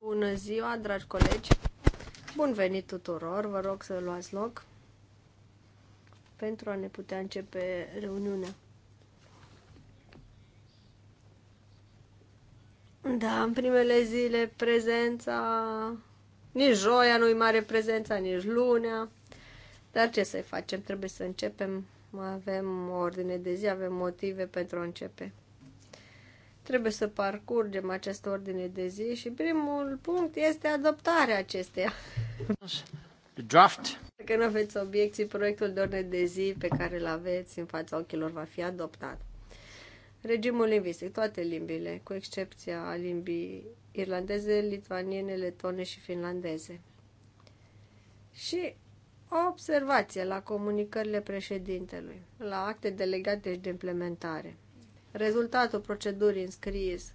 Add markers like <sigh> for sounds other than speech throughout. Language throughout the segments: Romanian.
Bună ziua, dragi colegi! Bun venit tuturor! Vă rog să luați loc pentru a ne putea începe reuniunea. Da, în primele zile prezența, nici joia nu-i mare prezența, nici lunea. Dar ce să-i facem? Trebuie să începem. Avem ordine de zi, avem motive pentru a începe. Trebuie să parcurgem această ordine de zi și primul punct este adoptarea acesteia. The Draft. Dacă nu aveți obiecții, proiectul de ordine de zi pe care îl aveți în fața ochilor va fi adoptat. Regimul lingvistic, toate limbile, cu excepția a limbii irlandeze, lituaniene, letone și finlandeze. Și o observație la comunicările președintelui, la acte delegate și de implementare rezultatul procedurii înscris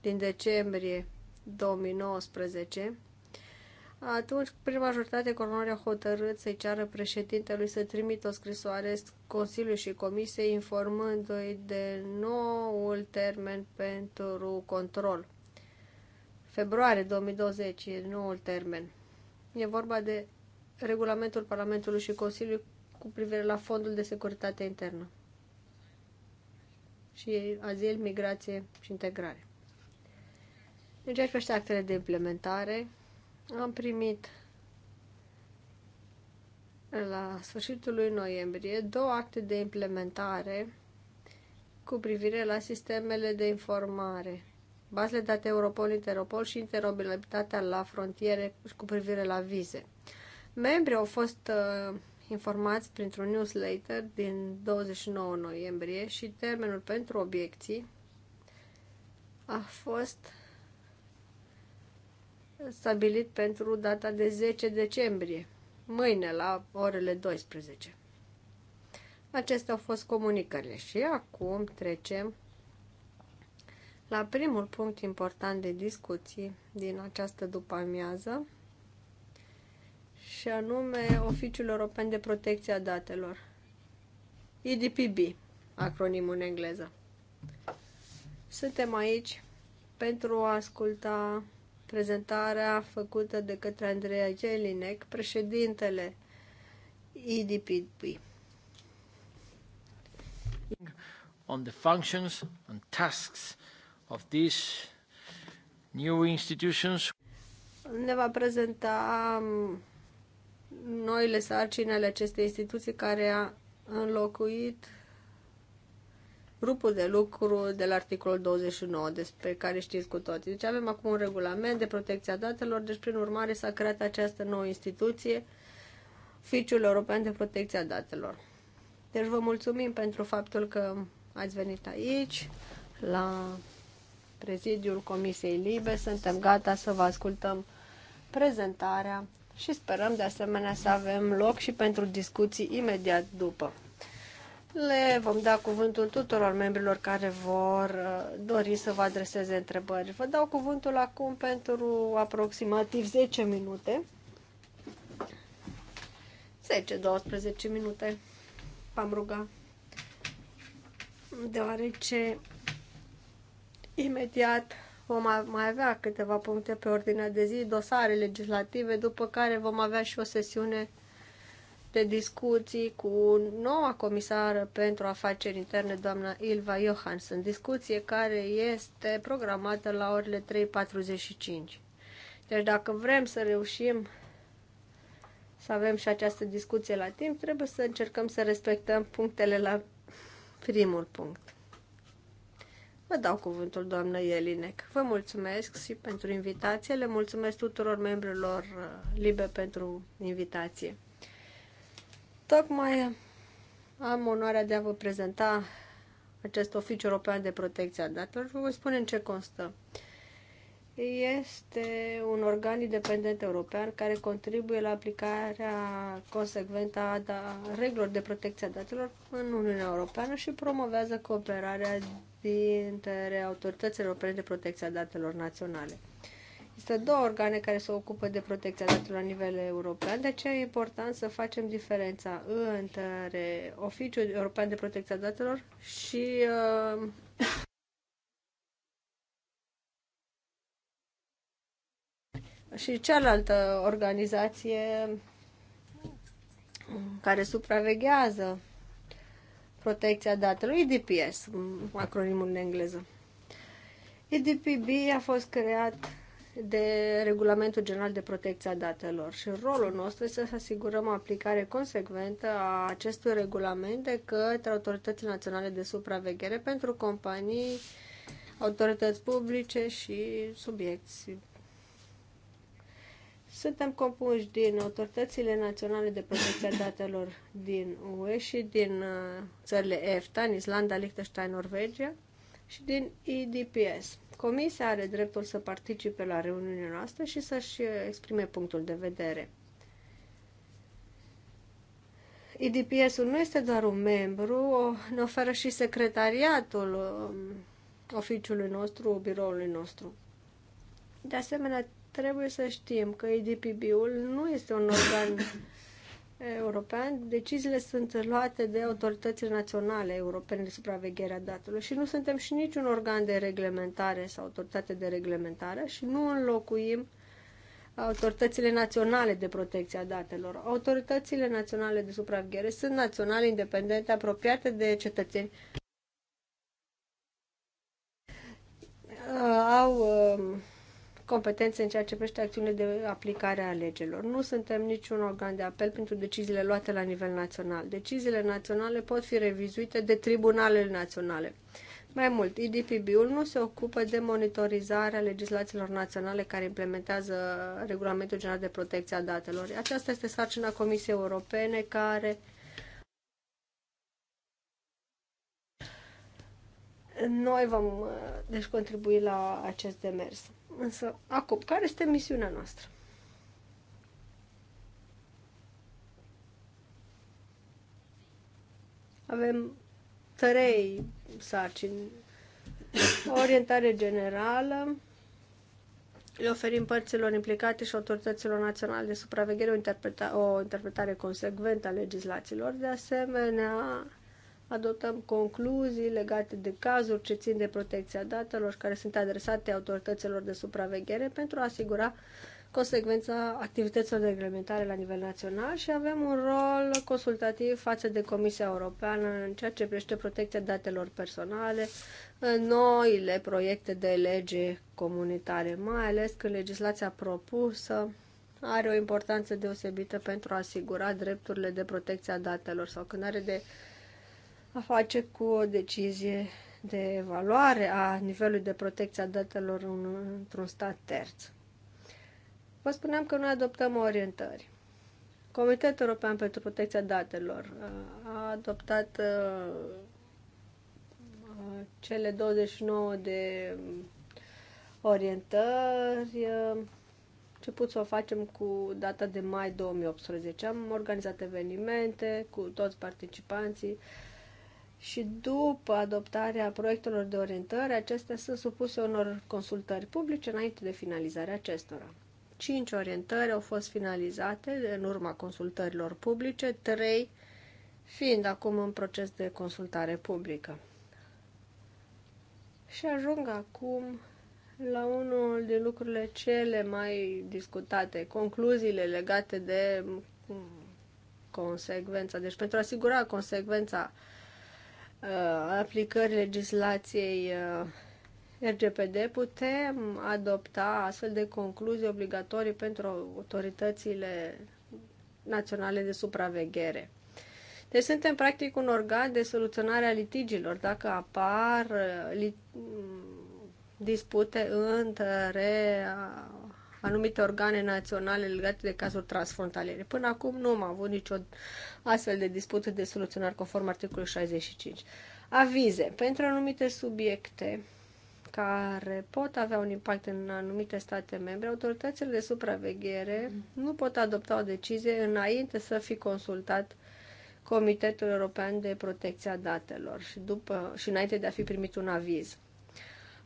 din decembrie 2019, atunci prin majoritate coronarea a hotărât să-i ceară președintelui să trimită o scrisoare Consiliului și Comisiei informându-i de noul termen pentru control. Februarie 2020 e noul termen. E vorba de regulamentul Parlamentului și Consiliului cu privire la Fondul de Securitate Internă și azil, migrație și integrare. În ceea ce privește actele de implementare, am primit la sfârșitul lui noiembrie două acte de implementare cu privire la sistemele de informare, bazele date Europol, Interopol și interoperabilitatea la frontiere cu privire la vize. Membrii au fost uh, informați printr-un newsletter din 29 noiembrie și termenul pentru obiecții a fost stabilit pentru data de 10 decembrie, mâine la orele 12. Acestea au fost comunicările și acum trecem la primul punct important de discuții din această după-amiază, și anume Oficiul European de Protecție a Datelor. EDPB, acronimul în engleză. Suntem aici pentru a asculta prezentarea făcută de către Andreea Jelinec, președintele EDPB. On the functions and tasks of these new institutions. Ne va prezenta um, noile sarcini ale acestei instituții care a înlocuit grupul de lucru de la articolul 29, despre care știți cu toții. Deci avem acum un regulament de protecția datelor, deci prin urmare s-a creat această nouă instituție, Ficiul European de Protecție a Datelor. Deci vă mulțumim pentru faptul că ați venit aici, la prezidiul Comisiei Libe. Suntem gata să vă ascultăm prezentarea și sperăm de asemenea să avem loc și pentru discuții imediat după. Le vom da cuvântul tuturor membrilor care vor uh, dori să vă adreseze întrebări. Vă dau cuvântul acum pentru aproximativ 10 minute. 10-12 minute v-am ruga. Deoarece imediat Vom mai avea câteva puncte pe ordinea de zi, dosare legislative, după care vom avea și o sesiune de discuții cu noua comisară pentru afaceri interne, doamna Ilva Johansson, discuție care este programată la orele 3.45. Deci dacă vrem să reușim să avem și această discuție la timp, trebuie să încercăm să respectăm punctele la primul punct. Vă dau cuvântul, doamnă Elinec. Vă mulțumesc și pentru invitație. Le mulțumesc tuturor membrilor uh, LIBE pentru invitație. Tocmai uh, am onoarea de a vă prezenta acest oficiu european de protecție a datelor vă voi spune în ce constă. Este un organ independent european care contribuie la aplicarea consecventă a da-, regulilor de protecție a datelor în Uniunea Europeană și promovează cooperarea dintre autoritățile europene de protecție a datelor naționale. Există două organe care se ocupă de protecția datelor la nivel european, de aceea e important să facem diferența între Oficiul European de Protecție a Datelor și uh, și cealaltă organizație care supraveghează protecția datelor, EDPS, acronimul în engleză. EDPB a fost creat de Regulamentul General de Protecție a Datelor și rolul nostru este să asigurăm aplicare consecventă a acestui regulament de către autoritățile naționale de supraveghere pentru companii, autorități publice și subiecti suntem compuși din autoritățile naționale de protecție a datelor din UE și din uh, țările EFTA, în Islanda, Liechtenstein, Norvegia și din IDPS. Comisia are dreptul să participe la reuniunea noastră și să-și uh, exprime punctul de vedere. IDPS-ul nu este doar un membru, ne oferă și secretariatul um, oficiului nostru, biroului nostru. De asemenea, trebuie să știm că EDPB-ul nu este un organ <coughs> european, deciziile sunt luate de autoritățile naționale europene de supraveghere a datelor și nu suntem și niciun organ de reglementare sau autoritate de reglementare și nu înlocuim autoritățile naționale de protecție a datelor. Autoritățile naționale de supraveghere sunt naționale, independente, apropiate de cetățeni. Uh, au uh, competențe în ceea ce privește acțiunile de aplicare a legilor. Nu suntem niciun organ de apel pentru deciziile luate la nivel național. Deciziile naționale pot fi revizuite de tribunalele naționale. Mai mult, IDPB-ul nu se ocupă de monitorizarea legislațiilor naționale care implementează Regulamentul General de Protecție a Datelor. Aceasta este sarcina Comisiei Europene care noi vom deci contribui la acest demers. Însă, acum, care este misiunea noastră? Avem trei sarcini. O orientare generală, le oferim părților implicate și autorităților naționale de supraveghere o, interpreta- o interpretare consecventă a legislațiilor. De asemenea, adoptăm concluzii legate de cazuri ce țin de protecția datelor și care sunt adresate autorităților de supraveghere pentru a asigura consecvența activităților de reglementare la nivel național și avem un rol consultativ față de Comisia Europeană în ceea ce privește protecția datelor personale în noile proiecte de lege comunitare, mai ales când legislația propusă are o importanță deosebită pentru a asigura drepturile de protecție a datelor sau când are de a face cu o decizie de evaluare a nivelului de protecție a datelor într-un stat terț. Vă spuneam că noi adoptăm orientări. Comitetul European pentru Protecția Datelor uh, a adoptat uh, cele 29 de um, orientări. Uh, pot să o facem cu data de mai 2018. Am organizat evenimente cu toți participanții. Uh, și după adoptarea proiectelor de orientări, acestea sunt supuse unor consultări publice înainte de finalizarea acestora. Cinci orientări au fost finalizate în urma consultărilor publice, trei fiind acum în proces de consultare publică. Și ajung acum la unul din lucrurile cele mai discutate, concluziile legate de consecvența. Deci pentru a asigura consecvența uh, Uh, aplicării legislației uh, RGPD, putem adopta astfel de concluzii obligatorii pentru autoritățile naționale de supraveghere. Deci suntem practic un organ de soluționare a litigilor. Dacă apar uh, li- dispute între anumite organe naționale legate de cazuri transfrontaliere. Până acum nu am avut nicio astfel de dispută de soluționare conform articolului 65. Avize. Pentru anumite subiecte care pot avea un impact în anumite state membre, autoritățile de supraveghere nu pot adopta o decizie înainte să fi consultat Comitetul European de Protecție a Datelor și, după, și înainte de a fi primit un aviz.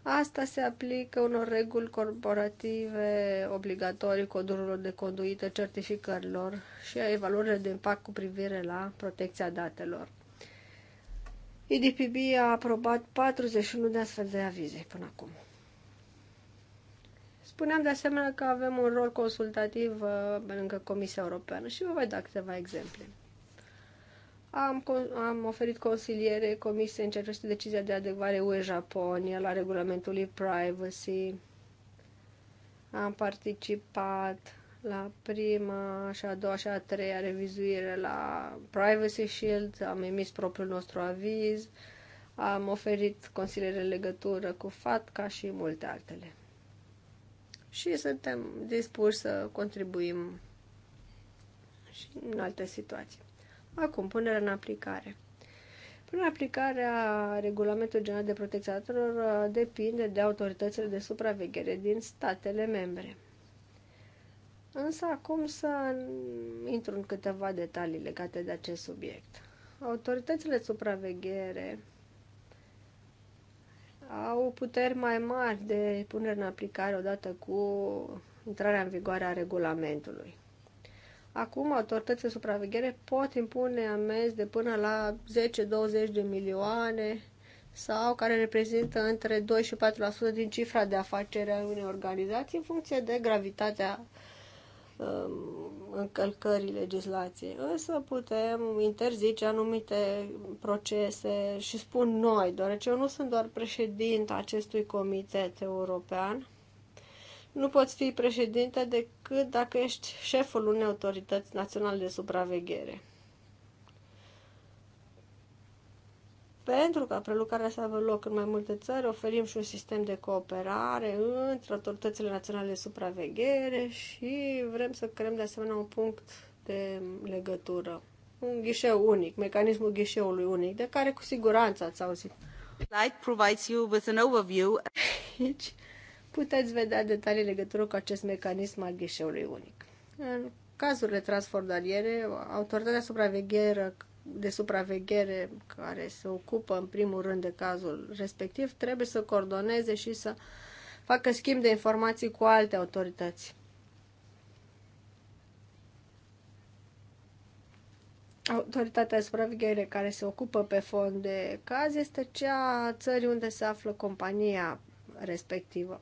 Asta se aplică unor reguli corporative obligatorii codurilor de conduită, certificărilor și a evaluărilor de impact cu privire la protecția datelor. IDPB a aprobat 41 de astfel de avize până acum. Spuneam de asemenea că avem un rol consultativ uh, pe lângă Comisia Europeană și vă voi da câteva exemple. Am, am oferit consiliere comisiei în ceea ce privește decizia de adecvare UE-Japonia la regulamentul e-privacy. Am participat la prima și a doua și a treia revizuire la Privacy Shield, am emis propriul nostru aviz, am oferit consiliere în legătură cu FATCA și multe altele. Și suntem dispuși să contribuim și în alte situații. Acum, punerea în aplicare. Până aplicarea Regulamentului General de Protecție a Datelor uh, depinde de autoritățile de supraveghere din statele membre. Însă acum să intru în câteva detalii legate de acest subiect. Autoritățile de supraveghere au puteri mai mari de punere în aplicare odată cu intrarea în vigoare a regulamentului. Acum autoritățile supraveghere pot impune amenzi de până la 10-20 de milioane sau care reprezintă între 2 și 4% din cifra de afacere a unei organizații în funcție de gravitatea um, încălcării legislației. Însă putem interzice anumite procese și spun noi, deoarece eu nu sunt doar președinta acestui comitet european, nu poți fi președinte decât dacă ești șeful unei autorități naționale de supraveghere. Pentru ca prelucrarea să aibă loc în mai multe țări, oferim și un sistem de cooperare între autoritățile naționale de supraveghere și vrem să creăm de asemenea un punct de legătură, un ghișeu unic, mecanismul ghișeului unic, de care cu siguranță ați auzit. Light provides you with an overview puteți vedea detalii legătură cu acest mecanism al ghișeului unic. În cazurile transfordaliere, autoritatea supravegheră de supraveghere care se ocupă în primul rând de cazul respectiv trebuie să coordoneze și să facă schimb de informații cu alte autorități. Autoritatea de supraveghere care se ocupă pe fond de caz este cea a țării unde se află compania respectivă.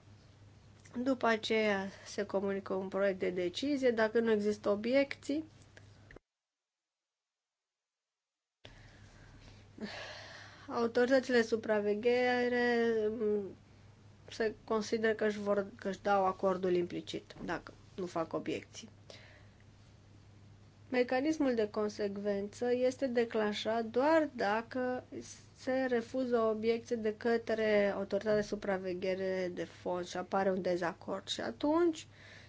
După aceea se comunică un proiect de decizie. Dacă nu există obiecții, autoritățile supraveghere mm, se consideră că își, vor, că își dau acordul implicit, dacă nu fac obiecții. Mecanismul de consecvență este declanșat doar dacă se refuză obiecte de către autoritatea de supraveghere de fond și apare un dezacord. Și atunci,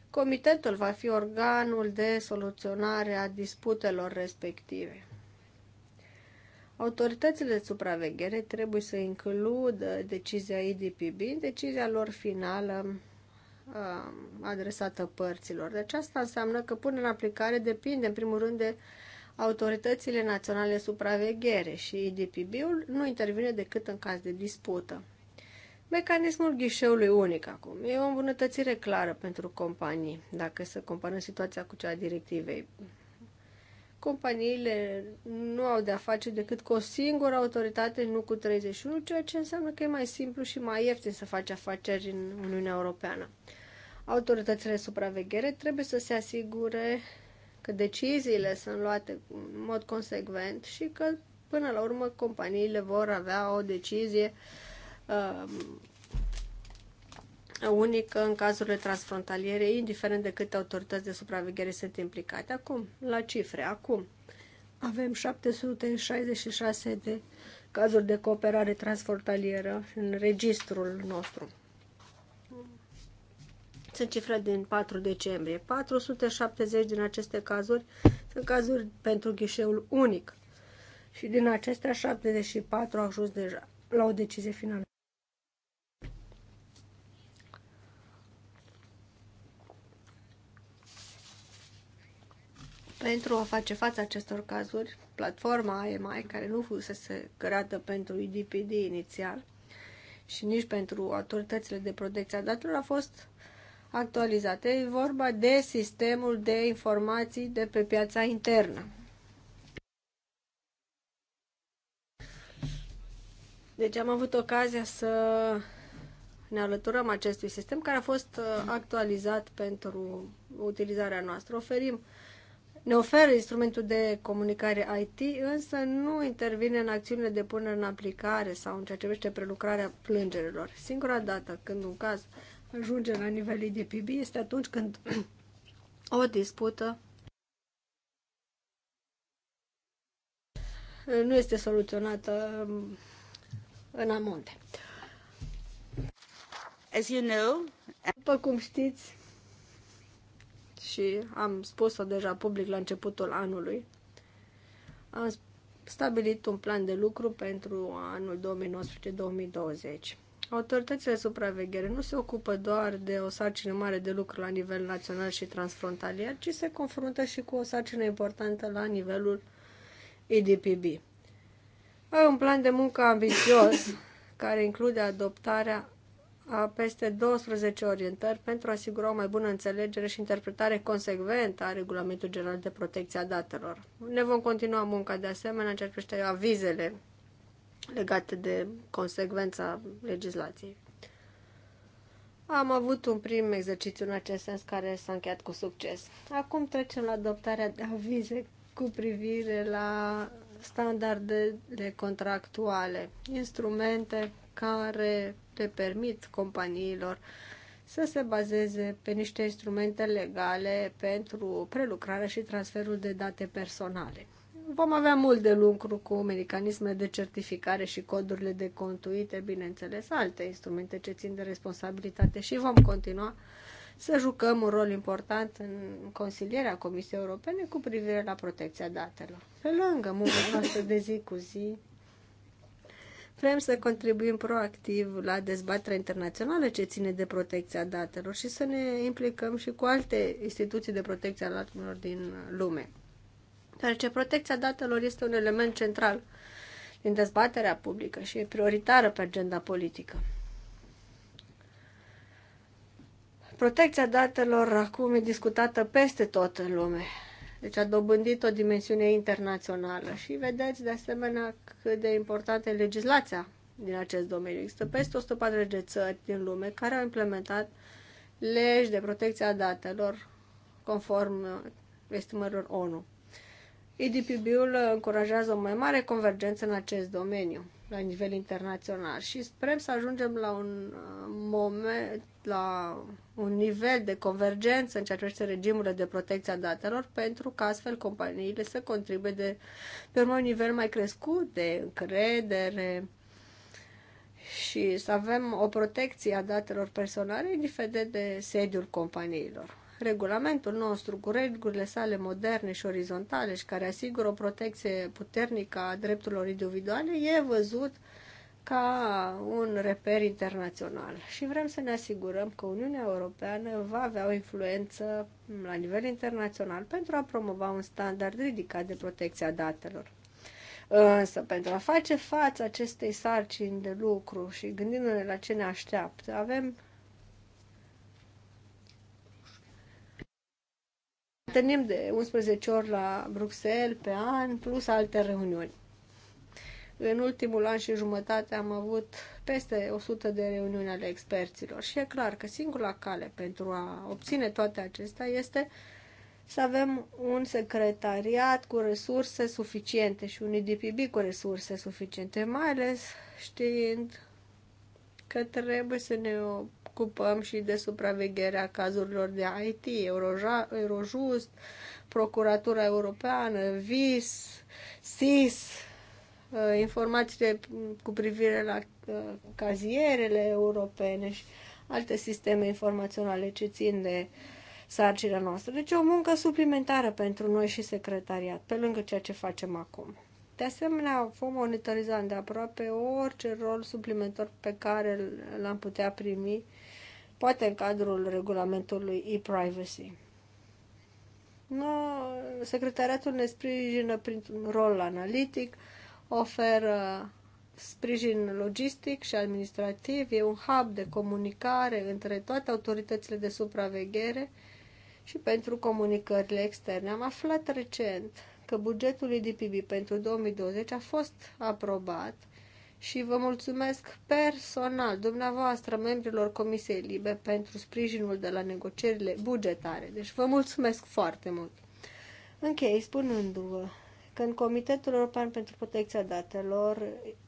comitetul va fi organul de soluționare a disputelor respective. Autoritățile de supraveghere trebuie să includă decizia IDPB decizia lor finală um, adresată părților. Deci asta înseamnă că punerea în aplicare depinde, în primul rând, de autoritățile naționale supraveghere și IDPB-ul nu intervine decât în caz de dispută. Mecanismul ghișeului unic acum e o îmbunătățire clară pentru companii, dacă să comparăm situația cu cea a directivei. Companiile nu au de-a face decât cu o singură autoritate, nu cu 31, ceea ce înseamnă că e mai simplu și mai ieftin să faci afaceri în Uniunea Europeană. Autoritățile supraveghere trebuie să se asigure că deciziile sunt luate în mod consecvent și că până la urmă companiile vor avea o decizie uh, unică în cazurile transfrontaliere, indiferent de câte autorități de supraveghere sunt implicate. Acum, la cifre, acum avem 766 de cazuri de cooperare transfrontalieră în registrul nostru. Sunt cifre din 4 decembrie. 470 din aceste cazuri sunt cazuri pentru ghișeul unic. Și din acestea 74 au ajuns deja la o decizie finală. Pentru a face față acestor cazuri, platforma AMI, care nu fusese creată pentru IDPD inițial și nici pentru autoritățile de protecție a datelor, a fost uh, actualizate. E vorba de sistemul de informații de pe piața internă. Deci am avut ocazia să ne alăturăm acestui sistem care a fost uh, actualizat pentru utilizarea noastră. Oferim, ne oferă instrumentul de comunicare IT, însă nu intervine în acțiunile de punere în aplicare sau în ceea ce privește prelucrarea plângerilor. Singura dată când un caz uh, ajunge la de PIB este atunci când <clears throat> o dispută nu este soluționată mm, în amonte. As you know, după cum știți, și am spus-o deja public la începutul anului, am stabilit un plan de lucru pentru anul 2019-2020. Autoritățile de supraveghere nu se ocupă doar de o sarcină mare de lucru la nivel național și transfrontalier, ci se confruntă și cu o sarcină importantă la nivelul EDPB. Au un plan de muncă ambițios <coughs> care include adoptarea a peste 12 orientări pentru a asigura o mai bună înțelegere și interpretare consecventă a regulamentului general de protecție a datelor. Ne vom continua munca de asemenea în ce avizele legate de consecvența legislației. Am avut un prim exercițiu în acest sens care s-a încheiat cu succes. Acum trecem la adoptarea de avize cu privire la standardele contractuale, instrumente care le permit companiilor să se bazeze pe niște instrumente legale pentru prelucrarea și transferul de date personale vom avea mult de lucru cu mecanisme de certificare și codurile de contuite, bineînțeles, alte instrumente ce țin de responsabilitate și vom continua să jucăm un rol important în consilierea Comisiei Europene cu privire la protecția datelor. Pe lângă munca noastră de zi cu zi, vrem să contribuim proactiv la dezbaterea internațională ce ține de protecția datelor și să ne implicăm și cu alte instituții de protecție a datelor din lume deoarece protecția datelor este un element central din dezbaterea publică și e prioritară pe agenda politică. Protecția datelor acum e discutată peste tot în lume. Deci a dobândit o dimensiune internațională și vedeți de asemenea cât de importantă e legislația din acest domeniu. Există peste 140 de țări din lume care au implementat legi de protecție a datelor conform estimărilor ONU. EDPB-ul încurajează o mai mare convergență în acest domeniu la nivel internațional și sperăm să ajungem la un uh, moment, la un nivel de convergență în ceea ce privește regimurile de protecție a datelor pentru ca astfel companiile să contribuie de, pe urmă, un nivel mai crescut de încredere și să avem o protecție a datelor personale indiferent de sediul companiilor regulamentul nostru, cu regulile sale moderne și orizontale și care asigură o protecție puternică a drepturilor individuale, e văzut ca un reper internațional. Și vrem să ne asigurăm că Uniunea Europeană va avea o influență la nivel internațional pentru a promova un standard ridicat de protecția datelor. Însă, pentru a face față acestei sarcini de lucru și gândindu-ne la ce ne așteaptă, avem Întâlnim de 11 ori la Bruxelles pe an, plus alte reuniuni. În ultimul an și jumătate am avut peste 100 de reuniuni ale experților și e clar că singura cale pentru a obține toate acestea este să avem un secretariat cu resurse suficiente și un IDPB cu resurse suficiente, mai ales știind că trebuie să ne ocupăm și de supravegherea cazurilor de IT, Eurojust, Procuratura Europeană, VIS, SIS, uh, informațiile cu privire la uh, cazierele europene și alte sisteme informaționale ce țin de sarcina noastră. Deci o muncă suplimentară pentru noi și secretariat, pe lângă ceea ce facem acum. De asemenea, vom monitoriza îndeaproape orice rol suplimentar pe care l-am putea primi, poate în cadrul regulamentului e-privacy. No, secretariatul ne sprijină printr-un rol analitic, oferă sprijin logistic și administrativ, e un hub de comunicare între toate autoritățile de supraveghere și pentru comunicările externe. Am aflat recent că bugetul IDPB pentru 2020 a fost aprobat și vă mulțumesc personal, dumneavoastră, membrilor Comisiei Libe, pentru sprijinul de la negocierile bugetare. Deci vă mulțumesc foarte mult. Închei spunându-vă când Comitetul European pentru Protecția Datelor,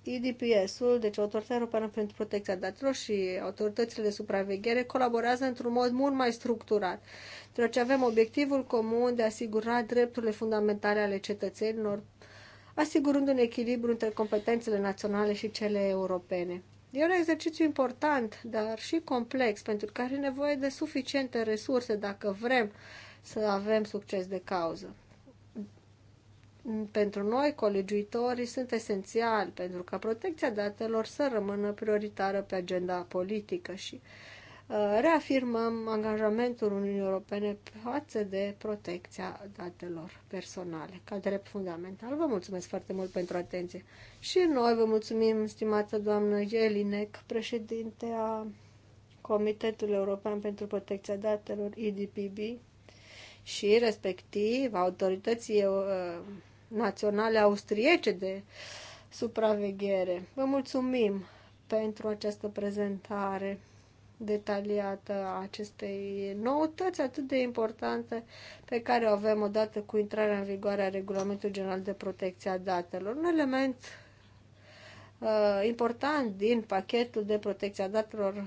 IDPS-ul, deci Autoritatea Europeană pentru Protecția Datelor și autoritățile de supraveghere colaborează într-un mod mult mai structurat, deoarece avem obiectivul comun de a asigura drepturile fundamentale ale cetățenilor, asigurând un echilibru între competențele naționale și cele europene. E un exercițiu important, dar și complex, pentru că are nevoie de suficiente resurse dacă vrem să avem succes de cauză pentru noi, colegiuitorii, sunt esențiali pentru ca protecția datelor să rămână prioritară pe agenda politică și uh, reafirmăm angajamentul Uniunii Europene față de protecția datelor personale ca drept fundamental. Vă mulțumesc foarte mult pentru atenție și noi vă mulțumim, stimată doamnă Jelinec, președinte a Comitetului European pentru Protecția Datelor, EDPB, și respectiv autorității uh, naționale austriece de supraveghere. Vă mulțumim pentru această prezentare detaliată a acestei noutăți atât de importante pe care o avem odată cu intrarea în vigoare a Regulamentului General de Protecție a Datelor. Un element uh, important din pachetul de protecție a datelor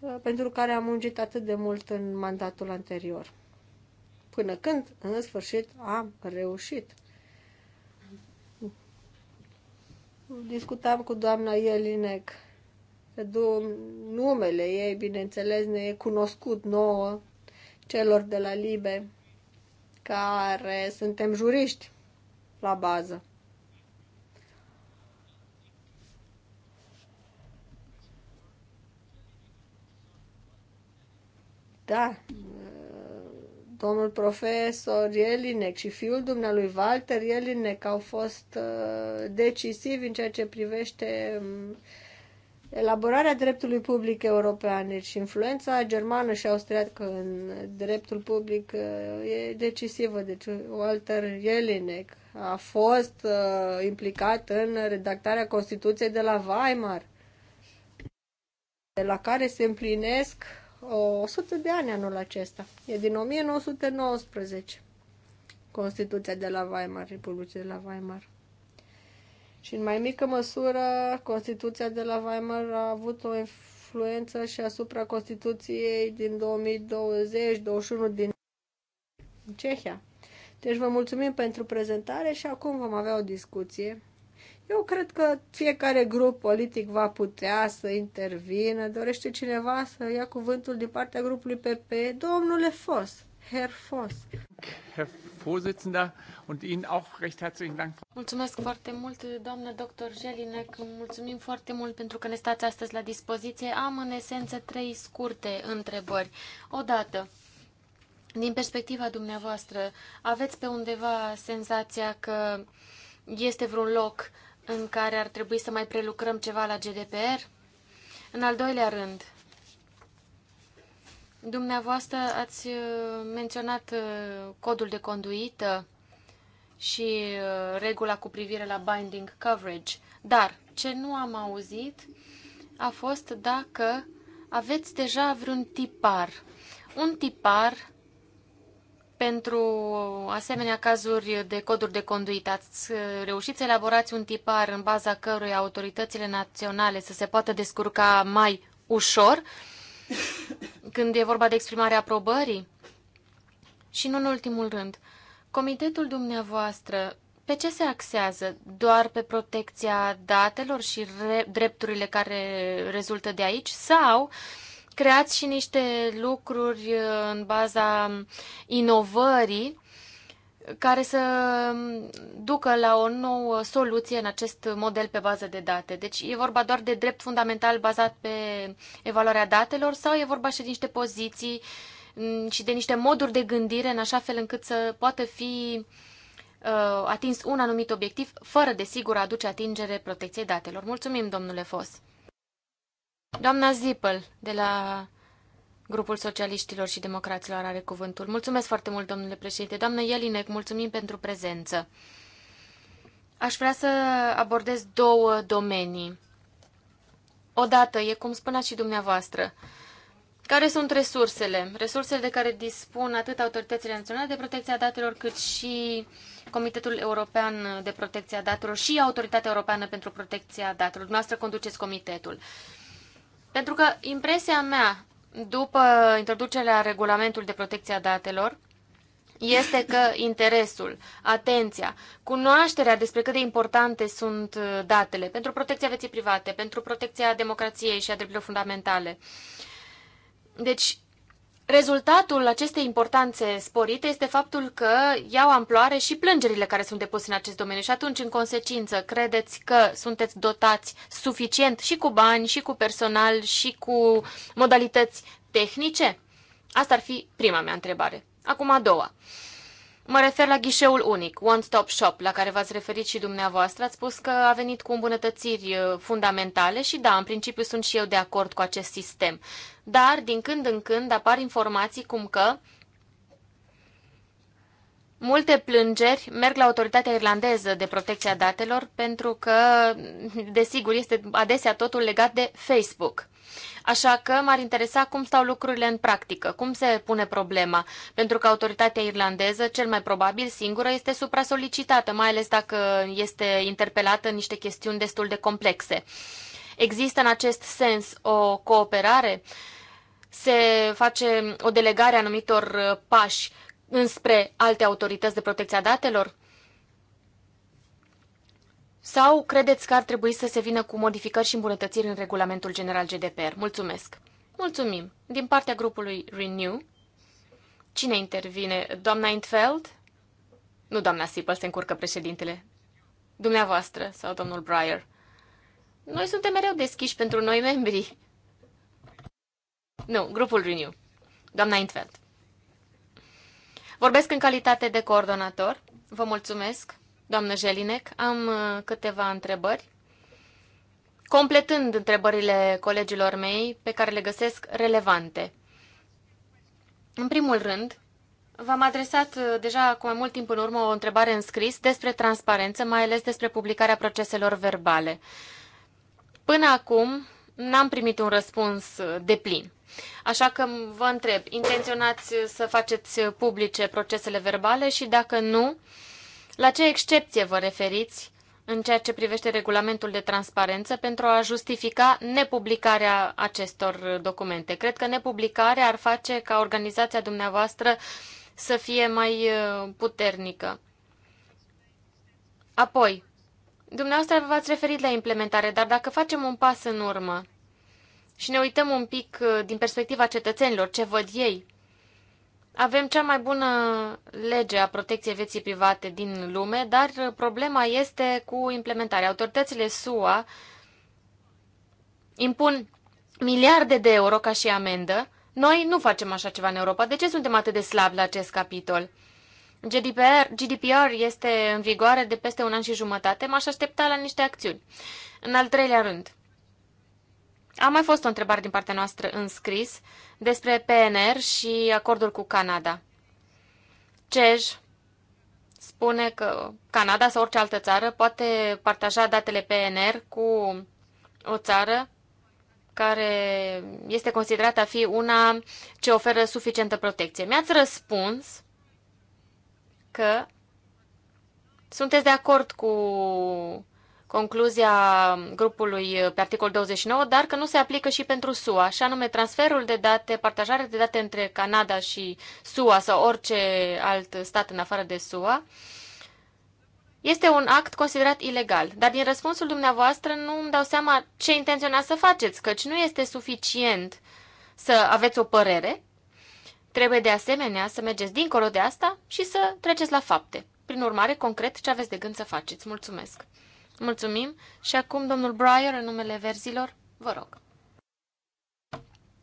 uh, pentru care am muncit atât de mult în mandatul anterior până când, în sfârșit, am reușit. Discutam cu doamna Ielinec. Numele ei, bineînțeles, ne e cunoscut nouă, celor de la Libe, care suntem juriști la bază. Da, domnul profesor Jelinek și fiul dumnealui Walter Jelinek au fost uh, decisivi în ceea ce privește um, elaborarea dreptului public european. Deci influența germană și austriacă în dreptul public uh, e decisivă. Deci Walter Jelinek a fost uh, implicat în redactarea Constituției de la Weimar, de la care se împlinesc 100 de ani anul acesta. E din 1919. Constituția de la Weimar, Republicii de la Weimar. Și în mai mică măsură, Constituția de la Weimar a avut o influență și asupra Constituției din 2020-21 din Cehia. Deci vă mulțumim pentru prezentare și acum vom avea o discuție eu cred că fiecare grup politic va putea să intervină. Dorește cineva să ia cuvântul din partea grupului PP? Domnule Fos, Herr Fos. Herr Vorsitzender, und Ihnen auch recht herzlichen Dank. Mulțumesc foarte mult, doamnă doctor că Mulțumim foarte mult pentru că ne stați astăzi la dispoziție. Am în esență trei scurte întrebări. Odată, din perspectiva dumneavoastră, aveți pe undeva senzația că este vreun loc în care ar trebui să mai prelucrăm ceva la GDPR? În al doilea rând, dumneavoastră ați uh, menționat uh, codul de conduită și uh, regula cu privire la binding coverage, dar ce nu am auzit a fost dacă aveți deja vreun tipar. Un tipar pentru asemenea cazuri de coduri de conduită? Ați reușit să elaborați un tipar în baza căruia autoritățile naționale să se poată descurca mai ușor când e vorba de exprimarea aprobării? Și nu în ultimul rând, comitetul dumneavoastră pe ce se axează? Doar pe protecția datelor și drepturile care rezultă de aici? Sau uh, creați și niște lucruri uh, în baza inovării care să um, ducă la o nouă soluție în acest model pe bază de date. Deci e vorba doar de drept fundamental bazat pe evaluarea datelor sau e vorba și de niște poziții mm, și de niște moduri de gândire în așa fel încât să poată fi uh, atins un anumit obiectiv, fără, desigur, a aduce atingere protecției datelor. Mulțumim, domnule Fos! Doamna Zipel, de la Grupul Socialiștilor și Democraților, are cuvântul. Mulțumesc foarte mult, domnule președinte. Doamnă Ielinec, mulțumim pentru prezență. Aș vrea să abordez două domenii. Odată, e cum spuneați și dumneavoastră, care sunt resursele? Resursele de care dispun atât autoritățile naționale de protecție a datelor, cât și Comitetul European de Protecție a Datelor și Autoritatea Europeană pentru Protecția Datelor. Dumneavoastră conduceți comitetul. Uh, pentru că impresia mea după introducerea regulamentului de protecție a datelor este că interesul, atenția, cunoașterea despre cât de importante sunt datele pentru protecția vieții private, pentru protecția democrației și a drepturilor fundamentale. Deci, Rezultatul acestei importanțe sporite este faptul că iau amploare și plângerile care sunt depuse în acest domeniu și atunci, în consecință, credeți că sunteți dotați suficient și cu bani, și cu personal, și cu modalități tehnice? Asta ar fi prima mea întrebare. Acum a doua. Mă refer la ghișeul unic, One Stop Shop, la care v-ați referit și dumneavoastră. Ați spus că a venit cu îmbunătățiri uh, fundamentale și da, în principiu sunt și eu de acord cu acest sistem dar din când în când apar informații cum că Multe plângeri merg la autoritatea irlandeză de protecția datelor pentru că, desigur, este adesea totul legat de Facebook. Așa că m-ar interesa cum stau lucrurile în practică, cum se pune problema, pentru că autoritatea irlandeză, cel mai probabil singură, este supra-solicitată, mai ales dacă este interpelată în niște chestiuni destul de complexe. Există în acest sens o cooperare? se face o delegare a anumitor uh, pași înspre alte autorități de protecție a datelor? Sau credeți că ar trebui să se vină cu modificări și îmbunătățiri în regulamentul general GDPR? Mulțumesc! Mulțumim! Din partea grupului Renew, cine intervine? Doamna Intfeld? Nu, doamna Sipel, se încurcă președintele. Dumneavoastră sau domnul Breyer. Noi suntem mereu deschiși pentru noi membrii. Nu, grupul Renew. Doamna Intveld. Vorbesc în calitate de coordonator. Vă mulțumesc, doamnă Jelinec. Am uh, câteva întrebări. Completând întrebările colegilor mei pe care le găsesc relevante. În primul rând, v-am adresat uh, deja cu mai mult timp în urmă o întrebare în scris despre transparență, mai ales despre publicarea proceselor verbale. Până acum, n-am primit un răspuns uh, de plin. Așa că vă întreb, intenționați uh, să faceți uh, publice procesele verbale și dacă nu, la ce excepție vă referiți în ceea ce privește regulamentul de transparență pentru a justifica nepublicarea acestor documente? Cred că nepublicarea ar face ca organizația dumneavoastră să fie mai puternică. Apoi, Dumneavoastră v-ați referit la implementare, dar dacă facem un pas în urmă și ne uităm un pic uh, din perspectiva cetățenilor, ce văd ei, avem cea mai bună lege a protecției vieții private din lume, dar uh, problema este cu implementarea. Autoritățile SUA impun miliarde de euro ca și amendă. Noi nu facem așa ceva în Europa. De ce suntem atât de slabi la acest capitol? GDPR, GDPR este în vigoare de peste un an și jumătate, m-aș aștepta la niște acțiuni. În al treilea rând, a mai fost o întrebare din partea noastră în scris despre PNR și acordul cu Canada. CEJ spune că Canada sau orice altă țară poate partaja datele PNR cu o țară care este considerată a fi una ce oferă suficientă protecție. Mi-ați răspuns că sunteți de acord cu concluzia grupului pe articol 29, dar că nu se aplică și pentru SUA, și anume transferul de date, partajarea de date între Canada și SUA sau orice alt stat în afară de SUA, este un act considerat ilegal. Dar din răspunsul dumneavoastră nu îmi dau seama ce intenționați să faceți, căci nu este suficient să aveți o părere, Trebuie de asemenea să mergeți dincolo de asta și să treceți la fapte. Prin urmare, concret, ce aveți de gând să faceți. Mulțumesc! Mulțumim și acum, domnul Breyer, în numele verzilor, vă rog.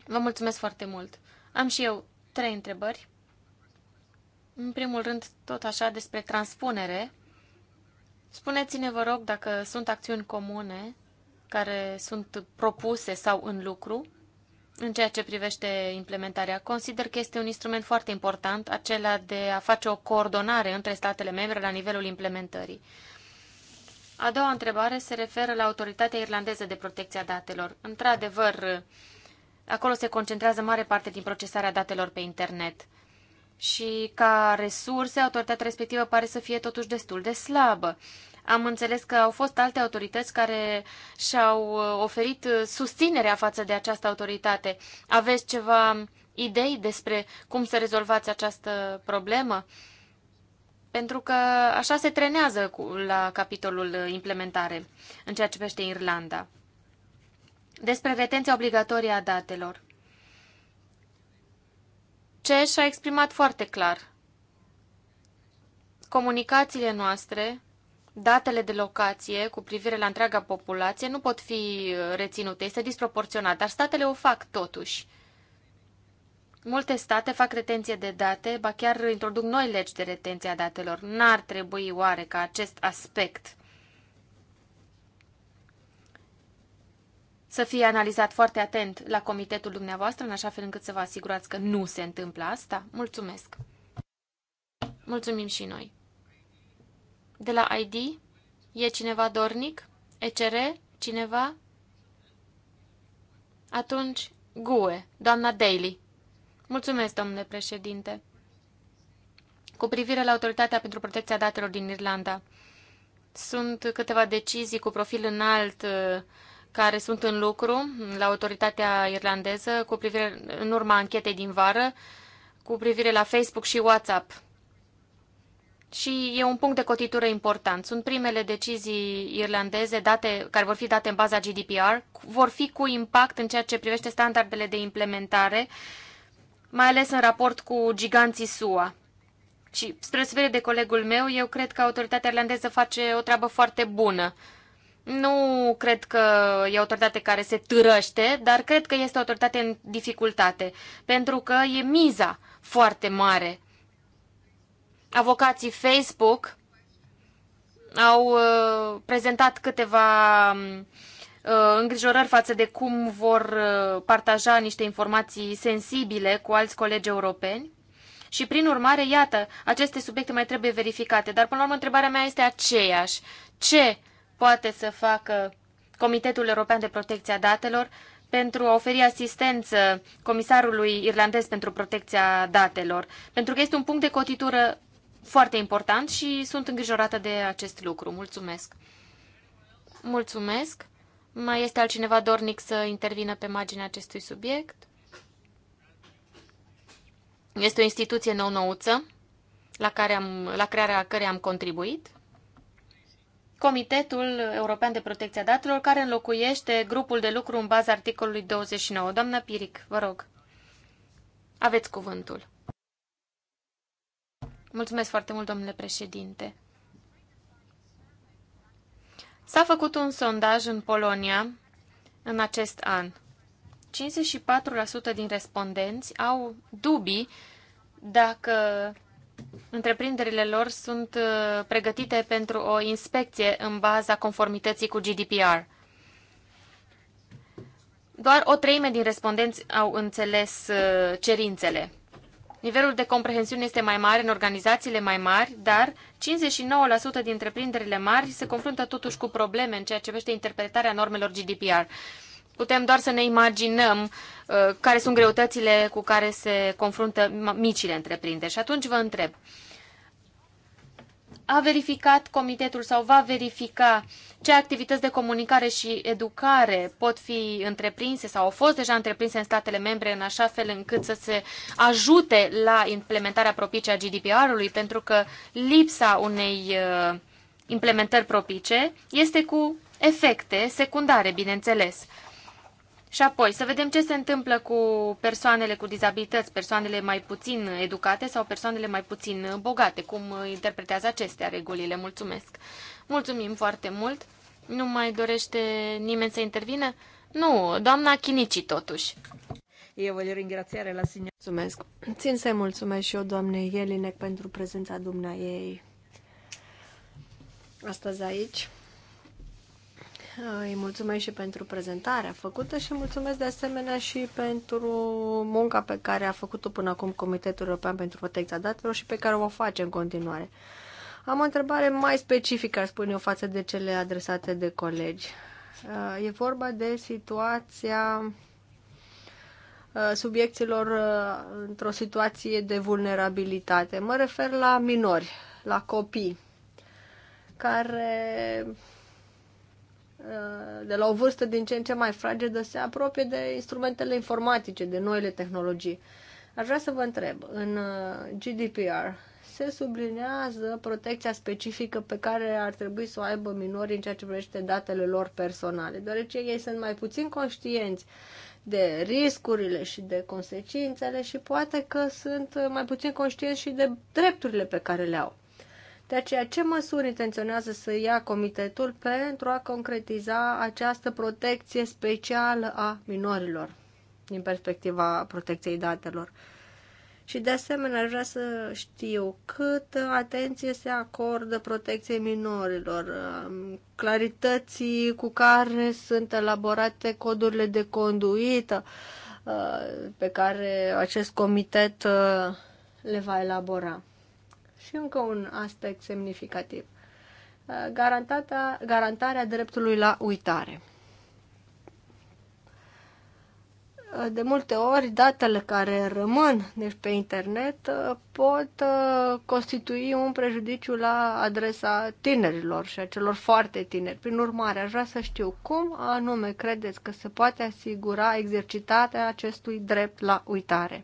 Vă mulțumesc foarte mult. Am și eu trei întrebări. În primul rând, tot așa, despre transpunere. Spuneți-ne, vă rog, dacă sunt acțiuni comune care sunt propuse sau în lucru în ceea ce privește implementarea. Consider că este un instrument foarte important, acela de a face o coordonare între statele membre la nivelul implementării. A doua întrebare se referă la Autoritatea Irlandeză de Protecție a Datelor. Într-adevăr, acolo se concentrează mare parte din procesarea datelor pe internet. Și ca resurse, autoritatea respectivă pare să fie totuși destul de slabă. Am înțeles că au fost alte autorități care și-au uh, oferit uh, susținerea față de această autoritate. Aveți ceva idei despre cum să rezolvați această problemă? Pentru că așa se trenează la capitolul uh, implementare în ceea ce privește Irlanda. Despre retenția obligatorie a datelor. și a exprimat foarte clar. Comunicațiile noastre datele de locație cu privire la întreaga populație nu pot fi reținute, este disproporționat, dar statele o fac totuși. Multe state fac retenție de date, ba chiar introduc noi legi de retenție a datelor. N-ar trebui oare ca acest aspect să fie analizat foarte atent la comitetul dumneavoastră, în așa fel încât să vă asigurați că nu se întâmplă asta? Mulțumesc! Mulțumim și noi! De la ID? E cineva dornic? ECR? Cineva? Atunci, GUE, doamna Daly. Mulțumesc, domnule președinte. Cu privire la Autoritatea pentru Protecția Datelor din Irlanda, sunt câteva decizii cu profil înalt uh, care sunt în lucru la autoritatea irlandeză cu privire în urma anchetei din vară cu privire la Facebook și WhatsApp și e un punct de cotitură important. Sunt primele decizii irlandeze date, care vor fi date în baza GDPR, vor fi cu impact în ceea ce privește standardele de implementare, mai ales în raport cu giganții SUA. Și spre sfere de colegul meu, eu cred că autoritatea irlandeză face o treabă foarte bună. Nu cred că e o autoritate care se târăște, dar cred că este o autoritate în dificultate, pentru că e miza foarte mare avocații Facebook au uh, prezentat câteva um, uh, îngrijorări față de cum vor uh, partaja niște informații sensibile cu alți colegi europeni. Și prin urmare, iată, aceste subiecte mai trebuie verificate. Dar până la urmă întrebarea mea este aceeași. Ce poate să facă Comitetul European de Protecție a Datelor pentru a oferi asistență Comisarului Irlandez pentru Protecția Datelor? Pentru că este un punct de cotitură foarte important și sunt îngrijorată de acest lucru. Mulțumesc! Mulțumesc! Mai este altcineva dornic să intervină pe marginea acestui subiect? Este o instituție nou-nouță la, care am, la crearea care am contribuit. Comitetul European de Protecție a Datelor, care înlocuiește grupul de lucru în baza articolului 29. Doamna Piric, vă rog, aveți cuvântul. Mulțumesc foarte mult, domnule președinte. S-a făcut un sondaj în Polonia în acest an. 54% din respondenți au dubii dacă întreprinderile lor sunt uh, pregătite pentru o inspecție în baza conformității cu GDPR. Doar o treime din respondenți au înțeles uh, cerințele. Nivelul de comprehensiune este mai mare în organizațiile mai mari, dar 59% din întreprinderile mari se confruntă totuși cu probleme în ceea ce privește interpretarea normelor GDPR. Putem doar să ne imaginăm uh, care sunt greutățile cu care se confruntă micile întreprinderi. Și atunci vă întreb, uh, a verificat comitetul sau va verifica ce activități de comunicare și educare pot fi întreprinse sau au fost deja întreprinse în statele membre în așa fel încât să se ajute la implementarea propice a GDPR-ului, pentru că lipsa unei uh, implementări propice este cu efecte secundare, bineînțeles. Și apoi, să vedem ce se întâmplă cu persoanele cu dizabilități, persoanele mai puțin educate sau persoanele mai puțin bogate, cum interpretează acestea regulile. Mulțumesc! Mulțumim foarte mult! Nu mai dorește nimeni să intervină? Nu, doamna Chinici totuși. Eu vă ringrațiare la sine. Mulțumesc. Țin să-i mulțumesc și eu, doamne Elinec, pentru prezența dumneai ei astăzi aici. Îi mulțumesc și pentru prezentarea făcută și mulțumesc de asemenea și pentru munca pe care a făcut-o până acum Comitetul European pentru Protecția Datelor și pe care o face în continuare. Am o întrebare mai specifică, ar spune eu, față de cele adresate de colegi. Uh, e vorba de situația uh, subiecților uh, într-o situație de vulnerabilitate. Mă refer la minori, la copii, care Eh, de la o vârstă din ce în ce mai fragedă se apropie de instrumentele informatice, de noile tehnologii. Aș vrea să vă întreb, în eh, GDPR se sublinează protecția specifică pe care ar trebui să o aibă minorii în ceea ce privește datele lor personale, deoarece ei sunt mai puțin conștienți de riscurile și de consecințele și poate că sunt mai puțin conștienți și de drepturile pe care le au. De aceea, ce măsuri intenționează să ia comitetul pentru a concretiza această protecție specială a minorilor din perspectiva protecției datelor? Și de asemenea, aș vrea să știu cât atenție se acordă protecției minorilor, um, clarității cu care sunt elaborate codurile de conduită uh, pe care acest comitet uh, le va elabora. Și încă un aspect semnificativ. Uh, garantata, garantarea dreptului la uitare. Uh, de multe ori, datele care rămân deci pe internet uh, pot constitui un prejudiciu la adresa tinerilor și a celor foarte tineri. Prin urmare, aș vrea să știu cum anume credeți că se poate asigura exercitarea acestui drept la uitare.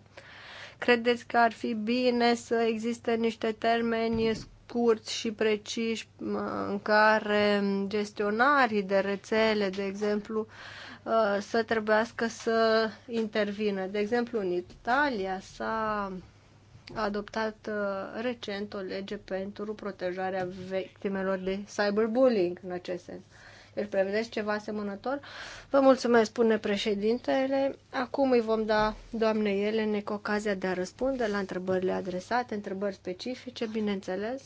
Credeți că ar fi bine să existe niște termeni scurți și preciși în care gestionarii de rețele, de exemplu, ă, să trebuiască să intervină. De exemplu, în Italia s-a adoptat ă, recent o lege pentru protejarea victimelor de cyberbullying în acest sens. Îl prevedeți ceva asemănător? Vă mulțumesc, spune președintele. Acum îi vom da doamne Elene ocazia de a răspunde la întrebările adresate, întrebări specifice, bineînțeles.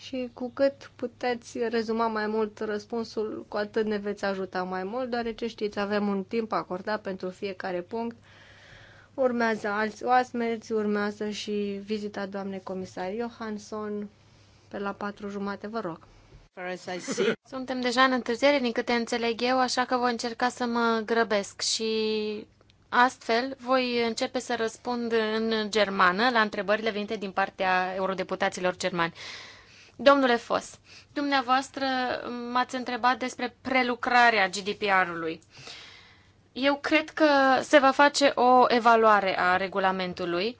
Și cu cât puteți rezuma mai mult răspunsul, cu atât ne veți ajuta mai mult, deoarece știți, avem un timp acordat pentru fiecare punct urmează alți oasmeți, urmează și vizita doamnei comisar Johansson pe la patru jumate, vă rog. Suntem deja în întârziere, din câte înțeleg eu, așa că voi încerca să mă grăbesc și astfel voi începe să răspund în germană la întrebările venite din partea eurodeputaților germani. Domnule Fos, dumneavoastră m-ați întrebat despre prelucrarea GDPR-ului. Eu cred că se va face o evaluare a regulamentului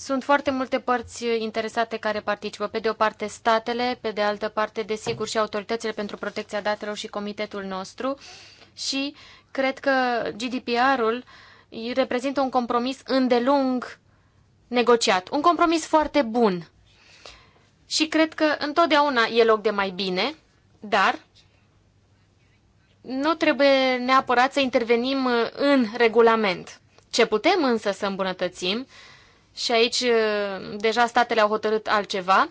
sunt foarte multe părți interesate care participă. Pe de o parte statele, pe de altă parte, desigur, și autoritățile pentru protecția datelor și comitetul nostru. Și cred că GDPR-ul reprezintă un compromis îndelung negociat. Un compromis foarte bun. Și cred că întotdeauna e loc de mai bine, dar nu trebuie neapărat să intervenim în regulament. Ce putem însă să îmbunătățim și aici uh, deja statele au hotărât altceva,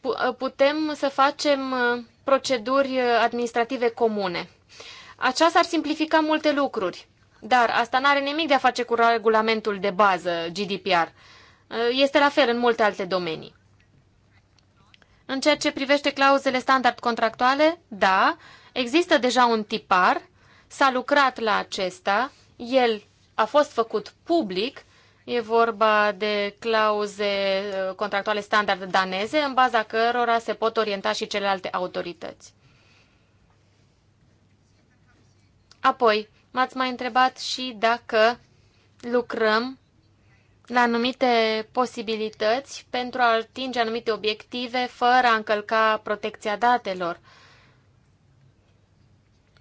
uh, putem să facem uh, proceduri administrative comune. Aceasta ar simplifica multe lucruri, dar asta nu are nimic de a face cu regulamentul de bază GDPR. Este la fel în multe alte domenii. În ceea ce privește clauzele standard contractuale, da, există deja un tipar, s-a lucrat la acesta, el a fost făcut public E vorba de clauze uh, contractuale standard daneze, în baza cărora se pot orienta și celelalte autorități. Apoi, m-ați mai întrebat și dacă lucrăm la anumite posibilități pentru a atinge anumite obiective fără a încălca protecția datelor.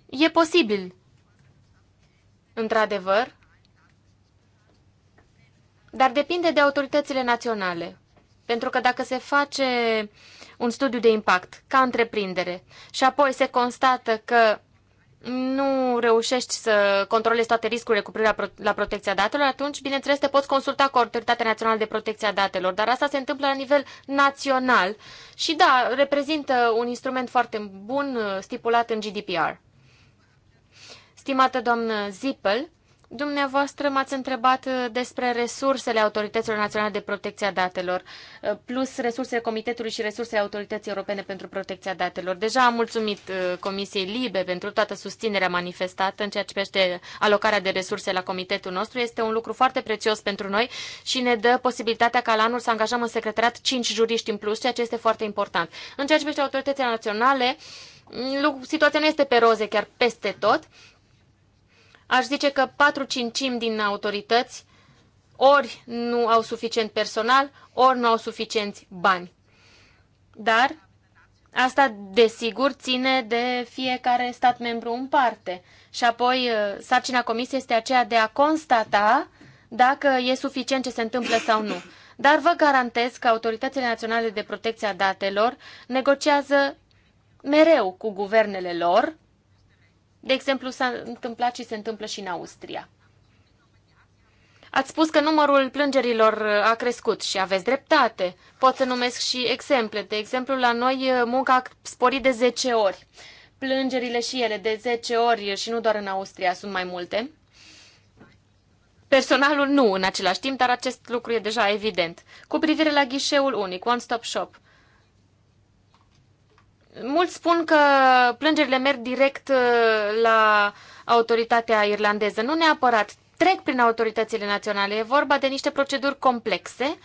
E posibil, într-adevăr, dar depinde de autoritățile naționale. Pentru că dacă se face un studiu de impact ca întreprindere și apoi se constată că nu reușești să controlezi toate riscurile cu privire la, protecția datelor, atunci, bineînțeles, te poți consulta cu Autoritatea Națională de Protecție a Datelor, dar asta se întâmplă la nivel național și, da, reprezintă un instrument foarte bun uh, stipulat în GDPR. Stimată doamnă Zippel, Dumneavoastră m-ați întrebat uh, despre resursele Autorităților Naționale de Protecție a Datelor, uh, plus resursele Comitetului și resursele Autorității Europene pentru Protecția Datelor. Deja am mulțumit uh, Comisiei Libe pentru toată susținerea manifestată în ceea ce privește alocarea de resurse la comitetul nostru. Este un lucru foarte prețios pentru noi și ne dă posibilitatea ca la anul să angajăm în secretariat 5 juriști în plus, ceea ce este foarte important. În ceea ce privește autoritățile naționale, mm, situația nu este pe roze chiar peste tot, Aș zice că 4 cincimi din autorități ori nu au suficient personal, ori nu au suficienți bani. Dar asta, desigur, ține de fiecare stat membru în parte. Și apoi, uh, sarcina comisiei este aceea de a constata dacă e suficient ce se întâmplă sau nu. Dar vă garantez că autoritățile naționale de protecție a datelor negociază mereu cu guvernele lor de exemplu, s-a întâmplat și se întâmplă și în Austria. Ați spus că numărul plângerilor uh, a crescut și aveți dreptate. Pot să numesc și exemple. De exemplu, la noi uh, munca a sporit de 10 ori. Plângerile și ele de 10 ori uh, și nu doar în Austria sunt mai multe. Personalul nu în același timp, dar acest lucru e deja evident. Cu privire la ghișeul unic, One Stop Shop, Mulți spun că plângerile merg direct uh, la autoritatea irlandeză. Nu neapărat. Trec prin autoritățile naționale. E vorba de niște proceduri complexe.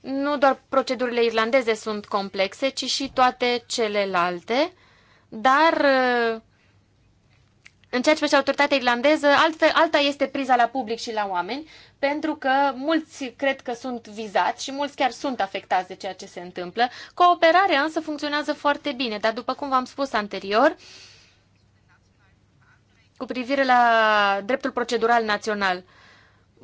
Nu doar procedurile irlandeze sunt complexe, ci și toate celelalte. Dar uh, în ceea ce privește autoritatea irlandeză, altfel, alta este priza la public și la oameni, pentru că mulți cred că sunt vizați și mulți chiar sunt afectați de ceea ce se întâmplă. Cooperarea însă funcționează foarte bine, dar după cum v-am spus anterior, cu privire la dreptul procedural național,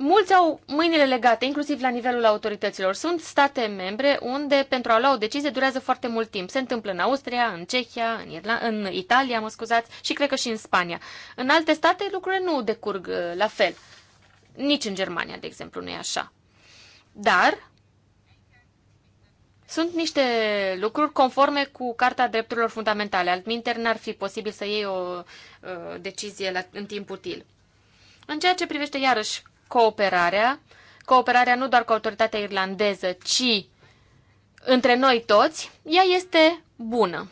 Mulți au mâinile legate, inclusiv la nivelul autorităților. Sunt state membre unde pentru a lua o decizie durează foarte mult timp. Se întâmplă în Austria, în Cehia, în, Irla- în Italia, mă scuzați, și cred că și în Spania. În alte state lucrurile nu decurg uh, la fel. Nici în Germania, de exemplu, nu e așa. Dar sunt niște lucruri conforme cu Carta Drepturilor Fundamentale. Altminteri n-ar fi posibil să iei o uh, decizie la, în timp util. În ceea ce privește, iarăși, cooperarea, cooperarea nu doar cu autoritatea irlandeză, ci între noi toți, ea este bună.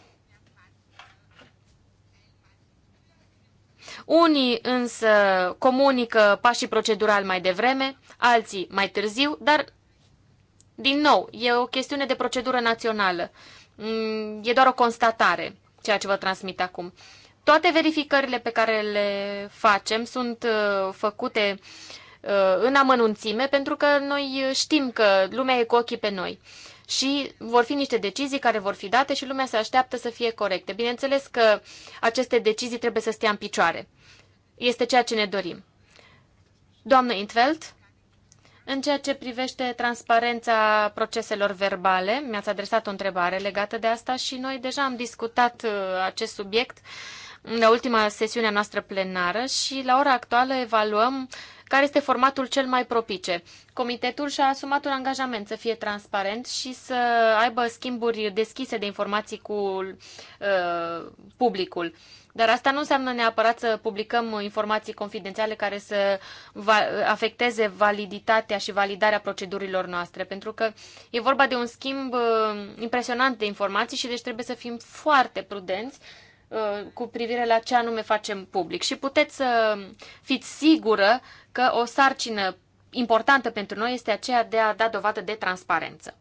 Unii însă comunică pașii procedural mai devreme, alții mai târziu, dar, din nou, e o chestiune de procedură națională. Mm, e doar o constatare, ceea ce vă transmit acum. Toate verificările pe care le facem sunt uh, făcute uh, Uh, în amănunțime, pentru că noi știm că lumea e cu ochii pe noi. Și vor fi niște decizii care vor fi date și lumea se așteaptă să fie corecte. Bineînțeles că aceste decizii trebuie să stea în picioare. Este ceea ce ne dorim. Doamnă Intveld, în ceea ce privește transparența proceselor verbale, mi-ați adresat o întrebare legată de asta și noi deja am discutat uh, acest subiect la ultima sesiune a noastră plenară și la ora actuală evaluăm care este formatul cel mai propice. Comitetul și-a asumat un angajament să fie transparent și să aibă schimburi deschise de informații cu uh, publicul. Dar asta nu înseamnă neapărat să publicăm informații confidențiale care să va- afecteze validitatea și validarea procedurilor noastre, pentru că e vorba de un schimb uh, impresionant de informații și deci trebuie să fim foarte prudenți uh, cu privire la ce anume facem public și puteți să fiți sigură că o sarcină importantă pentru noi este aceea de a da dovadă de transparență.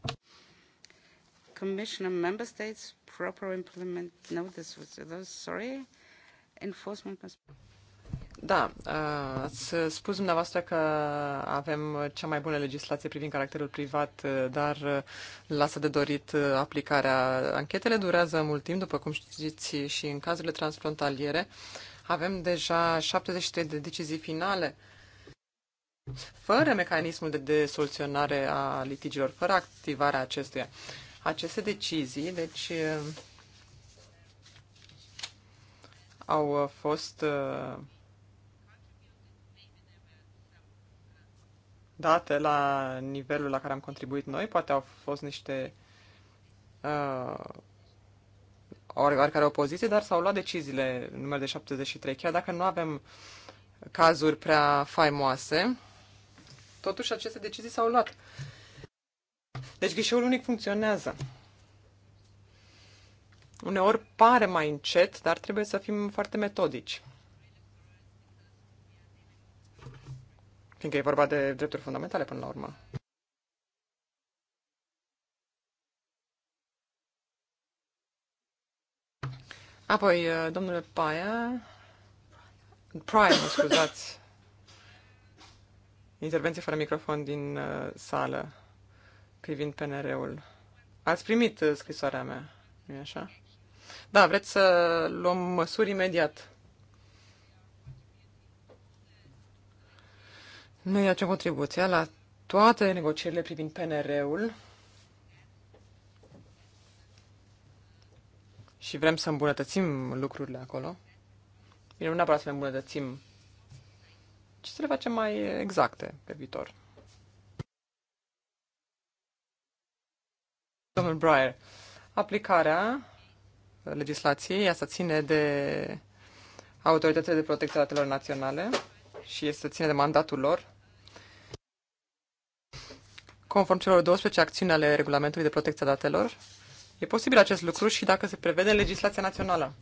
Commission and member states proper implement no this was sorry enforcement must da, ați spus dumneavoastră că avem cea mai bună legislație privind caracterul privat, dar lasă de dorit aplicarea. Anchetele durează mult timp, după cum știți, și în cazurile transfrontaliere avem deja 73 de decizii finale uh, fără mecanismul de, de soluționare a litigilor, fără activarea acestuia. Aceste decizii, deci, uh, au uh, fost uh, date la nivelul la care am contribuit noi, poate au fost niște uh, oricare opoziție, dar s-au luat deciziile numărul de 73, chiar dacă nu avem cazuri prea faimoase. Totuși, aceste decizii s-au luat. Deci ghișeul unic funcționează. Uneori pare mai încet, dar trebuie să fim foarte metodici. Fiindcă e vorba de drepturi fundamentale până la urmă. Apoi, domnule Paia, Prime, scuzați, intervenție fără microfon din uh, sală privind PNR-ul. Ați primit uh, scrisoarea mea, nu e așa? Da, vreți să luăm măsuri imediat. Noi facem contribuția la toate negocierile privind PNR-ul și vrem să îmbunătățim lucrurile acolo. Bine, nu neapărat să le îmbunătățim ci deci să le facem mai exacte pe viitor. Domnul Breyer, aplicarea legislației, asta ține de autoritățile de protecție a datelor naționale și este ține de mandatul lor. Conform celor 12 acțiuni ale regulamentului de protecție a datelor, e posibil acest lucru și dacă se prevede legislația națională.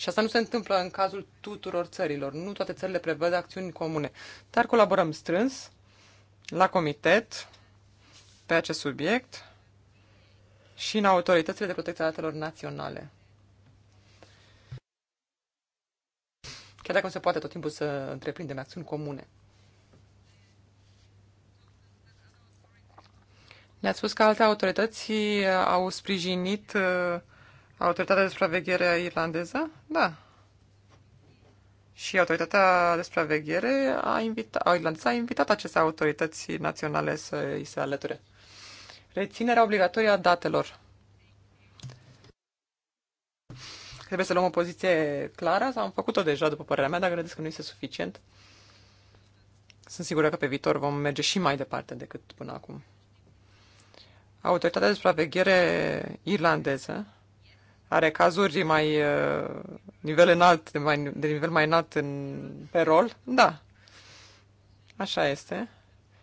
Și asta nu se întâmplă în cazul tuturor țărilor. Nu toate țările prevăd acțiuni comune. Dar colaborăm strâns la comitet pe acest subiect și în autoritățile de protecție a datelor naționale. Chiar dacă nu se poate tot timpul să întreprindem acțiuni comune. Ne-ați spus că alte autorități au sprijinit uh, Autoritatea de supraveghere irlandeză? Da. Și autoritatea de supraveghere a invitat, irlandeză a invitat aceste autorități naționale să îi se alăture. Reținerea obligatorie a datelor. Trebuie să luăm o poziție clară sau am făcut-o deja, după părerea mea, dacă credeți că nu este suficient. Sunt sigură că pe viitor vom merge și mai departe decât până acum. Autoritatea de supraveghere irlandeză are cazuri mai uh, nivel înalt, mai, de nivel mai înalt în, pe rol, da. Așa este.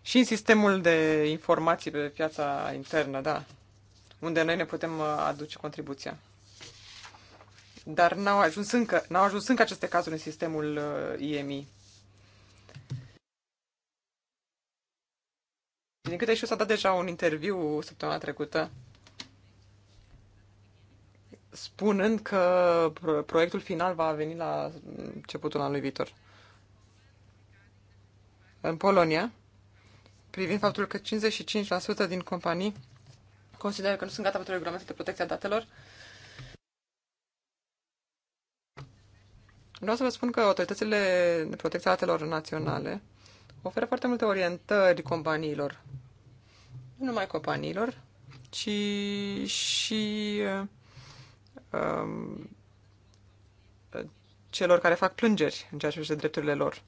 Și în sistemul de informații pe piața internă, da, unde noi ne putem uh, aduce contribuția. Dar n-au ajuns încă, n-au ajuns încă aceste cazuri în sistemul IMI. Uh, Din câte știu, s-a dat deja un interviu săptămâna trecută spunând că proiectul final va veni la începutul anului viitor. În Polonia, privind faptul că 55% din companii consideră că nu sunt gata pentru regulamentul de protecție a datelor, vreau să vă spun că autoritățile de protecție a datelor naționale oferă foarte multe orientări companiilor. Nu numai companiilor, ci și uh, um, celor care fac plângeri în ceea ce privește drepturile lor.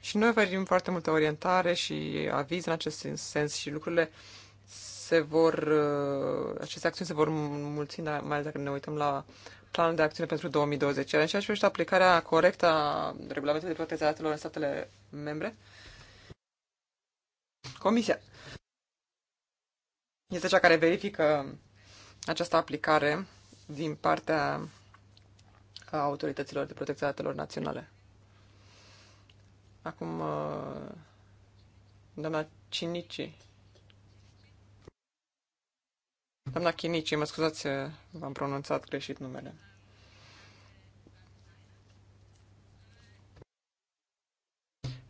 Și noi oferim foarte multă orientare și aviz în acest sens și lucrurile se vor, uh, aceste acțiuni se vor mulți, mai ales dacă ne uităm la planul de acțiune pentru 2020. în ceea ce privește aplicarea corectă a regulamentului de protecție a datelor în statele membre, Comisia este cea care verifică această aplicare din partea autorităților de protecție a datelor naționale. Acum, uh, doamna Cinici. Doamna Chinici, mă scuzați, uh, v-am pronunțat greșit numele.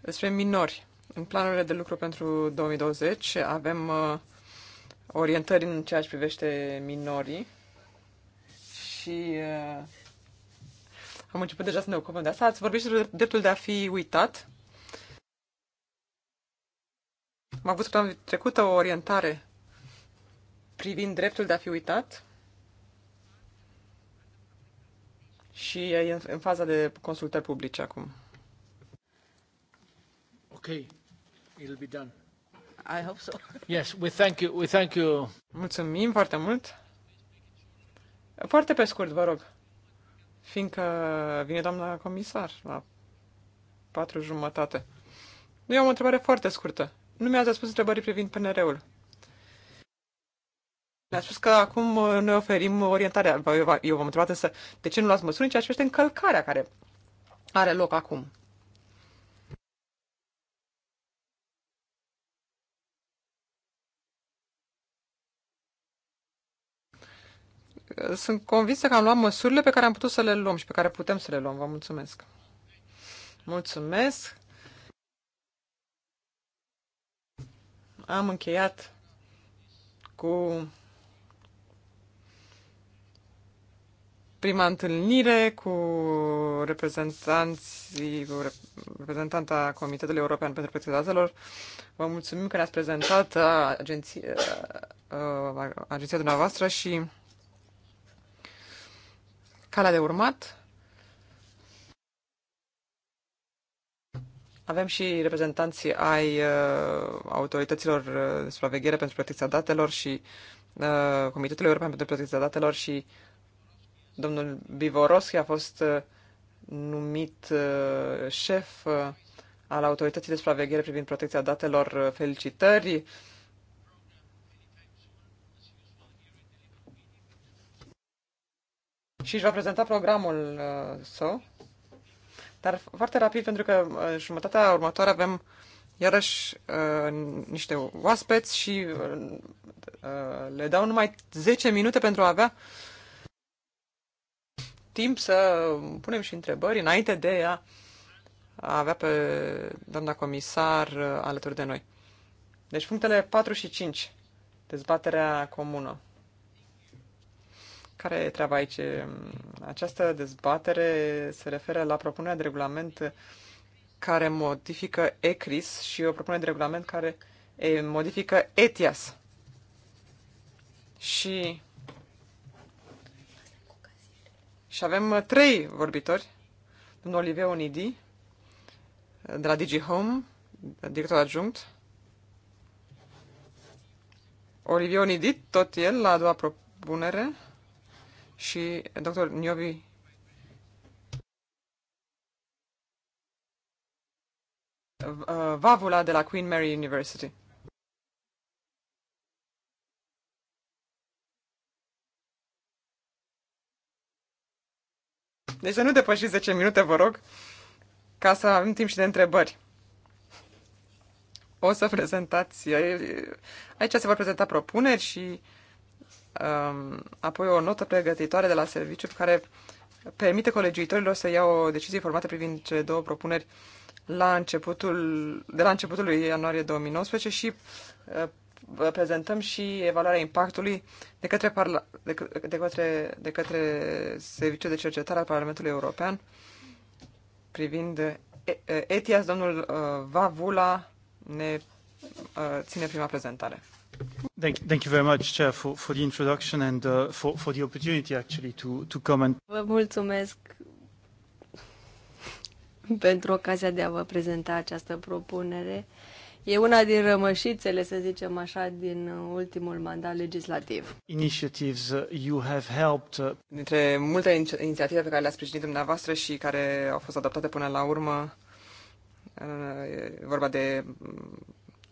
Despre minori. În planurile de lucru pentru 2020 avem uh, orientări în ceea ce privește minorii și uh, am început deja să ne ocupăm de asta. Ați vorbit și de dreptul de a fi uitat. Am avut săptămâna trecută o orientare privind dreptul de a fi uitat și e în, în faza de consultări publice acum. Ok, it'll be done. I hope so. Yes, we thank you. We thank you. Mulțumim foarte mult. Foarte pe scurt, vă rog, fiindcă vine doamna comisar la patru jumătate. Nu, eu am o întrebare foarte scurtă. Nu mi-ați spus întrebări privind PNR-ul. Mi-a spus că acum noi oferim orientarea. Eu v-am întrebat însă de ce nu luați măsuri în ceea ce privește încălcarea care are loc acum. sunt convinsă că am luat măsurile pe care am putut să le luăm și pe care putem să le luăm. Vă mulțumesc! Mulțumesc! Am încheiat cu prima întâlnire cu reprezentanții, cu reprezentanta Comitetului European pentru Protecția Datelor. Vă mulțumim că ne-ați prezentat uh, agenția, uh, uh, agenția dumneavoastră și Calea de urmat. Avem și reprezentanții ai uh, autorităților uh, de supraveghere pentru protecția datelor și uh, Comitetului European pentru protecția datelor și domnul Bivoroschi a fost uh, numit uh, șef uh, al autorității de supraveghere privind protecția datelor. Uh, felicitări! Uh, și își va prezenta programul uh, său. Dar foarte rapid, pentru că uh, jumătatea următoare avem iarăși uh, niște oaspeți și uh, uh, le dau numai 10 minute pentru a avea timp să punem și întrebări înainte de a avea pe doamna comisar uh, alături de noi. Deci punctele 4 și 5, dezbaterea comună. Care e treaba aici? Această dezbatere se referă la propunerea de regulament care modifică ECRIS și o propunere de regulament care modifică ETIAS. Și, și avem trei vorbitori. Domnul Olivier Onidi, de la DigiHome, director adjunct. Olivier Onidi, tot el, la a doua propunere și dr. Niovi uh, Vavula de la Queen Mary University. Deci să nu depășiți 10 minute, vă rog, ca să avem timp și de întrebări. O să prezentați, aici se vor prezenta propuneri și Um, apoi o notă pregătitoare de la serviciu care permite colegiuitorilor să iau o decizie formată privind cele două propuneri la începutul, de la începutul lui ianuarie 2019 și uh, prezentăm și evaluarea impactului de către, parla, de, de, către, de către Serviciul de Cercetare al Parlamentului European privind uh, ETIAS, domnul uh, Vavula ne uh, ține prima prezentare. Thank, thank you very much, Chair, for, for the introduction and uh, for, for the opportunity actually to, to comment. Vă mulțumesc pentru ocazia de a vă prezenta această propunere. E una din rămășițele, să zicem așa, din ultimul mandat legislativ. Initiatives uh, you have helped. Uh, Dintre multe inițiative pe care le-ați sprijinit dumneavoastră și care au fost adaptate până la urmă, uh, e vorba de mm,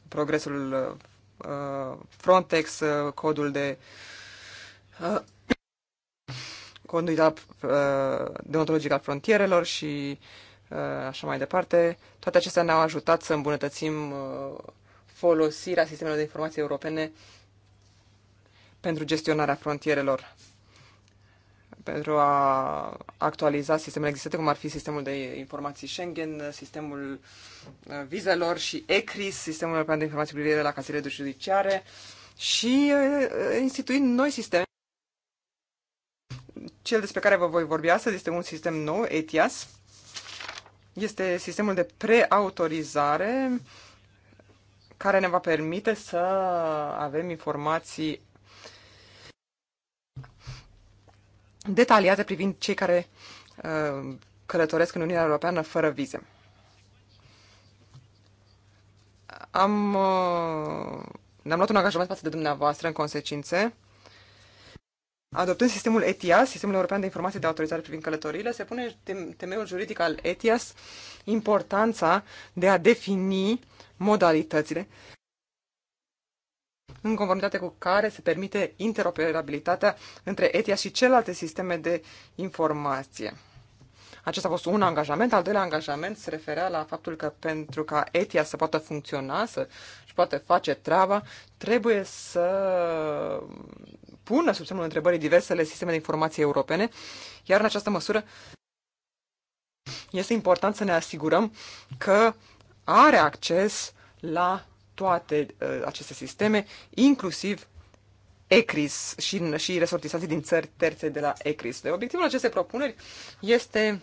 progresul Uh, Frontex, uh, codul de uh, conduita deontologic al frontierelor și așa mai departe. Toate acestea ne-au ajutat să îmbunătățim folosirea sistemelor de informații europene pentru gestionarea frontierelor pentru a actualiza sistemele existente, cum ar fi sistemul de informații Schengen, sistemul uh, vizelor și ECRIS, sistemul european de informații privire la casele de judiciare și uh, instituind noi sisteme. Cel despre care vă voi vorbi astăzi este un sistem nou, ETIAS. Este sistemul de preautorizare care ne va permite să avem informații detaliate privind cei care uh, călătoresc în Uniunea Europeană fără vize. Am, uh, ne-am luat un angajament față de dumneavoastră în consecințe. Adoptând sistemul ETIAS, Sistemul European de Informații de Autorizare privind călătorile, se pune temeiul juridic al ETIAS importanța de a defini modalitățile în conformitate cu care se permite interoperabilitatea între ETIA și celelalte sisteme de informație. Acesta a fost un angajament. Al doilea angajament se referea la faptul că pentru ca ETIA să poată funcționa, să și poate face treaba, trebuie să pună sub semnul întrebării diversele sisteme de informație europene, iar în această măsură este important să ne asigurăm că are acces la toate uh, aceste sisteme, inclusiv ECRIS și, și resortisații din țări terțe de la ECRIS. De deci, obiectivul acestei propuneri este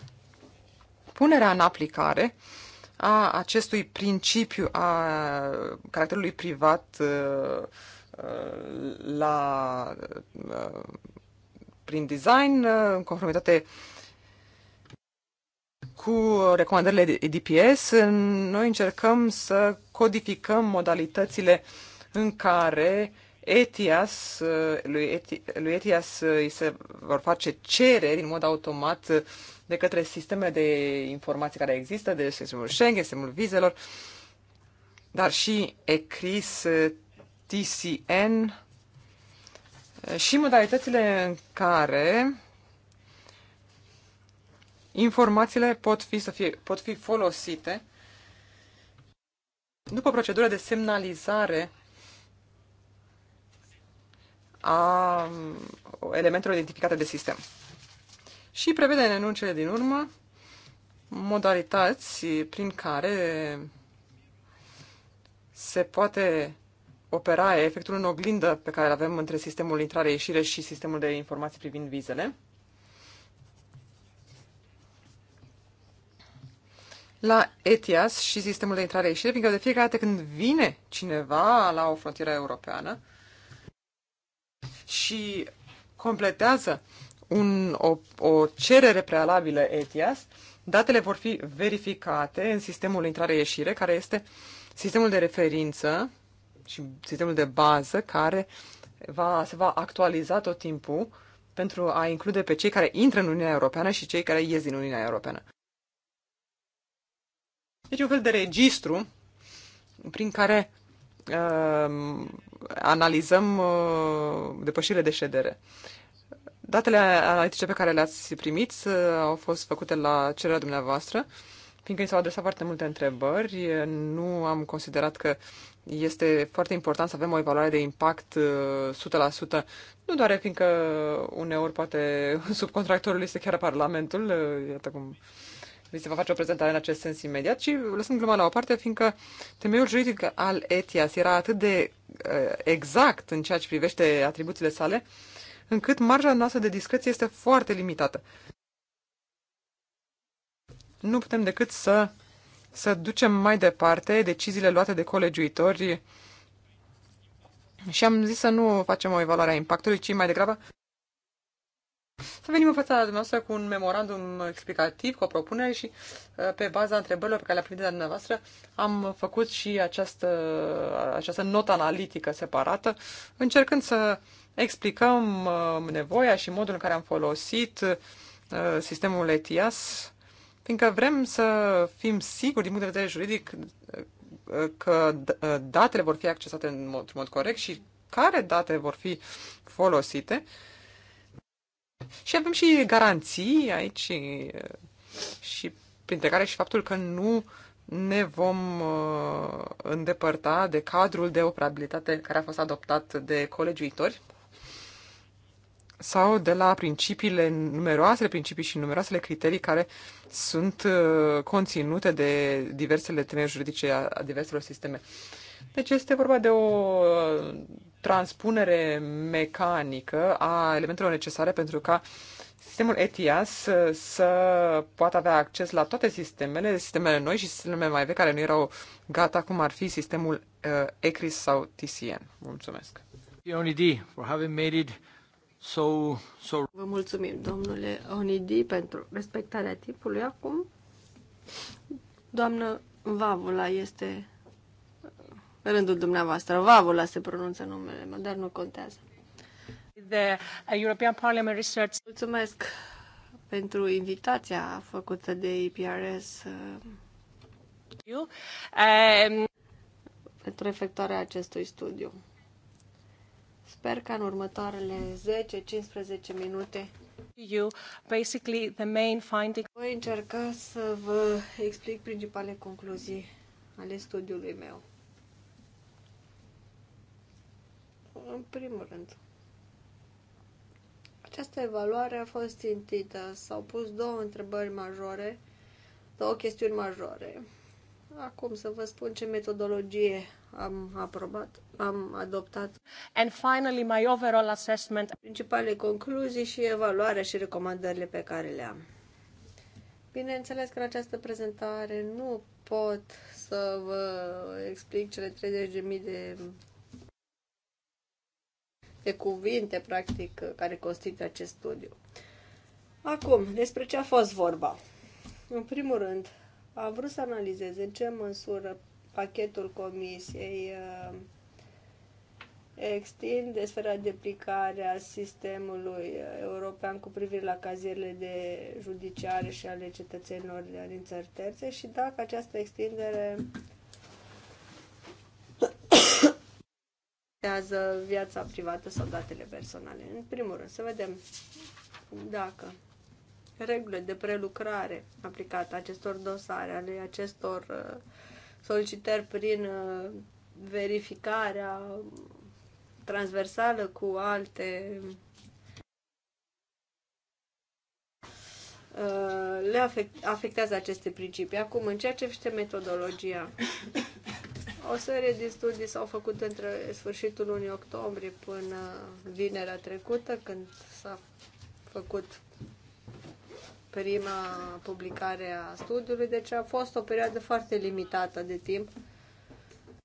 punerea în aplicare a acestui principiu a caracterului privat uh, uh la, uh, prin design, uh, în conformitate uh, cu recomandările DPS, noi încercăm să codificăm modalitățile în care ETIAS, lui, ETI, lui ETIAS îi se vor face cereri în mod automat de către sisteme de informații care există, de sistemul Schengen, sistemul vizelor, dar și ECRIS, TCN și modalitățile în care informațiile pot fi, să fie, pot fi folosite după procedura de semnalizare a um, elementelor identificate de sistem. Și prevede în enunțele din urmă modalități prin care se poate opera efectul în oglindă pe care îl avem între sistemul intrare-ieșire și sistemul de informații privind vizele. la ETIAS și sistemul de intrare-ieșire, fiindcă de fiecare dată când vine cineva la o frontieră europeană și completează un, o, o cerere prealabilă ETIAS, datele vor fi verificate în sistemul de intrare-ieșire, care este sistemul de referință și sistemul de bază care va, se va actualiza tot timpul pentru a include pe cei care intră în Uniunea Europeană și cei care ies din Uniunea Europeană. Deci un fel de registru prin care uh, analizăm uh, depășirile de ședere. Datele analitice pe care le-ați primit uh, au fost făcute la cererea dumneavoastră, fiindcă ni s-au adresat foarte multe întrebări. Nu am considerat că este foarte important să avem o evaluare de impact 100%, uh, nu doar fiindcă uneori poate <laughs> subcontractorul este chiar Parlamentul, uh, iată cum mi se va face o prezentare în acest sens imediat, și lăsând gluma la o parte, fiindcă temeiul juridic al ETIAS era atât de uh, exact în ceea ce privește atribuțiile sale, încât marja noastră de discreție este foarte limitată. Nu putem decât să, să ducem mai departe deciziile luate de colegiuitori și am zis să nu facem o evaluare a impactului, ci mai degrabă să venim în fața dumneavoastră cu un memorandum explicativ, cu o propunere și uh, pe baza întrebărilor pe care le-am primit de la dumneavoastră am făcut și această, uh, această notă analitică separată, încercând să explicăm uh, nevoia și modul în care am folosit sistemul ETIAS, fiindcă vrem să fim siguri din punct de vedere juridic că datele vor fi accesate în mod, în mod corect și care date vor fi folosite și avem și garanții aici și printre care și faptul că nu ne vom uh, îndepărta de cadrul de operabilitate care a fost adoptat de colegiuitori sau de la principiile, numeroasele principii și numeroasele criterii care sunt uh, conținute de diversele teme juridice a, a diverselor sisteme. Deci este vorba de o uh, transpunere mecanică a elementelor necesare pentru ca sistemul ETIAS să, uh, să poată avea acces la toate sistemele, sistemele noi și sistemele mai vechi care nu erau gata, cum ar fi sistemul uh, ECRIS sau TCN. mulțumesc! for having made it so, so... Vă mulțumim, domnule Onidi, pentru respectarea timpului. Acum, doamnă Vavula este rândul dumneavoastră. Vavula se pronunță numele meu, dar nu contează. The uh, European Parliament Research. Mulțumesc pentru invitația făcută de IPRS. Uh, you. Um... Pentru efectuarea acestui studiu. Sper că în următoarele 10-15 minute you basically the main finding. Voi încerca să vă explic principale concluzii ale studiului meu. În primul rând, această evaluare a fost țintită. S-au pus două întrebări majore, două chestiuni majore. Acum să vă spun ce metodologie am aprobat, am adoptat. And finally, my overall assessment. Principale concluzii și evaluarea și recomandările pe care le am. Bineînțeles că în această prezentare nu pot să vă explic cele 30.000 de de cuvinte, practic, care constituie acest studiu. Acum, despre ce a fost vorba? În primul rând, a vrut să analizeze în ce măsură pachetul comisiei uh, extinde sfera de aplicare a sistemului european cu privire la cazierele de judiciare și ale cetățenilor din țări terțe și dacă această extindere afectează viața privată sau datele personale. În primul rând, să vedem dacă regulile de prelucrare aplicate acestor dosare, ale acestor uh, solicitări prin uh, verificarea transversală cu alte uh, le afectează aceste principii. Acum, în ceea ce este metodologia, o serie de studii s-au făcut între sfârșitul lunii octombrie până vinerea trecută, când s-a făcut prima publicare a studiului, deci a fost o perioadă foarte limitată de timp.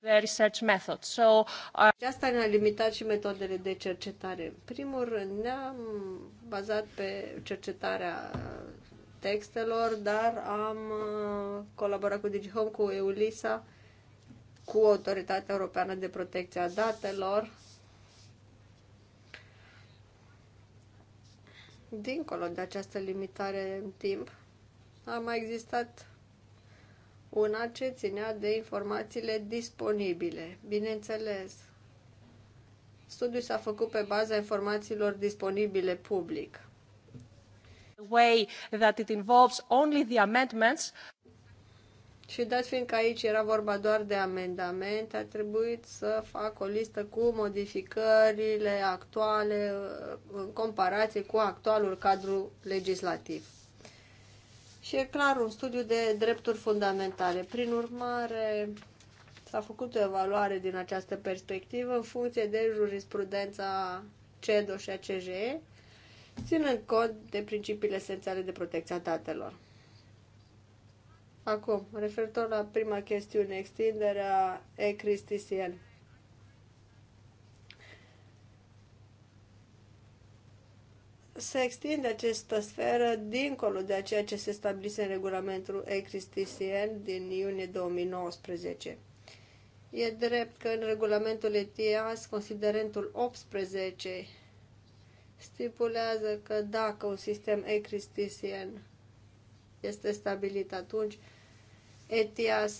The research method. So, uh... De asta ne-a limitat și metodele de cercetare. În primul rând, ne-am bazat pe cercetarea textelor, dar am uh, colaborat cu DigiHome, cu Eulisa, cu Autoritatea Europeană de Protecție a Datelor, dincolo de această limitare în timp, a mai existat una ce ținea de informațiile disponibile. Bineînțeles, studiul s-a făcut pe baza informațiilor disponibile public. way that it involves only the amendments și dat fiindcă aici era vorba doar de amendamente, a trebuit să fac o listă cu modificările actuale în comparație cu actualul cadru legislativ. Și e clar un studiu de drepturi fundamentale. Prin urmare, s-a făcut o evaluare din această perspectivă în funcție de jurisprudența CEDO și ACJE, ținând cont de principiile esențiale de protecția datelor. Acum, referitor la prima chestiune, extinderea e cristisien. Se extinde această sferă dincolo de ceea ce se stabilise în regulamentul e cristisien din iunie 2019. E drept că în regulamentul ETIAS, considerentul 18 stipulează că dacă un sistem e cristisien este stabilit atunci, ETIAS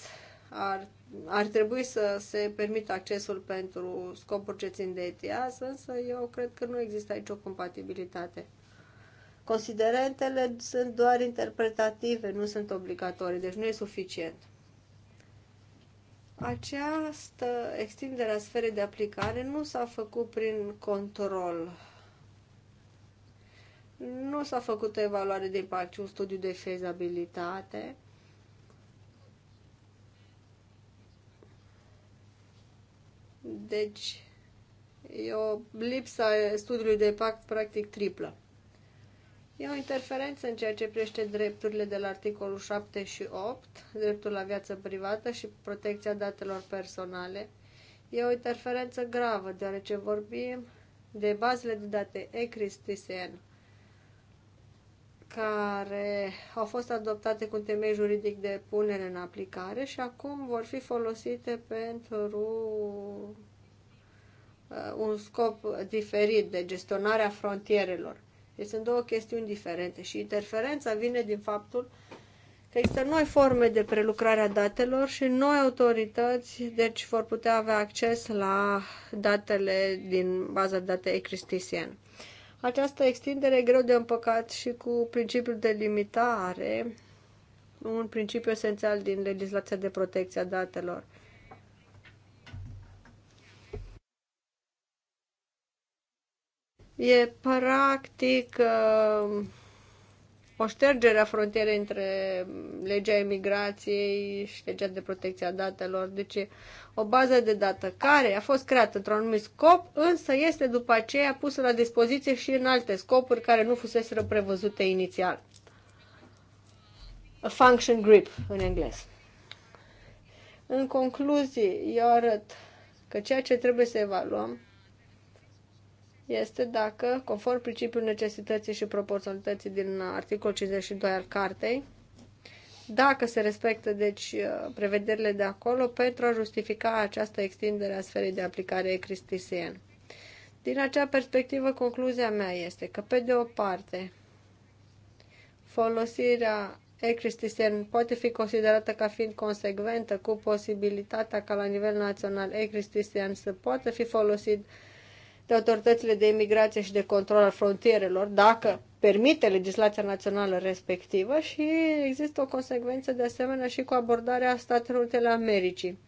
ar, ar trebui să se permită accesul pentru scopuri ce țin de ETIAS, însă eu cred că nu există aici o compatibilitate. Considerentele sunt doar interpretative, nu sunt obligatorii, deci nu e suficient. Această extindere a sferei de aplicare nu s-a făcut prin control. Nu s-a făcut o evaluare de impact, un studiu de fezabilitate Deci, e o lipsa studiului de impact practic triplă. E o interferență în ceea ce privește drepturile de la articolul 7 și 8, dreptul la viață privată și protecția datelor personale. E o interferență gravă, deoarece vorbim de bazele de date ECRIS-TSN, care au fost adoptate cu temei juridic de punere în aplicare și acum vor fi folosite pentru uh, un scop diferit de gestionarea frontierelor. Deci sunt două chestiuni diferente și interferența vine din faptul că există noi forme de prelucrare a datelor și noi autorități, deci vor putea avea acces la datele din baza de date ECRISTISIAN. Această extindere e greu de împăcat și cu principiul de limitare, un principiu esențial din legislația de protecție a datelor. E practic uh, o ștergere a frontierei între legea emigrației și legea de protecție a datelor. Deci o bază de dată care a fost creată într-un anumit scop, însă este după aceea pusă la dispoziție și în alte scopuri care nu fuseseră prevăzute inițial. A function grip în engleză. În concluzie, eu arăt că ceea ce trebuie să evaluăm este dacă, conform principiul necesității și proporționalității din articolul 52 al cartei, dacă se respectă deci uh, prevederile de acolo pentru a justifica această extindere a sferei de aplicare ecristisien. Din acea perspectivă, concluzia mea este că, pe de o parte, folosirea ecristisien poate fi considerată ca fiind consecventă cu posibilitatea ca la nivel național ecristisien să poată fi folosit de autoritățile de imigrație și de control al frontierelor, dacă permite legislația națională respectivă și există o consecvență de asemenea și cu abordarea Statelor Unite ale Americii.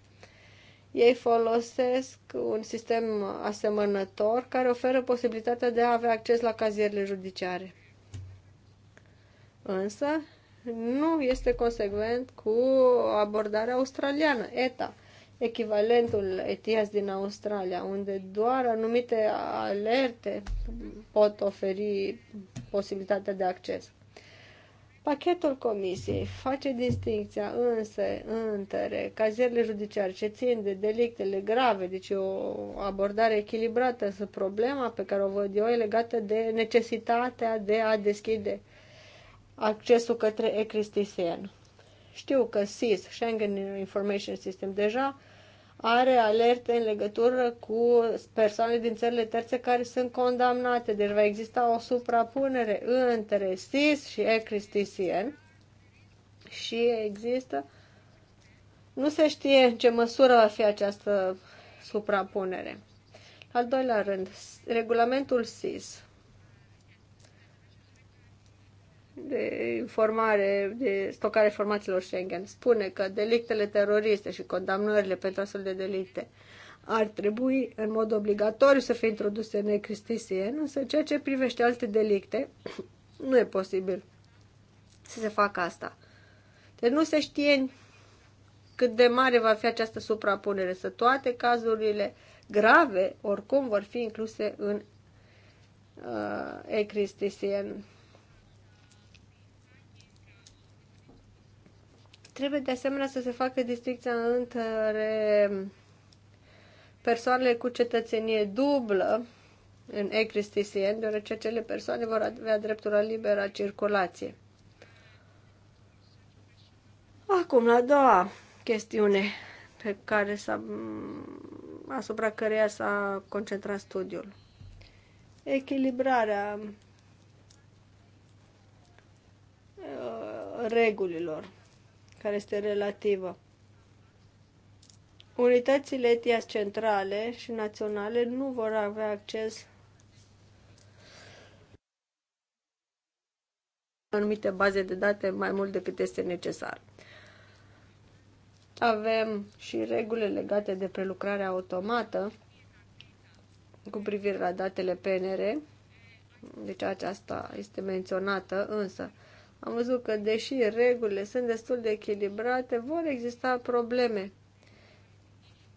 Ei folosesc un sistem asemănător care oferă posibilitatea de a avea acces la cazierile judiciare. Însă, nu este consecvent cu abordarea australiană, ETA, echivalentul ETIAS din Australia, unde doar anumite alerte pot oferi posibilitatea de acces. Pachetul comisiei face distinția însă între cazierele judiciare ce țin de delictele grave, deci o abordare echilibrată, să problema pe care o văd eu e legată de necesitatea de a deschide accesul către ecristisien. Știu că SIS, Schengen Information System, deja are alerte în legătură cu persoane din țările terțe care sunt condamnate. Deci va exista o suprapunere între SIS și ECRIS-TCN și există nu se știe în ce măsură va fi această suprapunere. Al doilea rând, regulamentul SIS de informare, de stocare informațiilor Schengen spune că delictele teroriste și condamnările pentru astfel de delicte ar trebui în mod obligatoriu să fie introduse în ecristisie, însă ceea ce privește alte delicte <coughs> nu e posibil să se facă asta. Deci nu se știe cât de mare va fi această suprapunere, să toate cazurile grave oricum vor fi incluse în uh, ecristisien. Trebuie de asemenea să se facă distinția între persoanele cu cetățenie dublă în ecristisien, deoarece acele persoane vor avea dreptul la libera circulație. Acum, la a doua chestiune pe care s-a, asupra căreia s-a concentrat studiul. Echilibrarea uh, regulilor care este relativă. Unitățile ETIAS centrale și naționale nu vor avea acces anumite baze de date mai mult decât este necesar. Avem și regulile legate de prelucrarea automată cu privire la datele PNR, deci aceasta este menționată, însă am văzut că, deși regulile sunt destul de echilibrate, vor exista probleme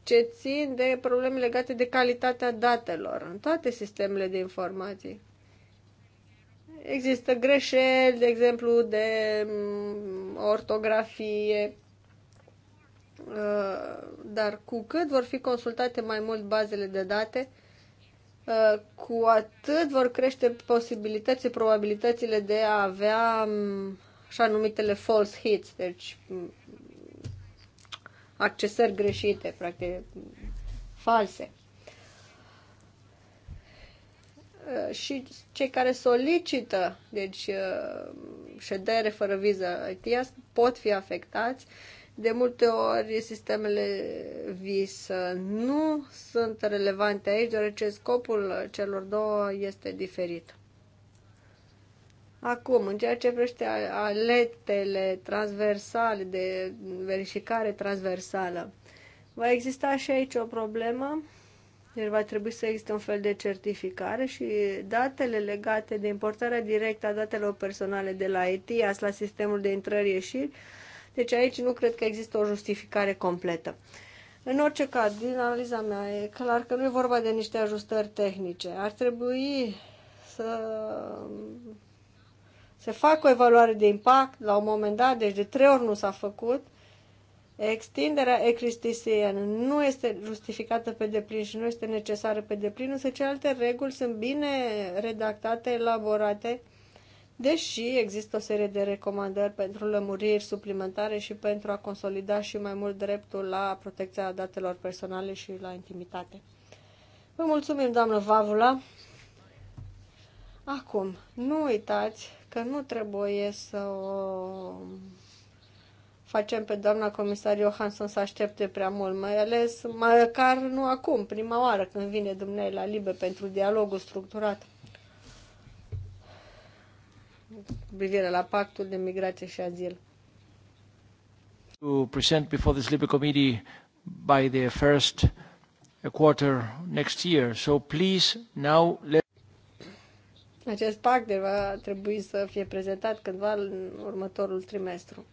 ce țin de probleme legate de calitatea datelor în toate sistemele de informații. Există greșeli, de exemplu, de mm, ortografie, uh, dar cu cât vor fi consultate mai mult bazele de date, Uh, cu atât vor crește posibilitățile, probabilitățile de a avea um, așa numitele false hits, deci um, accesări greșite, practic false. Uh, și cei care solicită, deci uh, ședere fără viză pot fi afectați de multe ori sistemele vis nu sunt relevante aici, deoarece scopul celor două este diferit. Acum, în ceea ce privește aletele transversale, de verificare transversală, va exista și aici o problemă. Deci va trebui să existe un fel de certificare și datele legate de importarea directă a datelor personale de la ETIAS la sistemul de intrări-ieșiri deci aici nu cred că există o justificare completă. În orice caz, din analiza mea, e clar că nu e vorba de niște ajustări tehnice. Ar trebui să se facă o evaluare de impact la un moment dat, deci de trei ori nu s-a făcut. Extinderea ECRISTISIEN nu este justificată pe deplin și nu este necesară pe deplin, însă celelalte reguli sunt bine redactate, elaborate deși există o serie de recomandări pentru lămuriri suplimentare și pentru a consolida și mai mult dreptul la protecția datelor personale și la intimitate. Vă mulțumim, doamnă Vavula! Acum, nu uitați că nu trebuie să o facem pe doamna comisar Johansson să aștepte prea mult, mai ales măcar nu acum, prima oară când vine dumnei la libe pentru dialogul structurat cu privire la pactul de migrație și azil. To present before this Libre Committee by the first quarter next year. So please now let acest pact va trebui să fie prezentat cândva în următorul trimestru.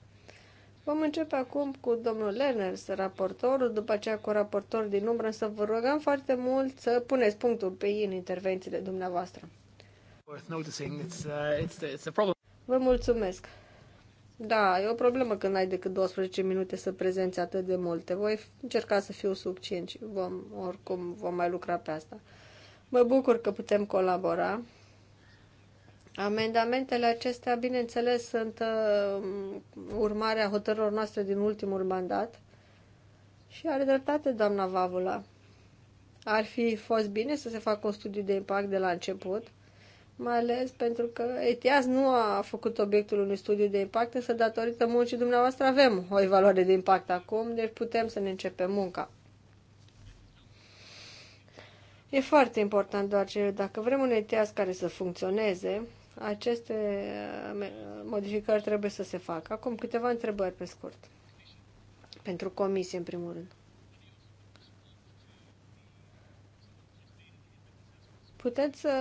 Vom începe acum cu domnul Lerners, raportorul, după aceea cu raportor din umbră, să vă rugăm foarte mult să puneți punctul pe ei în intervențiile dumneavoastră. Uh, Vă mulțumesc. Da, e o problemă când ai decât 12 minute să prezenți atât de multe. Voi încerca să fiu sub 5. vom, oricum vom mai lucra pe asta. Mă bucur că putem colabora. Amendamentele acestea, bineînțeles, sunt uh, urmarea hotărârilor noastre din ultimul mandat și are dreptate doamna Vavula. Ar fi fost bine să se facă un studiu de impact de la început, mai ales pentru că ETIAS nu a făcut obiectul unui studiu de impact, însă datorită muncii dumneavoastră avem o evaluare de impact acum, deci putem să ne începem munca. E foarte important doar ce dacă vrem un ETIAS care să funcționeze, aceste uh, modificări trebuie să se facă. Acum câteva întrebări pe scurt. Pentru comisie, în primul rând. Puteți să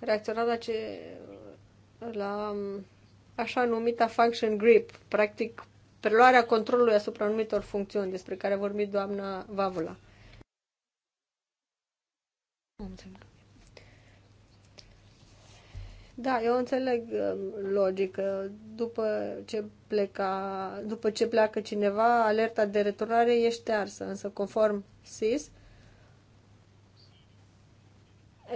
reacționați la, ce, la așa numita function grip, practic preluarea controlului asupra anumitor funcțiuni despre care a vorbit doamna Vavula. Da, eu înțeleg um, logică. După ce, pleca, după ce pleacă cineva, alerta de returnare e ștearsă, însă conform SIS,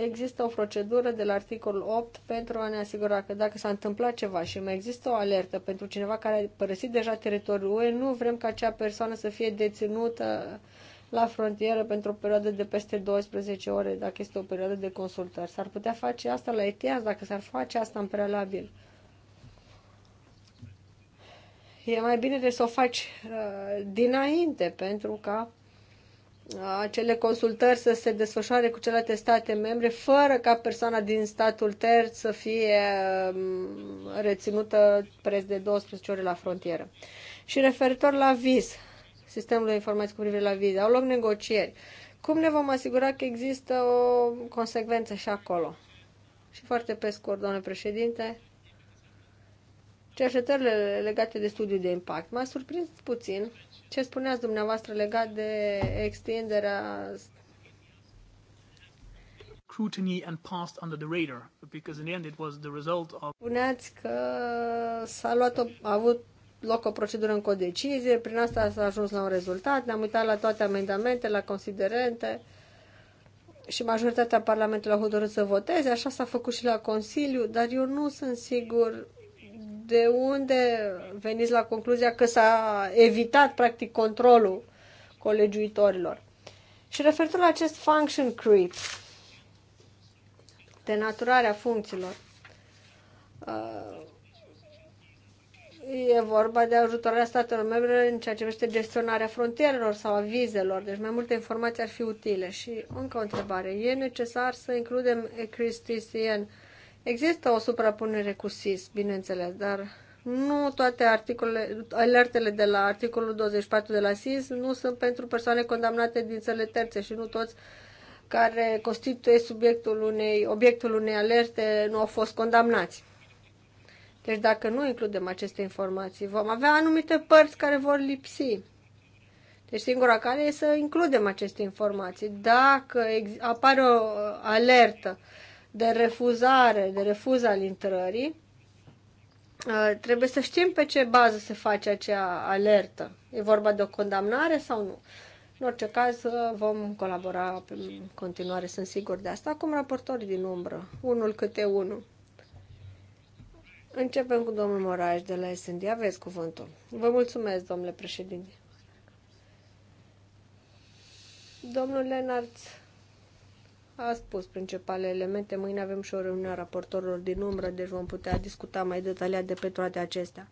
există o procedură de la articolul 8 pentru a ne asigura că dacă s-a întâmplat ceva și mai există o alertă pentru cineva care a părăsit deja teritoriul UE, nu vrem ca acea persoană să fie deținută la frontieră pentru o perioadă de peste 12 ore, dacă este o perioadă de consultări. S-ar putea face asta la ETIAS dacă s-ar face asta în prealabil. E mai bine de să o faci uh, dinainte pentru ca acele consultări să se desfășoare cu celelalte state membre fără ca persoana din statul terț să fie um, reținută preț de 12 ore la frontieră. Și referitor la viz, sistemul de informații cu privire la viz, au loc negocieri. Cum ne vom asigura că există o consecvență și acolo? Și foarte pe scurt, doamne președinte, cercetările legate de studiul de impact. M-a surprins puțin ce spuneați dumneavoastră legat de extinderea scrutiny and passed under the radar because in the end it was the result of Spuneați că s-a luat o, a avut loc o procedură în codecizie, prin asta s-a ajuns la un rezultat, ne-am uitat la toate amendamente, la considerente și majoritatea Parlamentului a hotărât să voteze, așa s-a făcut și la Consiliu, dar eu nu sunt sigur de unde veniți la concluzia că s-a evitat practic controlul colegiuitorilor? Și referitor la acest function creep, denaturarea funcțiilor, uh, e vorba de ajutorarea statelor membre în ceea ce privește gestionarea frontierelor sau a vizelor, deci mai multe informații ar fi utile. Și încă o întrebare, e necesar să includem ecristisien? Există o suprapunere cu SIS, bineînțeles, dar nu toate articole, alertele de la articolul 24 de la SIS nu sunt pentru persoane condamnate din țările terțe și nu toți care constituie subiectul unei, obiectul unei alerte nu au fost condamnați. Deci dacă nu includem aceste informații, vom avea anumite părți care vor lipsi. Deci singura care e să includem aceste informații. Dacă apare o uh, alertă de refuzare, de refuz al intrării, uh, trebuie să știm pe ce bază se face acea alertă. E vorba de o condamnare sau nu? În orice caz, uh, vom colabora în continuare, sunt sigur de asta. Acum raportori din umbră, unul câte unul. Începem cu domnul Moraș de la SND. Aveți cuvântul. Vă mulțumesc, domnule președinte. Domnul Lenart a spus principalele elemente. Mâine avem și o reuniune a raportorilor din umbră, deci vom putea discuta mai detaliat de pe toate acestea.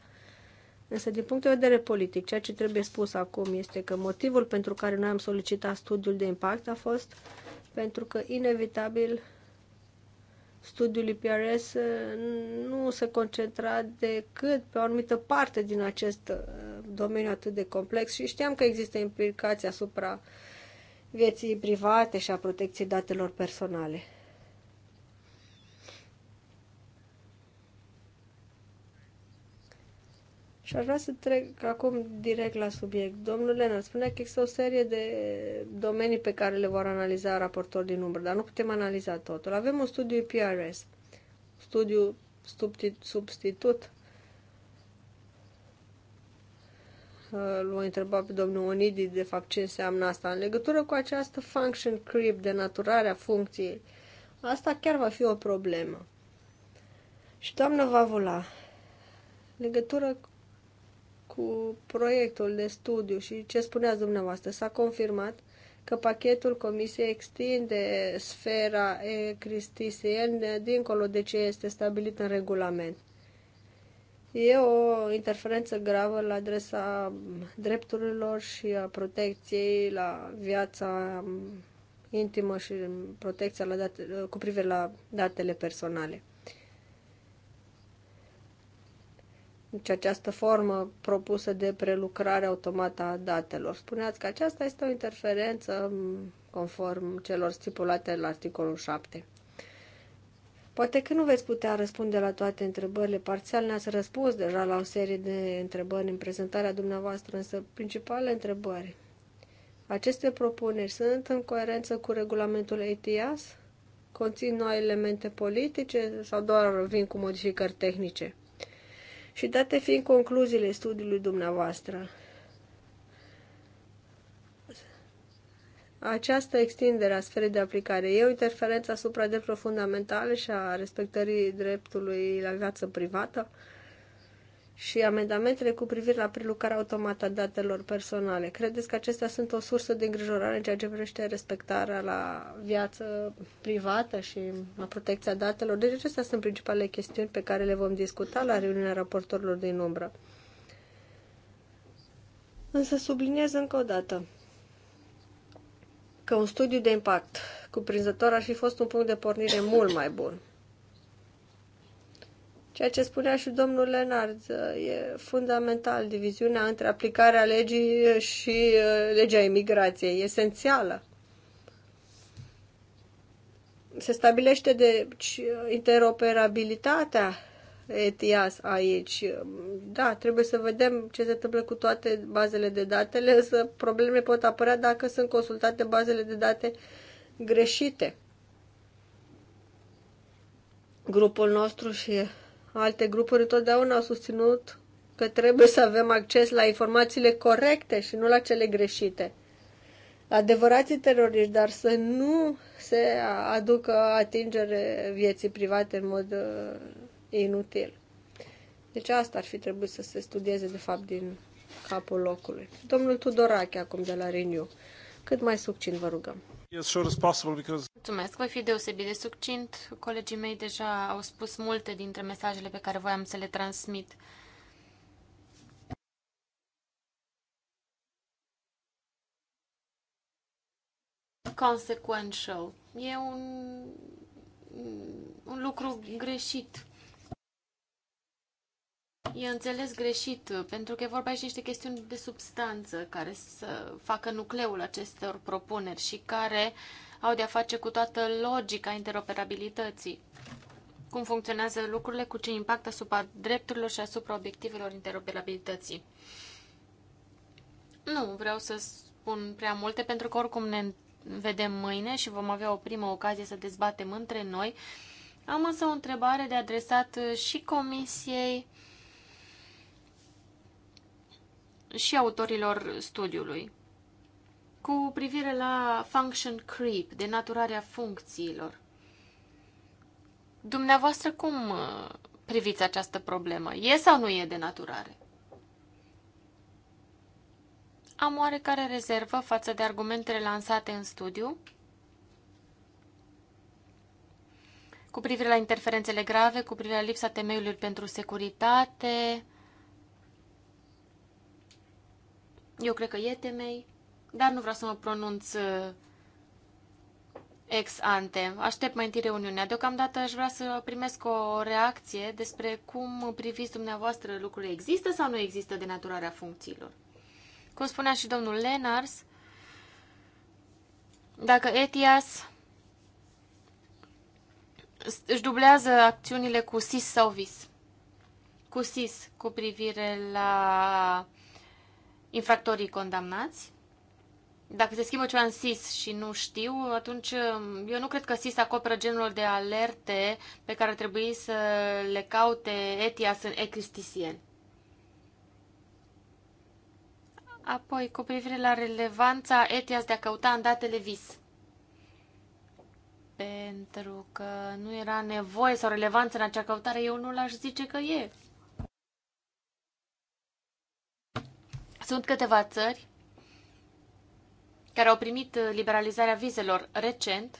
Însă, din punct de vedere politic, ceea ce trebuie spus acum este că motivul pentru care noi am solicitat studiul de impact a fost pentru că, inevitabil, studiul IPRS uh, nu se concentra decât pe o anumită parte din acest uh, domeniu atât de complex și știam că există implicații asupra uh, vieții private și a protecției datelor personale. Și aș vrea să trec acum direct la subiect. Domnul Lenar spunea că există o serie de domenii pe care le vor analiza raportori din număr, dar nu putem analiza totul. Avem un studiu PRS, studiu substitut îl voi întreba pe domnul Onidi de fapt ce înseamnă asta în legătură cu această function creep de naturarea funcției. Asta chiar va fi o problemă. Și doamna Vavula, legătură cu proiectul de studiu și ce spuneați dumneavoastră, s-a confirmat că pachetul Comisiei extinde sfera Cristisen dincolo de ce este stabilit în regulament. E o interferență gravă la adresa drepturilor și a protecției la viața intimă și protecția la date, cu privire la datele personale. Deci această formă propusă de prelucrare automată a datelor. Spuneați că aceasta este o interferență conform celor stipulate la articolul 7. Poate că nu veți putea răspunde la toate întrebările. Parțial ne-ați răspuns deja la o serie de întrebări în prezentarea dumneavoastră, însă principalele întrebări. Aceste propuneri sunt în coerență cu regulamentul ETIAS? Conțin noi elemente politice sau doar vin cu modificări tehnice? Și date fiind concluziile studiului dumneavoastră Această extindere a sferei de aplicare e o interferență asupra drepturilor fundamentale și a respectării dreptului la viață privată și amendamentele cu privire la prelucrarea automată a datelor personale. Credeți că acestea sunt o sursă de îngrijorare în ceea ce privește respectarea la viață privată și la protecția datelor? Deci acestea sunt principalele chestiuni pe care le vom discuta la reuniunea raportorilor din umbră. Însă subliniez încă o dată că un studiu de impact cuprinzător ar fi fost un punct de pornire mult mai bun. Ceea ce spunea și domnul Lenard, e fundamental diviziunea între aplicarea legii și uh, legea imigrației, esențială. Se stabilește deci interoperabilitatea ETIAS aici. Da, trebuie să vedem ce se întâmplă cu toate bazele de datele, însă probleme pot apărea dacă sunt consultate bazele de date greșite. Grupul nostru și alte grupuri întotdeauna au susținut că trebuie să avem acces la informațiile corecte și nu la cele greșite. Adevărații teroriști, dar să nu se aducă atingere vieții private în mod uh, inutil. Deci asta ar fi trebuit să se studieze, de fapt, din capul locului. Domnul Tudorache, acum de la Renew. Cât mai succint, vă rugăm. Yes, sure, possible because... Mulțumesc, voi fi deosebit de succint. Colegii mei deja au spus multe dintre mesajele pe care voiam să le transmit. Consequential. E un, un lucru greșit e înțeles greșit, pentru că e vorba și niște chestiuni de substanță care să facă nucleul acestor propuneri și care au de-a face cu toată logica interoperabilității. Cum funcționează lucrurile, cu ce impact asupra drepturilor și asupra obiectivelor interoperabilității. Nu vreau să spun prea multe, pentru că oricum ne vedem mâine și vom avea o primă ocazie să dezbatem între noi. Am însă o întrebare de adresat și Comisiei și autorilor studiului cu privire la function creep, denaturarea funcțiilor. Dumneavoastră cum uh, priviți această problemă? E sau nu e denaturare? Am oarecare rezervă față de argumentele lansate în studiu cu privire la interferențele grave, cu privire la lipsa temeiului pentru securitate, Eu cred că e temei, dar nu vreau să mă pronunț uh, ex ante. Aștept mai întâi reuniunea. Deocamdată aș vrea să primesc o reacție despre cum priviți dumneavoastră lucrurile. Există sau nu există de naturarea funcțiilor? Cum spunea și domnul Lenars, dacă ETIAS își dublează acțiunile cu SIS sau VIS, cu SIS cu privire la infractorii condamnați. Dacă se schimbă ceva în SIS și nu știu, atunci um, eu nu cred că SIS acoperă genul de alerte pe care ar trebui să le caute ETIAS în ecristisien. Apoi, cu privire la relevanța ETIAS de a căuta în datele VIS pentru că nu era nevoie sau relevanță în acea căutare, eu nu l-aș zice că e. Sunt câteva țări care au primit liberalizarea vizelor recent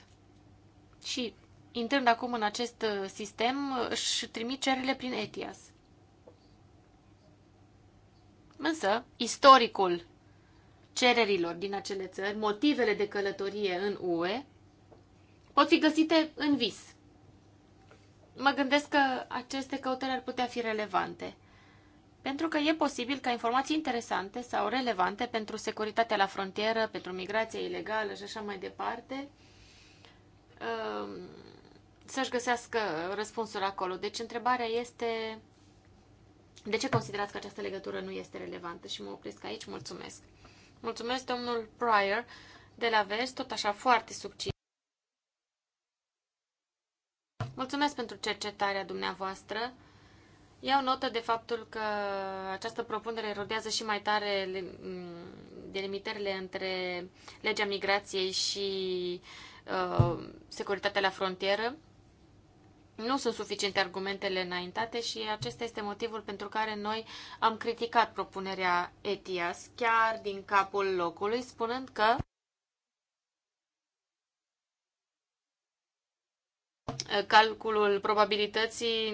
și, intrând acum în acest sistem, își trimit cererile prin ETIAS. Însă, istoricul cererilor din acele țări, motivele de călătorie în UE, pot fi găsite în vis. Mă gândesc că aceste căutări ar putea fi relevante pentru că e posibil ca informații interesante sau relevante pentru securitatea la frontieră, pentru migrația ilegală și așa mai departe, um, să-și găsească răspunsul acolo. Deci întrebarea este de ce considerați că această legătură nu este relevantă? Și mă opresc aici. Mulțumesc. Mulțumesc, domnul Pryor, de la Vest, tot așa foarte succint. Mulțumesc pentru cercetarea dumneavoastră. Iau notă de faptul că această propunere rodează și mai tare delimitările între legea migrației și uh, securitatea la frontieră. Nu sunt suficiente argumentele înaintate și acesta este motivul pentru care noi am criticat propunerea ETIAS chiar din capul locului, spunând că calculul probabilității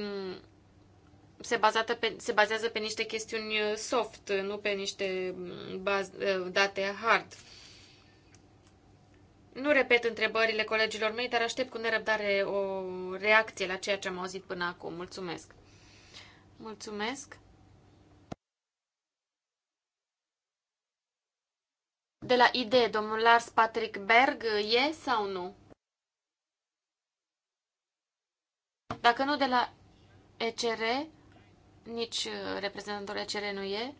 se, bazată pe, se bazează pe niște chestiuni uh, soft, uh, nu pe niște mm, baz, uh, date hard. Nu repet întrebările colegilor mei, dar aștept cu nerăbdare o reacție la ceea ce am auzit până acum. Mulțumesc! Mulțumesc! De la ID, domnul Lars Patrick Berg, e sau nu? Dacă nu de la ECR, nici uh, reprezentantul ECR nu e.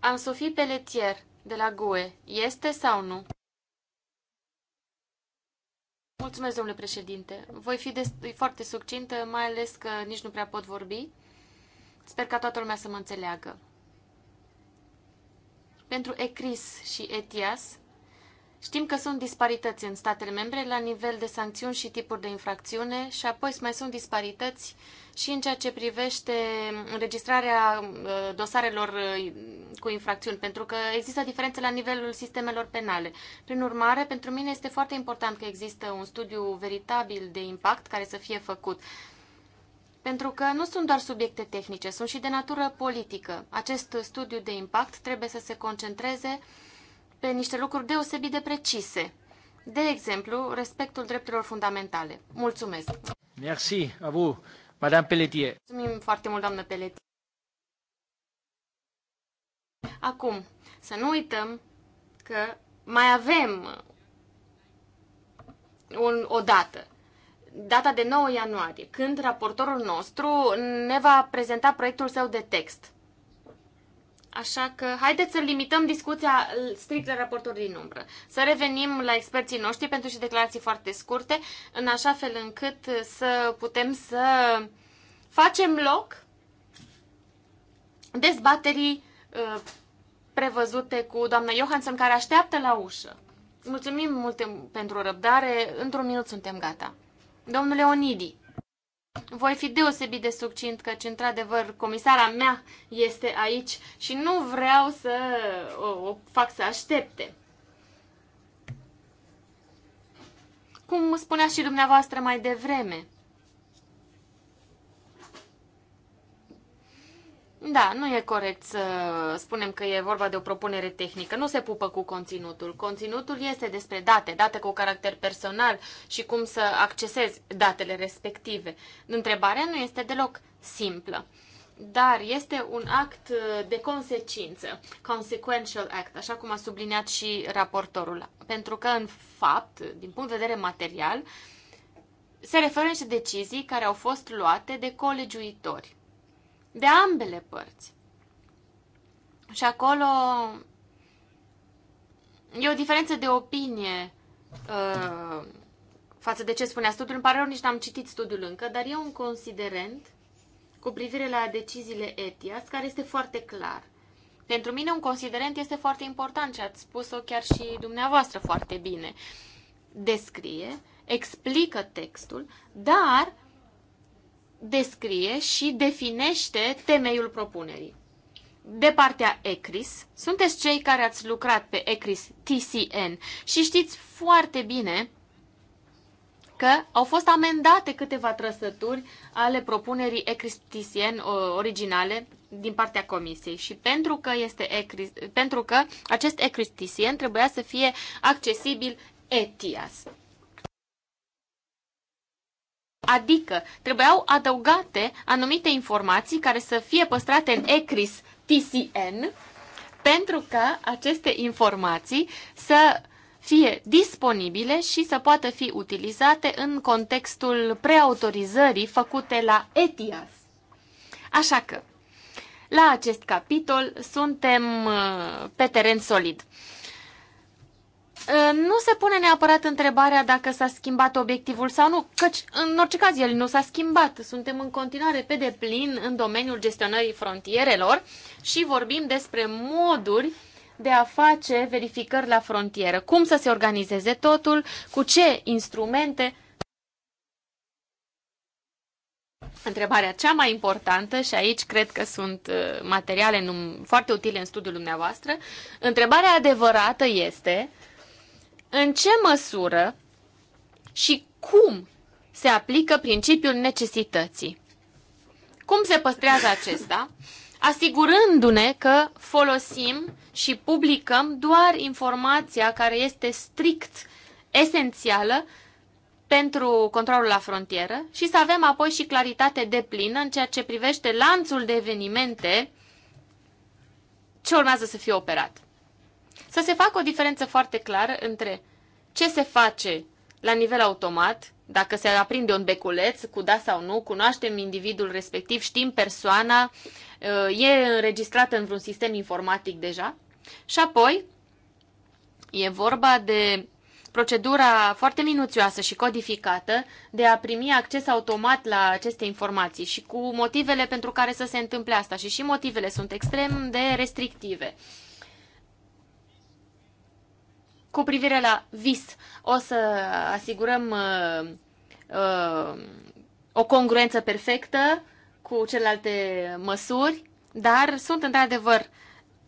Ansofie Peletier, de la GUE, este sau nu? Mulțumesc, domnule președinte. Voi fi foarte succintă, mai ales că nici nu prea pot vorbi. Sper ca toată lumea să mă înțeleagă. Pentru ECRIS și ETIAS, Știm că sunt disparități în statele membre la nivel de sancțiuni și tipuri de infracțiune și apoi mai sunt disparități și în ceea ce privește înregistrarea uh, dosarelor uh, cu infracțiuni, pentru că există diferențe la nivelul sistemelor penale. Prin urmare, pentru mine este foarte important că există un studiu veritabil de impact care să fie făcut. Pentru că nu sunt doar subiecte tehnice, sunt și de natură politică. Acest studiu de impact trebuie să se concentreze uh, pe niște lucruri deosebit de precise. De exemplu, respectul drepturilor fundamentale. Mulțumesc! Merci a vous, Madame Pelletier. Mulțumim foarte mult, doamnă Pelletier. Acum, să nu uităm că mai avem un, o dată, data de 9 ianuarie, când raportorul nostru ne va prezenta proiectul său de text. Așa că haideți să limităm discuția strict la raportul din umbră. Să revenim la experții noștri pentru și declarații foarte scurte, în așa fel încât să putem să facem loc dezbaterii uh, prevăzute cu doamna Johansson, care așteaptă la ușă. Mulțumim mult pentru răbdare. Într-un minut suntem gata. Domnule Onidi. Voi fi deosebit de succint, căci, într-adevăr, comisara mea este aici și nu vreau să o, o fac să aștepte. Cum spunea și dumneavoastră mai devreme, Da, nu e corect să spunem că e vorba de o propunere tehnică. Nu se pupă cu conținutul. Conținutul este despre date, date cu caracter personal și cum să accesezi datele respective. Întrebarea nu este deloc simplă, dar este un act de consecință, consequential act, așa cum a subliniat și raportorul. Pentru că, în fapt, din punct de vedere material, se referă și decizii care au fost luate de colegiuitori de ambele părți. Și acolo e o diferență de opinie uh, față de ce spunea studiul. Îmi pare rău, nici n-am citit studiul încă, dar e un considerent cu privire la deciziile ETIAS care este foarte clar. Pentru mine un considerent este foarte important și ați spus-o chiar și dumneavoastră foarte bine. Descrie, explică textul, dar descrie și definește temeiul propunerii. De partea ECRIS, sunteți cei care ați lucrat pe ECRIS TCN și știți foarte bine că au fost amendate câteva trăsături ale propunerii ECRIS-TCN originale din partea comisiei și pentru că, este ECRIS, pentru că acest ECRIS-TCN trebuia să fie accesibil ETIAS. Adică trebuiau adăugate anumite informații care să fie păstrate în ECRIS TCN pentru ca aceste informații să fie disponibile și să poată fi utilizate în contextul preautorizării făcute la ETIAS. Așa că, la acest capitol suntem uh, pe teren solid. Ă, nu se pune neapărat întrebarea dacă s-a schimbat obiectivul sau nu, căci în orice caz el nu s-a schimbat. Suntem în continuare pe deplin în domeniul gestionării frontierelor și vorbim despre moduri de a face verificări la frontieră. Cum să se organizeze totul, cu ce instrumente. Întrebarea cea mai importantă, și aici cred că sunt ă, materiale foarte utile în studiul dumneavoastră, întrebarea adevărată este în ce măsură și cum se aplică principiul necesității. Cum se păstrează acesta? Asigurându-ne că folosim și publicăm doar informația care este strict esențială pentru controlul la frontieră și să avem apoi și claritate de plină în ceea ce privește lanțul de evenimente ce urmează să fie operat să se facă o diferență foarte clară între ce se face la nivel automat, dacă se aprinde un beculeț, cu da sau nu, cunoaștem individul respectiv, știm persoana, uh, e înregistrată în vreun sistem informatic deja. Și apoi e vorba de procedura foarte minuțioasă și codificată de a primi acces automat la aceste informații și cu motivele pentru care să se întâmple asta și și motivele sunt extrem de restrictive. Cu privire la vis, o să asigurăm uh, uh, o congruență perfectă cu celelalte măsuri, dar sunt într-adevăr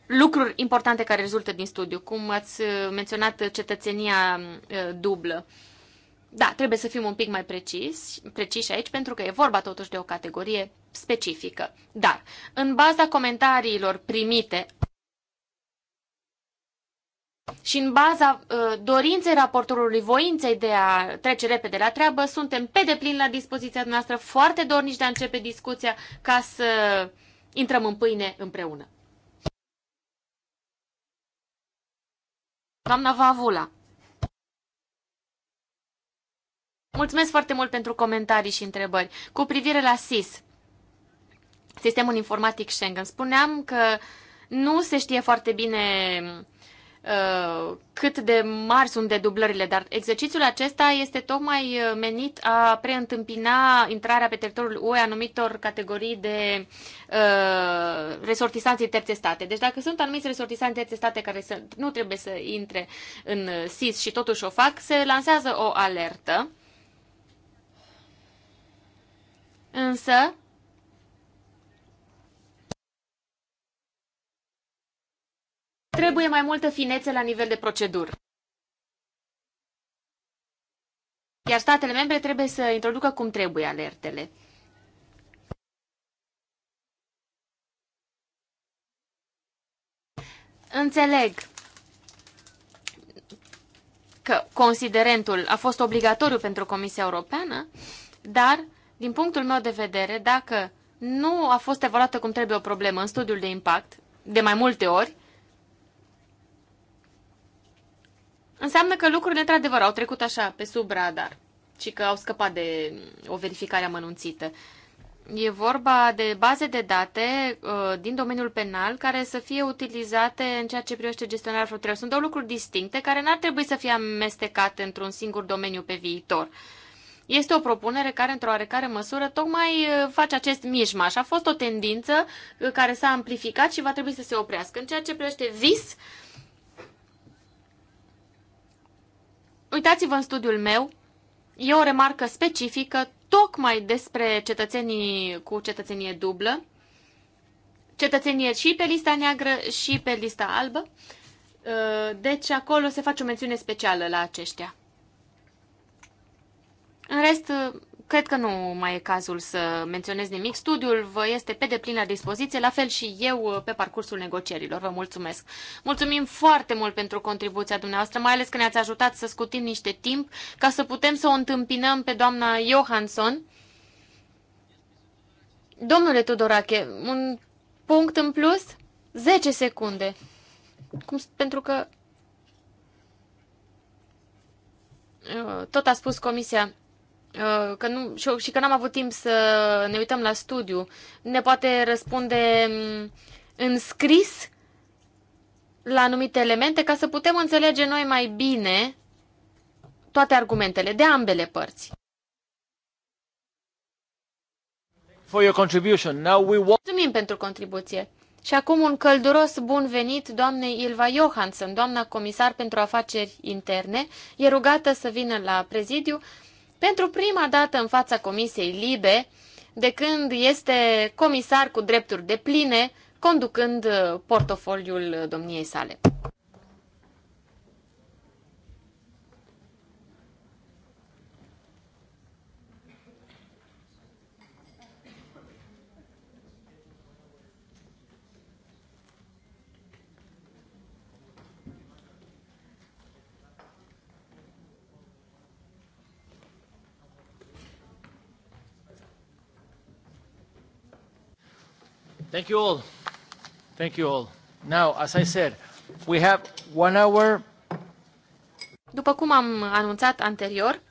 lucruri importante care rezultă din studiu, cum ați uh, menționat cetățenia uh, dublă. Da, trebuie să fim un pic mai precis, preciși aici, pentru că e vorba totuși de o categorie specifică. Dar, în baza comentariilor primite, și în baza uh, dorinței raportorului, voinței de a trece repede la treabă, suntem pe deplin la dispoziția noastră, foarte dornici de a începe discuția ca să intrăm în pâine împreună. Doamna Vavula. Mulțumesc foarte mult pentru comentarii și întrebări. Cu privire la SIS, Sistemul Informatic Schengen, spuneam că nu se știe foarte bine Uh, cât de mari sunt de dublările, dar exercițiul acesta este tocmai uh, menit a preîntâmpina intrarea pe teritoriul UE anumitor categorii de uh, resortisanții terțe state. Deci dacă sunt anumiți resortisanți terțe state care să, nu trebuie să intre în uh, SIS și totuși o fac, se lansează o alertă. Însă, Trebuie mai multă finețe la nivel de procedură. Iar statele membre trebuie să introducă cum trebuie alertele. Înțeleg că considerentul a fost obligatoriu pentru Comisia Europeană, dar, din punctul meu de vedere, dacă nu a fost evaluată cum trebuie o problemă în studiul de impact, de mai multe ori, înseamnă că lucrurile într-adevăr au trecut așa, pe sub radar și că au scăpat de mm, o verificare amănunțită. E vorba de baze de date uh, din domeniul penal care să fie utilizate în ceea ce privește gestionarea frontierelor. Sunt două lucruri distincte care n-ar trebui să fie amestecate într-un singur domeniu pe viitor. Este o propunere care, într-o oarecare măsură, tocmai uh, face acest mijmaș. A fost o tendință uh, care s-a amplificat și va trebui să se oprească. În ceea ce privește vis, uh, Uitați-vă în studiul meu, e o remarcă specifică tocmai despre cetățenii cu cetățenie dublă, cetățenie și pe lista neagră și pe lista albă, uh, deci acolo se face o mențiune specială la aceștia. În rest, uh, Cred că nu mai e cazul să menționez nimic. Studiul vă este pe deplin la dispoziție, la fel și eu uh, pe parcursul negocierilor. Vă mulțumesc. Mulțumim foarte mult pentru contribuția dumneavoastră, mai ales că ne-ați ajutat să scutim niște timp ca să putem să o întâmpinăm pe doamna Johansson. Domnule Tudorache, un punct în plus? 10 secunde. Cum, pentru că uh, tot a spus comisia Uh, că nu, și, și că n-am avut timp să ne uităm la studiu, ne poate răspunde mm, în scris la anumite elemente ca să putem înțelege noi mai bine toate argumentele de ambele părți. For your contribution. Now we want... Mulțumim pentru contribuție. Și acum un călduros bun venit doamnei Ilva Johansson, doamna comisar pentru afaceri interne, e rugată să vină la prezidiu pentru prima dată în fața Comisiei Libe, de când este comisar cu drepturi de pline, conducând uh, portofoliul domniei sale. Thank you all. Thank you all. Now, as I said, we have one hour. După cum am anunțat anterior,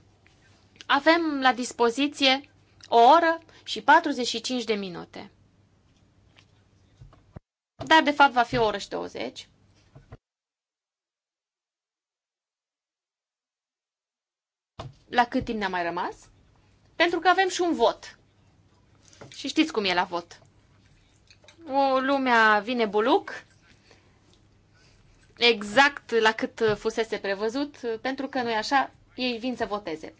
avem la dispoziție o oră și 45 de minute. Dar, de fapt, va fi o oră și 20. La cât timp ne-a mai rămas? Pentru că avem și un vot. Și știți cum e la vot o lumea vine buluc, exact la cât fusese prevăzut, pentru că nu-i așa, ei vin să voteze.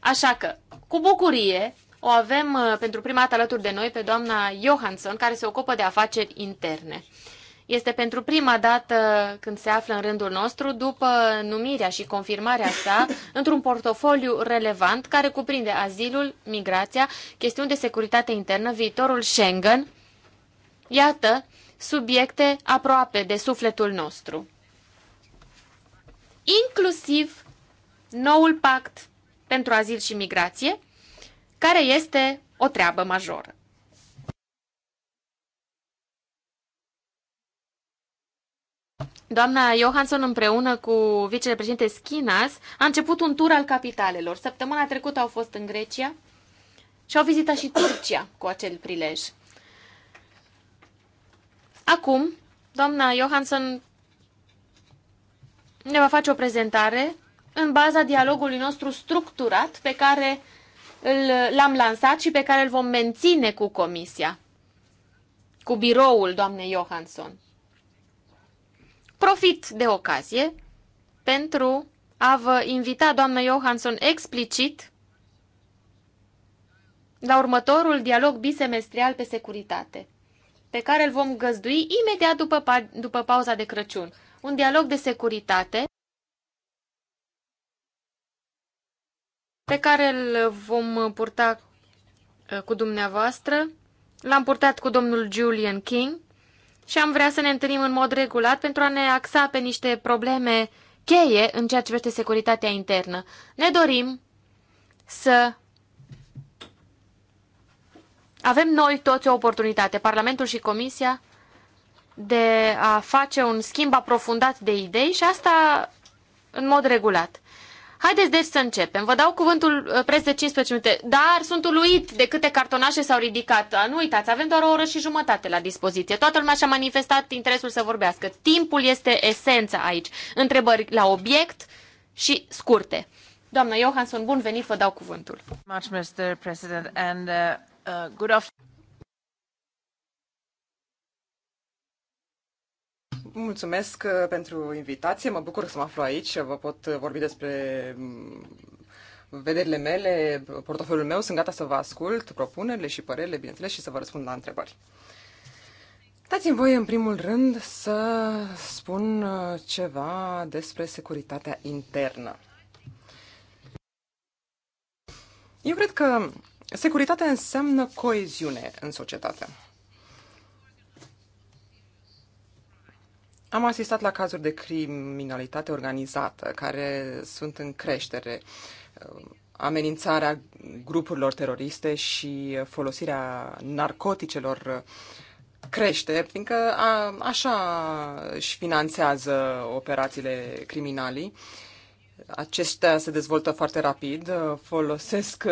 Așa că, cu bucurie, o avem uh, pentru prima dată alături de noi pe doamna Johansson, care se ocupă de afaceri interne. Este pentru prima dată când se află în rândul nostru, după numirea și confirmarea sa, într-un portofoliu relevant care cuprinde azilul, migrația, chestiuni de securitate internă, viitorul Schengen Iată subiecte aproape de sufletul nostru. Inclusiv noul pact pentru azil și migrație, care este o treabă majoră. Doamna Johansson împreună cu vicepreședinte Schinas a început un tur al capitalelor. Săptămâna trecută au fost în Grecia și au vizitat și Turcia cu acel prilej. Acum, doamna Johansson ne va face o prezentare în baza dialogului nostru structurat pe care l-am lansat și pe care îl vom menține cu comisia, cu biroul doamnei Johansson. Profit de ocazie pentru a vă invita, doamna Johansson, explicit la următorul dialog bisemestrial pe securitate pe care îl vom găzdui imediat după, pa- după pauza de Crăciun. Un dialog de securitate pe care îl vom purta uh, cu dumneavoastră. L-am purtat cu domnul Julian King și am vrea să ne întâlnim în mod regulat pentru a ne axa pe niște probleme cheie în ceea ce privește securitatea internă. Ne dorim să avem noi toți o oportunitate, Parlamentul și Comisia, de a face un schimb aprofundat de idei și asta în mod regulat. Haideți deci să începem. Vă dau cuvântul uh, preț de 15 minute, dar sunt uluit de câte cartonașe s-au ridicat. Nu uitați, avem doar o oră și jumătate la dispoziție. Toată lumea și-a manifestat interesul să vorbească. Timpul este esența aici. Întrebări la obiect și scurte. Doamna Johansson, bun venit, vă dau cuvântul. Much, Mr. President, and, uh... Uh, good afternoon. Mulțumesc uh, pentru invitație. Mă bucur să mă aflu aici. Vă pot uh, vorbi despre mm, vederile mele, portofelul meu. Sunt gata să vă ascult propunerile și părerile, bineînțeles, și să vă răspund la întrebări. Dați-mi voie, în primul rând, să spun ceva despre securitatea internă. Eu cred că Securitatea înseamnă coeziune în societate. Am asistat la cazuri de criminalitate organizată care sunt în creștere, amenințarea grupurilor teroriste și folosirea narcoticelor crește, fiindcă a, așa își finanțează operațiile criminalii acestea se dezvoltă foarte rapid, folosesc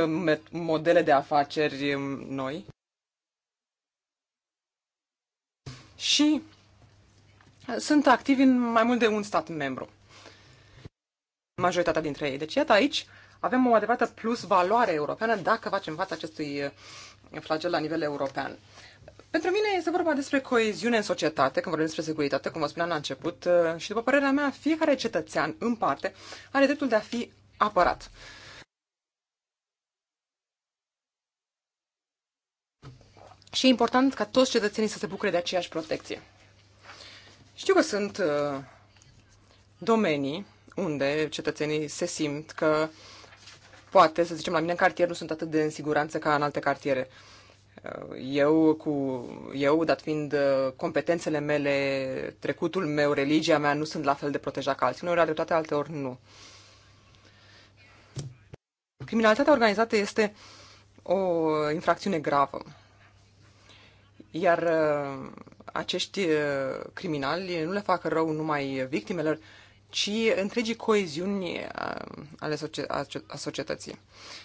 modele de afaceri noi. Și sunt activi în mai mult de un stat membru. Majoritatea dintre ei. Deci, iată aici, avem o adevărată plus valoare europeană dacă facem față acestui flagel la nivel european. Pentru mine este vorba despre coeziune în societate, când vorbim despre securitate, cum vă spuneam la început, uh, și după părerea mea, fiecare cetățean în parte are dreptul de a fi apărat. Și e important ca toți cetățenii să se bucure de aceeași protecție. Știu că sunt uh, domenii unde cetățenii se simt că poate, să zicem, la mine în cartier nu sunt atât de în siguranță ca în alte cartiere eu, cu, eu, dat fiind uh, competențele mele, trecutul meu, religia mea, nu sunt la fel de protejat ca alții. Uneori toate alte ori nu. Criminalitatea organizată este o infracțiune gravă. Iar uh, acești uh, criminali nu le fac rău numai victimelor, ci întregii coeziuni ale a societății.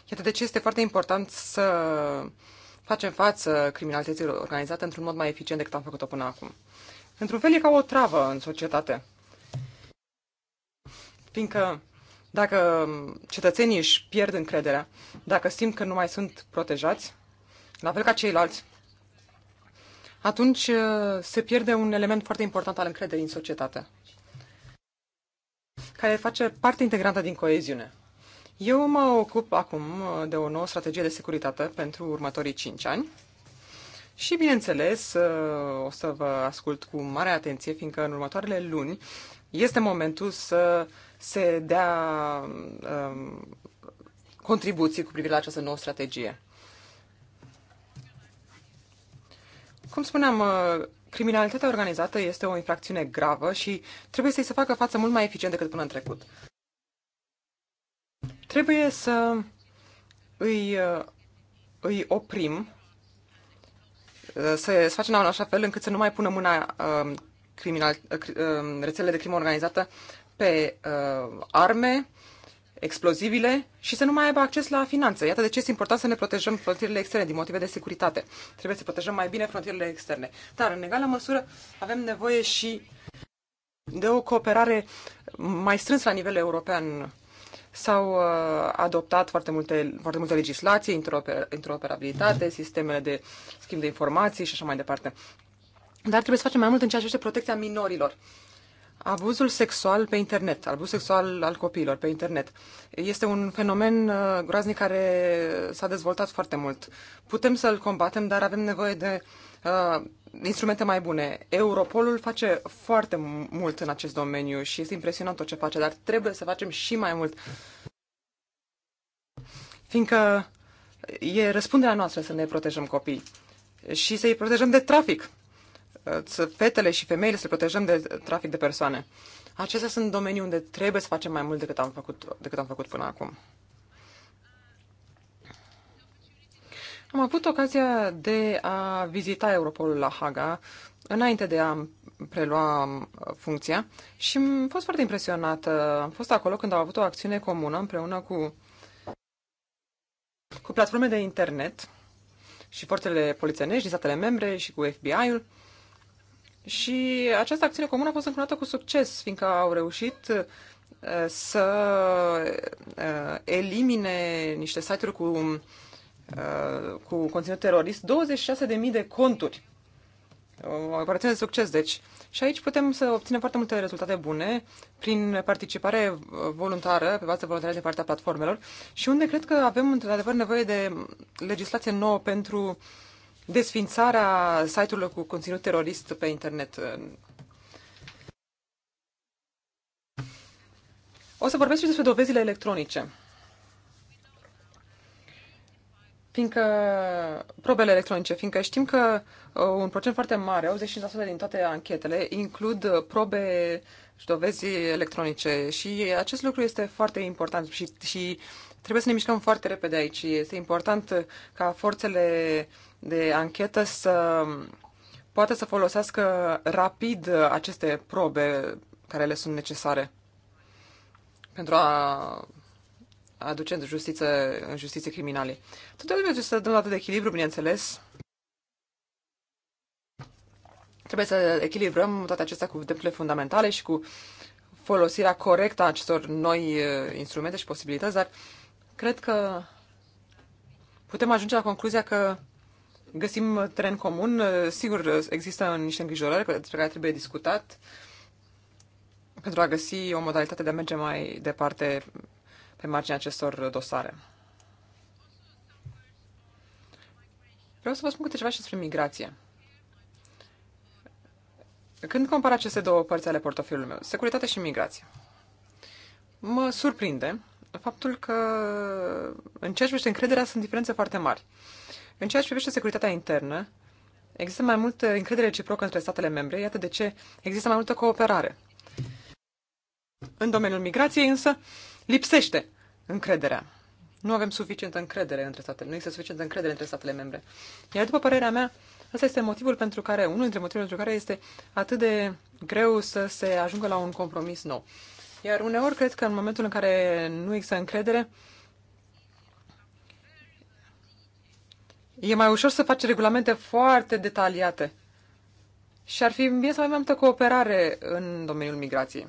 Iată de ce este foarte important să facem față criminalității organizate într-un mod mai eficient decât am făcut-o până acum. Într-un fel e ca o travă în societate. Fiindcă dacă cetățenii își pierd încrederea, dacă simt că nu mai sunt protejați, la fel ca ceilalți, atunci uh, se pierde un element foarte important al încrederii în societate, care face parte integrantă din coeziune. Eu mă ocup acum uh, de o nouă strategie de securitate pentru următorii 5 ani și, bineînțeles, uh, o să vă ascult cu mare atenție, fiindcă în următoarele luni este momentul să se dea um, contribuții cu privire la această nouă strategie. Cum spuneam, uh, criminalitatea organizată este o infracțiune gravă și trebuie să-i se facă față mult mai eficient decât până în trecut. Trebuie să îi, uh, îi oprim, uh, să, să facem în așa fel încât să nu mai pună mâna uh, criminal, rețelele de crimă organizată pe arme, explozibile și să nu mai aibă acces la finanțe. Iată de ce este important să ne protejăm frontierele externe din motive de securitate. Trebuie să protejăm mai bine frontierele externe. Dar, în egală măsură, avem nevoie și de o cooperare mai strânsă la nivel european S-au uh, adoptat foarte multe, foarte multe legislații, interoper, interoperabilitate, sistemele de schimb de informații și așa mai departe. Dar trebuie să facem mai mult în ceea ce privește protecția minorilor. Abuzul sexual pe internet, abuz sexual al copiilor pe internet, este un fenomen uh, groaznic care s-a dezvoltat foarte mult. Putem să-l combatem, dar avem nevoie de uh, instrumente mai bune. Europolul face foarte mult în acest domeniu și este impresionant tot ce face, dar trebuie să facem și mai mult. Fiindcă e răspunderea noastră să ne protejăm copiii și să-i protejăm de trafic fetele și femeile, să le protejăm de trafic de persoane. Acestea sunt domenii unde trebuie să facem mai mult decât am făcut, decât am făcut până acum. Am avut ocazia de a vizita Europolul la Haga înainte de a prelua um, funcția și am fost foarte impresionată. Am fost acolo când au avut o acțiune comună împreună cu, cu platforme de internet și forțele polițienești din statele membre și cu FBI-ul și această acțiune comună a fost încunată cu succes, fiindcă au reușit uh, să uh, elimine niște site-uri cu, uh, cu conținut terorist 26.000 de conturi. O operațiune de succes, deci. Și aici putem să obținem foarte multe rezultate bune prin participare voluntară, pe bază voluntară din partea platformelor și unde cred că avem într-adevăr nevoie de legislație nouă pentru uh, desfințarea site-urilor cu conținut terorist pe internet. O să vorbesc și despre dovezile electronice. Fiindcă probele electronice, fiindcă știm că uh, un procent foarte mare, 85% din toate anchetele, includ uh, probe și dovezi electronice și acest lucru este foarte important și, și Trebuie să ne mișcăm foarte repede aici. Este important ca forțele de anchetă să poată să folosească rapid aceste probe care le sunt necesare pentru a aduce în justiție, în justiție criminale. Totdeauna trebuie să dăm dată de echilibru, bineînțeles. Trebuie să echilibrăm toate acestea cu drepturile fundamentale și cu folosirea corectă a acestor noi uh, instrumente și posibilități, dar uh, Cred că putem ajunge la concluzia că găsim teren comun. Sigur, există niște îngrijorări despre care trebuie discutat pentru a găsi o modalitate de a merge mai departe pe marginea acestor dosare. Vreau să vă spun câte ceva și despre migrație. Când compar aceste două părți ale portofiului meu, securitate și migrație, mă surprinde faptul că în ceea ce privește încrederea sunt diferențe foarte mari. În ceea ce privește securitatea internă, există mai multă încredere reciprocă între statele membre, iată de ce există mai multă cooperare. În domeniul migrației însă lipsește încrederea. Nu avem suficientă încredere între statele, nu există suficientă încredere între statele membre. Iar după părerea mea, Asta este motivul pentru care, unul dintre motivele pentru care este atât de greu să se ajungă la un compromis nou. Iar uneori cred că în momentul în care nu există încredere, e mai ușor să faci regulamente foarte detaliate. Și ar fi bine să mai multă cooperare în domeniul migrației.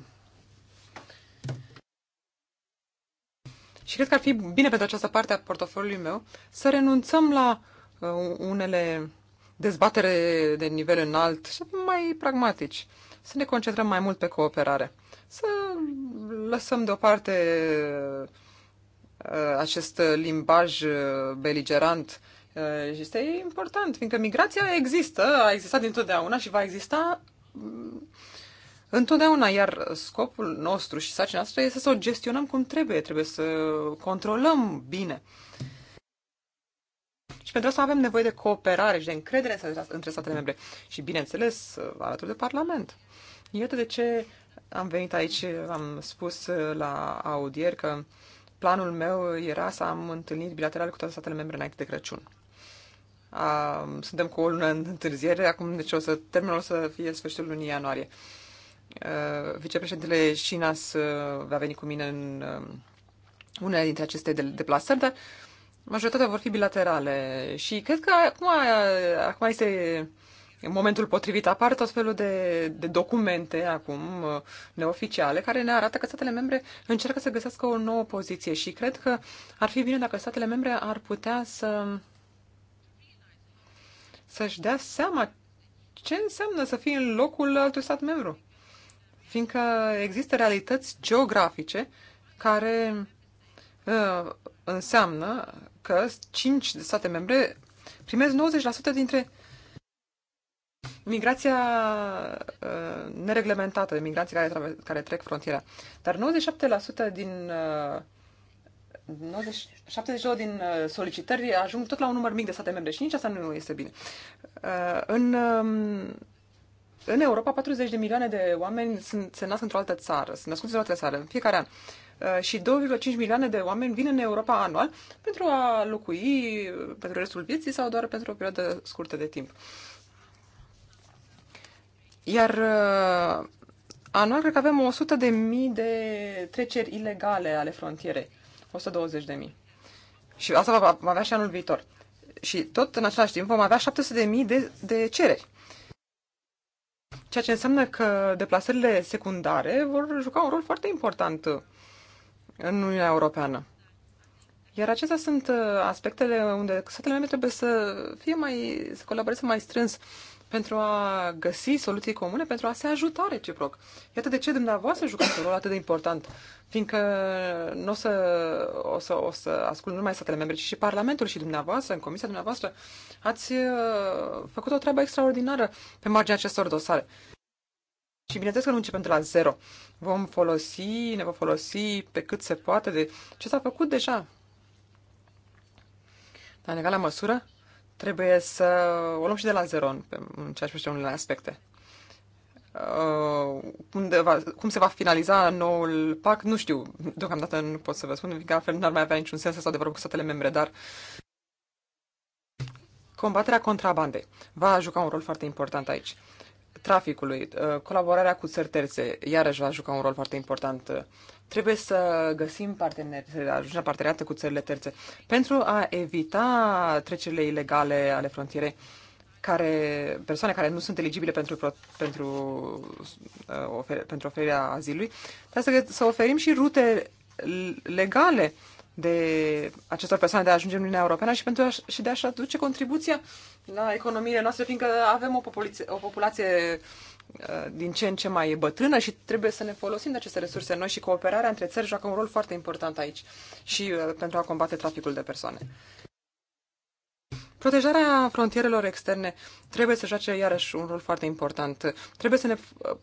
Și cred că ar fi bine pentru această parte a portofoliului meu să renunțăm la uh, unele dezbatere de nivel înalt și să fim mai pragmatici să ne concentrăm mai mult pe cooperare. Să lăsăm deoparte uh, acest limbaj uh, beligerant și uh, este important, fiindcă migrația există, a existat dintotdeauna și va exista mm, întotdeauna, iar scopul nostru și sarcina noastră este să o gestionăm cum trebuie, trebuie să controlăm bine. Uh, pentru asta avem nevoie de cooperare și de încredere între statele membre și, bineînțeles, alături de Parlament. Iată de ce am venit aici, am spus uh, la audier că planul meu era să am întâlnit bilaterale cu toate statele membre înainte de Crăciun. A, suntem cu o lună în întârziere, acum deci o să termenul o să fie sfârșitul lunii ianuarie. Uh, vicepreședintele Șinas uh, va veni cu mine în uh, unele dintre aceste deplasări, dar Majoritatea vor fi bilaterale și cred că acum, acum este momentul potrivit. Apar tot felul de, de documente acum neoficiale care ne arată că statele membre încearcă să găsească o nouă poziție și cred că ar fi bine dacă statele membre ar putea să să-și dea seama ce înseamnă să fii în locul altui stat membru. Fiindcă există realități geografice care uh, înseamnă că 5 de state membre primez 90% dintre migrația uh, nereglementată, migrații care, care trec frontiera. Dar 97% din uh, 90, 72 din uh, solicitări ajung tot la un număr mic de state membre și nici asta nu este bine. Uh, în, uh, în Europa, 40 de milioane de oameni sunt, se nasc într-o altă țară, sunt născuți într-o altă țară în fiecare an. Uh, Uh, și 2,5 milioane de oameni vin în Europa anual pentru a locui uh, pentru restul vieții sau doar pentru o perioadă scurtă de timp. Iar uh, anual cred că avem 100 de mii de treceri ilegale ale frontierei. 120 de mii. Și asta va avea și anul viitor. Și tot în același timp vom avea 700 de mii de, de cereri. Ceea ce înseamnă că deplasările secundare vor juca un rol foarte important în Uniunea Europeană. Iar acestea sunt uh, aspectele unde statele membre trebuie să fie mai, să colaboreze mai strâns pentru a găsi soluții comune, pentru a se ajuta reciproc. Iată de ce dumneavoastră jucați un rol atât de important, fiindcă nu o să, o să, o să ascult nu numai statele membre, ci și Parlamentul și dumneavoastră, în comisia dumneavoastră, ați uh, făcut o treabă extraordinară pe marginea acestor dosare. Și bineînțeles că nu începem de la zero. Vom folosi, ne vom folosi pe cât se poate de ce s-a făcut deja. Dar în egală măsură trebuie să o luăm și de la zero în, în ceea ce privește unele aspecte. Uh, unde va, cum se va finaliza noul pact, nu știu, deocamdată nu pot să vă spun, că altfel nu ar mai avea niciun sens să stau de vorbă cu statele membre, dar combaterea contrabandei va juca un rol foarte important aici traficului, uh, colaborarea cu țări terțe, iarăși va juca un rol foarte important. Trebuie să găsim parteneri, să ajungem la parteneriate cu țările terțe pentru a evita trecerile ilegale ale frontierei care, persoane care nu sunt eligibile pentru, pentru, uh, ofer, pentru oferirea azilului, trebuie să, să oferim și rute legale de acestor persoane de a ajunge în Uniunea Europeană și, pentru a, și de a-și aduce contribuția la economiile noastre, fiindcă avem o populație, o populație uh, din ce în ce mai bătrână și trebuie să ne folosim de aceste resurse noi și cooperarea între țări joacă un rol foarte important aici și uh, pentru a combate traficul de persoane. Protejarea frontierelor externe trebuie să joace iarăși un rol foarte important. Trebuie să ne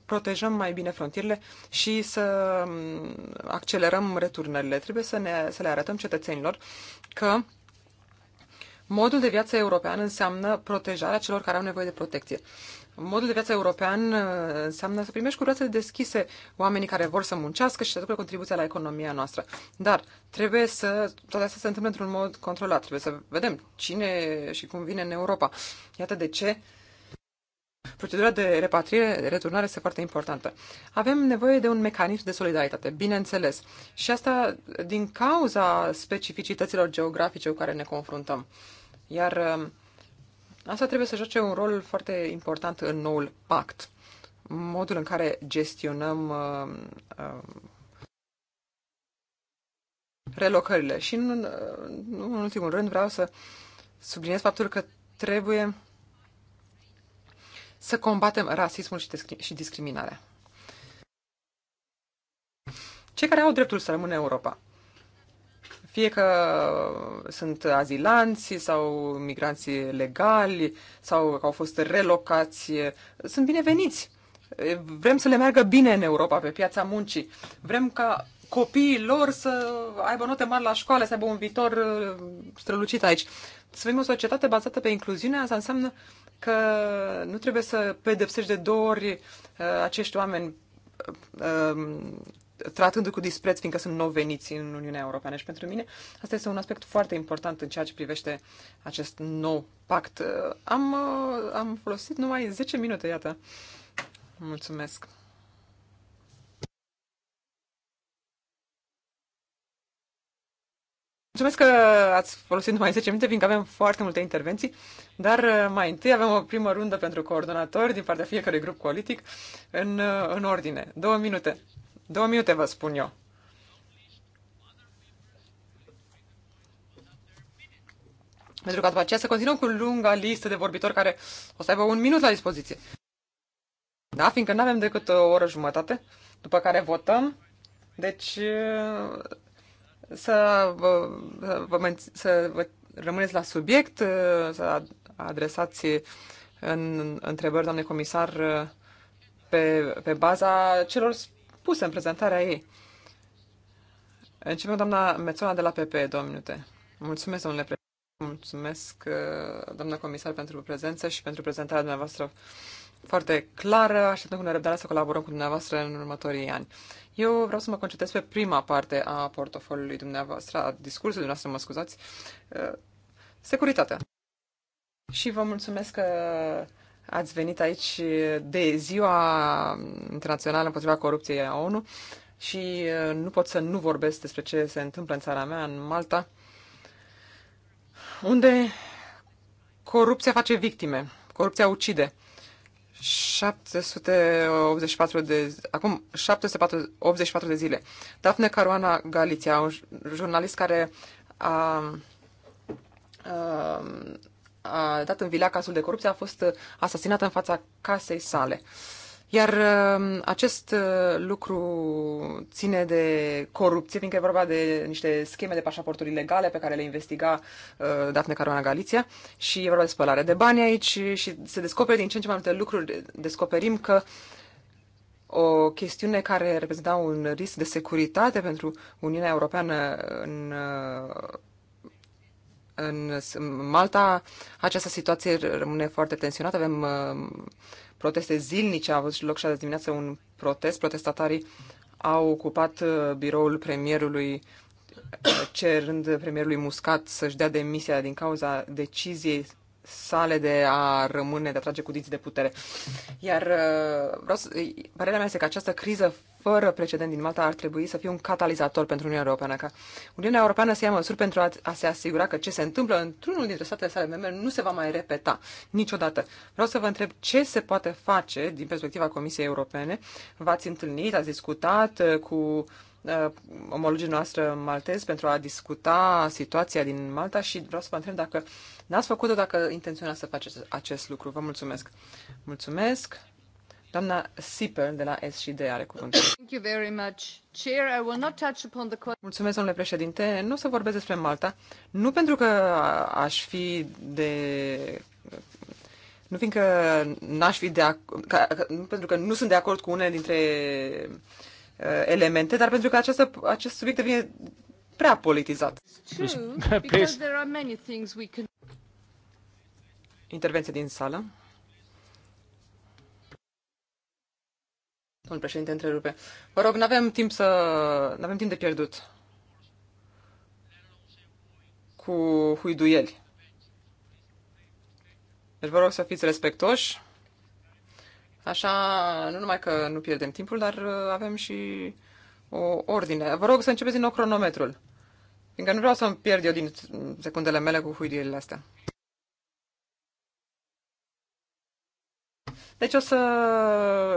protejăm mai bine frontierele și să mm, accelerăm returnările. Trebuie să, ne, să le arătăm cetățenilor că modul de viață european înseamnă protejarea celor care au nevoie de protecție modul de viață european uh, înseamnă să primești cu brațele deschise oamenii care vor să muncească și să aducă contribuția la economia noastră. Dar trebuie să toate astea se întâmple într-un mod controlat. Trebuie să vedem cine și cum vine în Europa. Iată de ce Procedura de repatriere, returnare este foarte importantă. Avem nevoie de un mecanism de solidaritate, bineînțeles. Și asta din cauza specificităților geografice cu care ne confruntăm. Iar um, Asta trebuie să joace un rol foarte important în noul pact. Modul în care gestionăm uh, uh, relocările. Și în, uh, în ultimul rând vreau să subliniez faptul că trebuie să combatem rasismul și discriminarea. Cei care au dreptul să rămână în Europa fie că sunt azilanți sau migranți legali sau că au fost relocați, sunt bineveniți. Vrem să le meargă bine în Europa, pe piața muncii. Vrem ca copiii lor să aibă note mari la școală, să aibă un viitor uh, strălucit aici. Să fim o societate bazată pe incluziune, asta înseamnă că nu trebuie să pedepsești de două ori uh, acești oameni uh, um, tratându-i cu dispreț, fiindcă sunt nou veniți în Uniunea Europeană. Și pentru mine asta este un aspect foarte important în ceea ce privește acest nou pact. Am, am folosit numai 10 minute, iată. Mulțumesc. Mulțumesc că ați folosit numai 10 minute, fiindcă avem foarte multe intervenții, dar uh, mai întâi avem o primă rundă pentru coordonatori din partea fiecărui grup politic în, uh, în ordine. Două minute. Două minute vă spun eu. Pentru că după aceea să continuăm cu lunga listă de vorbitori care o să aibă un minut la dispoziție. Da, fiindcă nu avem decât o oră jumătate, după care votăm. Deci să vă, să vă, să vă rămâneți la subiect, să adresați în, întrebări, doamne comisar, pe, pe baza celor puse în prezentarea ei. Începem doamna Mețona de la PP, două minute. Mulțumesc, domnule președinte. Mulțumesc, uh, doamna comisar, pentru prezență și pentru prezentarea dumneavoastră foarte clară. Așteptăm cu nerăbdare să colaborăm cu dumneavoastră în următorii ani. Eu vreau să mă concentrez pe prima parte a portofoliului dumneavoastră, a discursului dumneavoastră, mă scuzați, uh, securitatea. Și vă mulțumesc că uh, Ați venit aici de Ziua Internațională împotriva corupției a ONU și nu pot să nu vorbesc despre ce se întâmplă în țara mea, în Malta, unde corupția face victime, corupția ucide. 784 de, acum 784 de zile. Daphne Caruana Galiția, un jurnalist care a, a a dat în vilea cazul de corupție a fost asasinată în fața casei sale. Iar um, acest uh, lucru ține de corupție, fiindcă e vorba de niște scheme de pașaporturi ilegale pe care le investiga uh, Daphne Caruana Galiția și e vorba de spălare de bani aici și se descoperă din ce în ce mai multe lucruri. Descoperim că o chestiune care reprezenta un risc de securitate pentru Uniunea Europeană în uh, în Malta această situație rămâne foarte tensionată. Avem uh, proteste zilnice. A avut și loc și azi dimineață un protest. Protestatarii au ocupat uh, biroul premierului uh, cerând premierului Muscat să-și dea demisia din cauza deciziei sale de a rămâne, de a trage cu dinții de putere. Iar uh, vreau să, părerea mea este că această criză fără precedent din Malta ar trebui să fie un catalizator pentru Uniunea Europeană, ca Uniunea Europeană să ia măsuri pentru a, a se asigura că ce se întâmplă într-unul dintre statele sale membre nu se va mai repeta niciodată. Vreau să vă întreb ce se poate face din perspectiva Comisiei Europene. V-ați întâlnit, ați discutat uh, cu uh, Uh, omologii noastre maltezi pentru a discuta situația din Malta și vreau să vă întreb dacă n-ați făcut-o, dacă intenționați să faceți acest lucru. Vă mulțumesc! Mulțumesc! Doamna Sipel de la SCD are cuvântul. Thank you very much. Chair, I will not touch upon the... Mulțumesc, domnule președinte. Nu să vorbesc despre Malta. Nu pentru că aș fi de nu fiindcă n-aș fi de ac- ca, nu pentru că nu sunt de acord cu unele dintre Uh, elemente, dar pentru că această, acest subiect devine prea politizat. Intervenție din sală. Domnul președinte, întrerupe. Vă rog, nu avem timp să... nu avem timp de pierdut. Cu huiduieli. Deci vă rog să fiți respectoși. Așa, nu numai că nu pierdem timpul, dar uh, avem și o ordine. Vă rog să începeți din nou cronometrul, fiindcă nu vreau să-mi pierd eu din secundele mele cu huidirile astea. Deci o să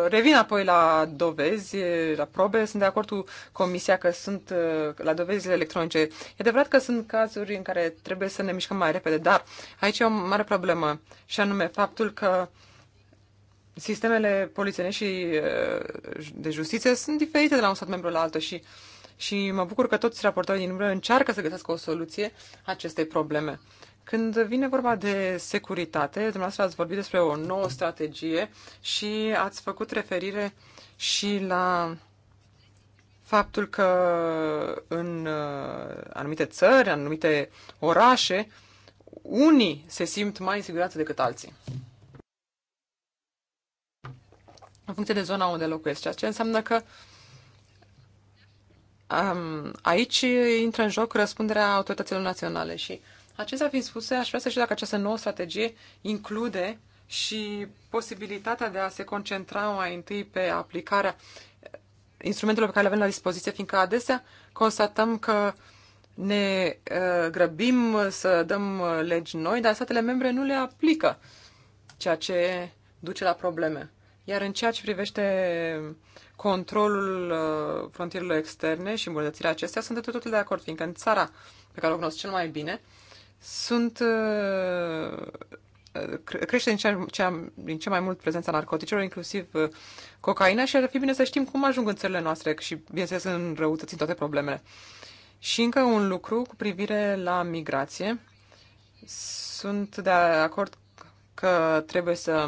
revin apoi la dovezi, la probe. Sunt de acord cu comisia că sunt uh, la dovezile electronice. E adevărat că sunt cazuri în care trebuie să ne mișcăm mai repede, dar aici e o mare problemă și anume faptul că uh, sistemele polițienești și eh, de justiție sunt diferite de la un stat membru la altul și, și mă bucur că toți raportorii din umbră încearcă să găsească o soluție acestei probleme. Când vine vorba de securitate, dumneavoastră ați vorbit despre o nouă strategie și ați făcut referire și la faptul că în eh, anumite țări, în anumite orașe, unii se simt mai în siguranță decât alții în funcție de zona unde locuiesc, ceea ce înseamnă că um, aici intră în joc răspunderea autorităților naționale și acestea fiind spuse, aș vrea să știu dacă această nouă strategie include și posibilitatea de a se concentra mai întâi pe aplicarea instrumentelor pe care le avem la dispoziție, fiindcă adesea constatăm că ne uh, grăbim să dăm legi noi, dar statele membre nu le aplică, ceea ce duce la probleme. Iar în ceea ce privește controlul uh, frontierelor externe și îmbunătățirea acestea, sunt de totul de acord, fiindcă în țara pe care o cunosc cel mai bine, sunt uh, crește din ce, ce, din ce mai mult prezența narcoticelor, inclusiv uh, cocaina și ar fi bine să știm cum ajung în țările noastre și, bineînțeles, în toate problemele. Și încă un lucru cu privire la migrație. Sunt de acord că trebuie să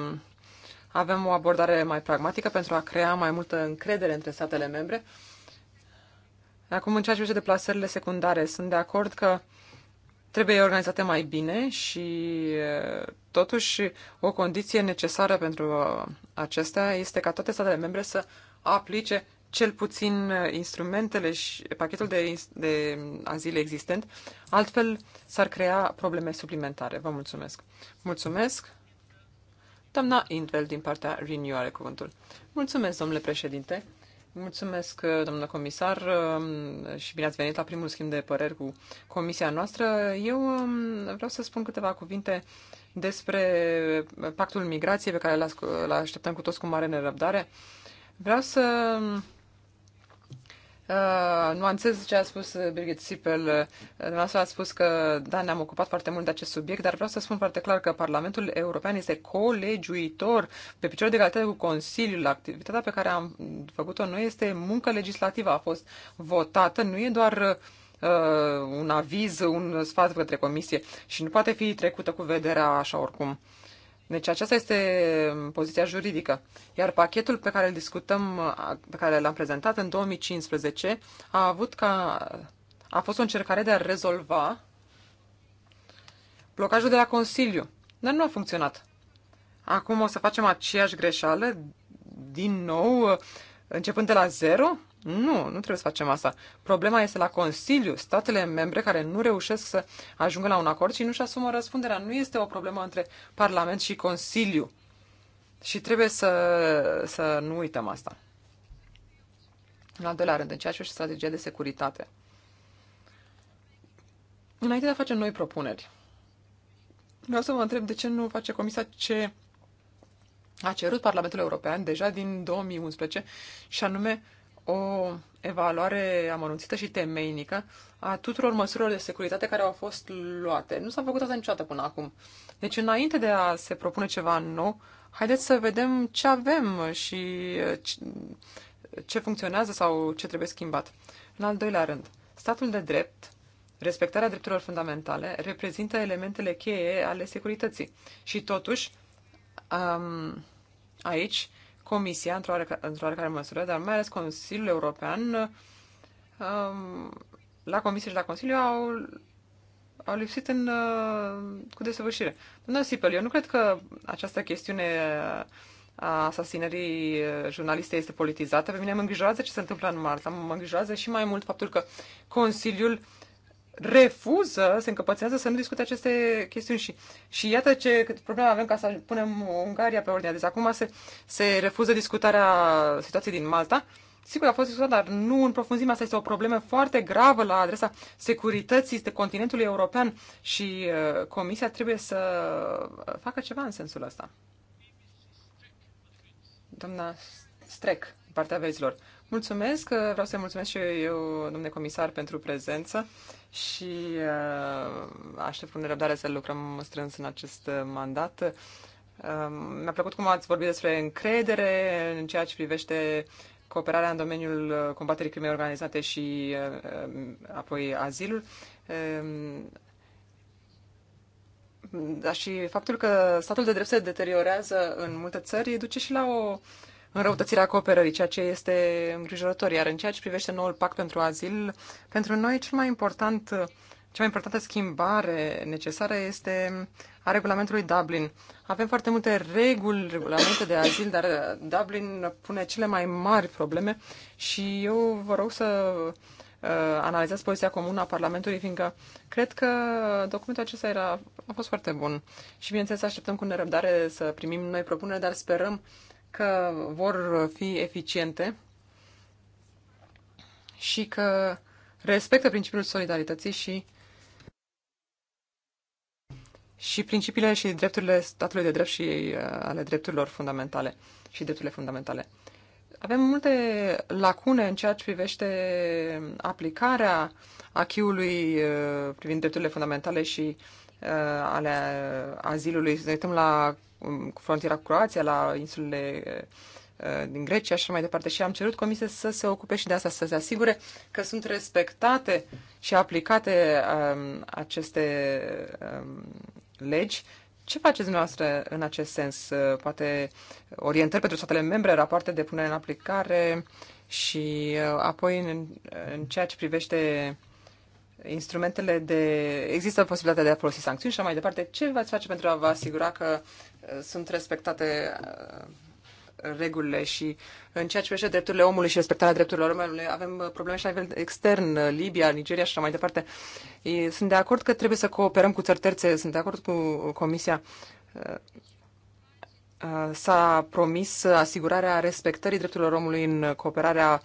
avem o abordare mai pragmatică pentru a crea mai multă încredere între statele membre. Acum, în ceea ce privește deplasările secundare, sunt de acord că trebuie organizate mai bine și totuși o condiție necesară pentru acestea este ca toate statele membre să aplice cel puțin instrumentele și pachetul de, de azil existent, altfel s-ar crea probleme suplimentare. Vă mulțumesc. Mulțumesc. Doamna Intvel, din partea Renew, are cuvântul. Mulțumesc, domnule președinte. Mulțumesc, domnule comisar, um, și bine ați venit la primul schimb de păreri cu comisia noastră. Eu um, vreau să spun câteva cuvinte despre pactul migrației pe care îl așteptăm cu toți cu mare nerăbdare. Vreau să um, uh, nuanțez ce a spus uh, Birgit Sipel. Uh, dumneavoastră a spus că, da, ne-am ocupat foarte mult de acest subiect, dar vreau să spun foarte clar că Parlamentul European este colegiuitor pe picior de egalitate cu Consiliul. Activitatea pe care am făcut-o noi este muncă legislativă, a fost votată, nu e doar uh, un aviz, un sfat către comisie și nu poate fi trecută cu vederea așa oricum. Deci aceasta este poziția juridică. Iar pachetul pe care îl discutăm, pe care l-am prezentat în 2015, a avut ca a fost o încercare de a rezolva blocajul de la Consiliu. Dar nu a funcționat. Acum o să facem aceeași greșeală din nou, începând de la zero? Nu, nu trebuie să facem asta. Problema este la Consiliu, statele membre care nu reușesc să ajungă la un acord și nu-și asumă răspunderea. Nu este o problemă între Parlament și Consiliu. Și trebuie să, să nu uităm asta. În al doilea rând, în ceea ce și strategia de securitate. Înainte de a face noi propuneri, vreau să vă întreb de ce nu face Comisia ce a cerut Parlamentul European deja din 2011 și anume o evaluare amănunțită și temeinică a tuturor măsurilor de securitate care au fost luate. Nu s-a făcut asta niciodată până acum. Deci, înainte de a se propune ceva nou, haideți să vedem ce avem și uh, ce funcționează sau ce trebuie schimbat. În al doilea rând, statul de drept, respectarea drepturilor fundamentale, reprezintă elementele cheie ale securității. Și totuși, um, aici, Comisia, într-o oarecare, într oarecare măsură, dar mai ales Consiliul European, um, la Comisie și la Consiliu au, au lipsit în, uh, cu desăvârșire. Doamna Sipel, eu nu cred că această chestiune a asasinării jurnalistei este politizată. Pe mine mă îngrijorează ce se întâmplă în Marta, mă îngrijorează și mai mult faptul că Consiliul refuză, se încăpățează să nu discute aceste chestiuni și, și iată ce probleme avem ca să punem Ungaria pe ordinea. Deci acum se, se refuză discutarea situației din Malta. Sigur, a fost discutat, dar nu în profunzime. Asta este o problemă foarte gravă la adresa securității de continentului european și uh, Comisia trebuie să facă ceva în sensul ăsta. Doamna Strec, partea vezilor. Mulțumesc, uh, vreau să mulțumesc și eu, domnule comisar, pentru prezență și uh, aștept cu nerăbdare să lucrăm strâns în acest uh, mandat. Mi-a plăcut cum ați vorbit despre încredere în ceea ce privește cooperarea în domeniul combaterii crimei organizate și apoi azilul. Dar și faptul că statul de drept se deteriorează în multe țări duce și la o uh, înrăutățirea cooperării, ceea ce este îngrijorător. Iar în ceea ce privește noul pact pentru azil, pentru noi cel mai important, cea mai importantă schimbare necesară este a regulamentului Dublin. Avem foarte multe reguli, regulamente de azil, dar Dublin pune cele mai mari probleme și eu vă rog să uh, analizați poziția comună a Parlamentului, fiindcă cred că documentul acesta era, a fost foarte bun. Și bineînțeles așteptăm cu nerăbdare să primim noi propuneri, dar sperăm uh, că vor fi eficiente și că respectă principiul solidarității și și principiile și drepturile statului de drept și uh, ale drepturilor fundamentale și drepturile fundamentale. Avem multe lacune în ceea ce privește aplicarea achiului uh, privind drepturile fundamentale și uh, ale azilului. ne uităm la Um, cu frontiera cu Croația, la insulele uh, uh, din Grecia și așa mai departe. Și am cerut comisia să se ocupe și de asta, să se asigure că sunt respectate și aplicate um, aceste um, legi. Ce faceți dumneavoastră în acest sens? Uh, poate orientări pentru statele membre, rapoarte de punere în aplicare și uh, apoi în, în ceea ce privește instrumentele de... Există posibilitatea de a folosi sancțiuni și așa mai departe. Ce v-ați face pentru a vă asigura că Uh, sunt respectate uh, regulile și în ceea ce privește drepturile omului și respectarea drepturilor omului, avem uh, probleme și la nivel extern, Libia, Nigeria și așa mai departe. Sunt de acord că trebuie să cooperăm cu țări terțe, sunt de acord cu Comisia. S-a promis asigurarea respectării drepturilor omului în cooperarea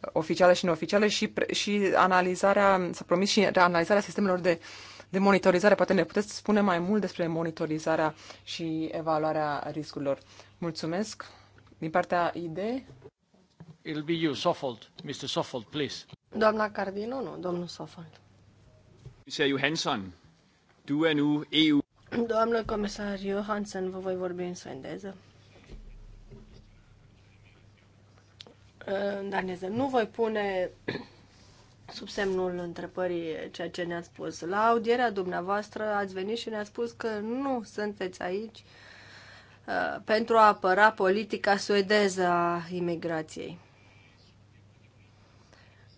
oficială și neoficială și, și analizarea, s-a promis și analizarea sistemelor de uh, de monitorizare. Poate ne puteți spune mai mult despre monitorizarea și evaluarea riscurilor. Mulțumesc. Din partea ID. It'll be you, Sofold. Mr. Sofold, please. Doamna Cardino, nu, domnul Sofold. Mr. Johansson, du er nu EU. Doamnă comisar Johansson, vă voi vorbi în suedeză. În daneză. Nu voi pune sub semnul întrebării ceea ce ne-ați spus. La audierea dumneavoastră ați venit și ne a spus că nu sunteți aici uh, pentru a apăra politica suedeză a imigrației.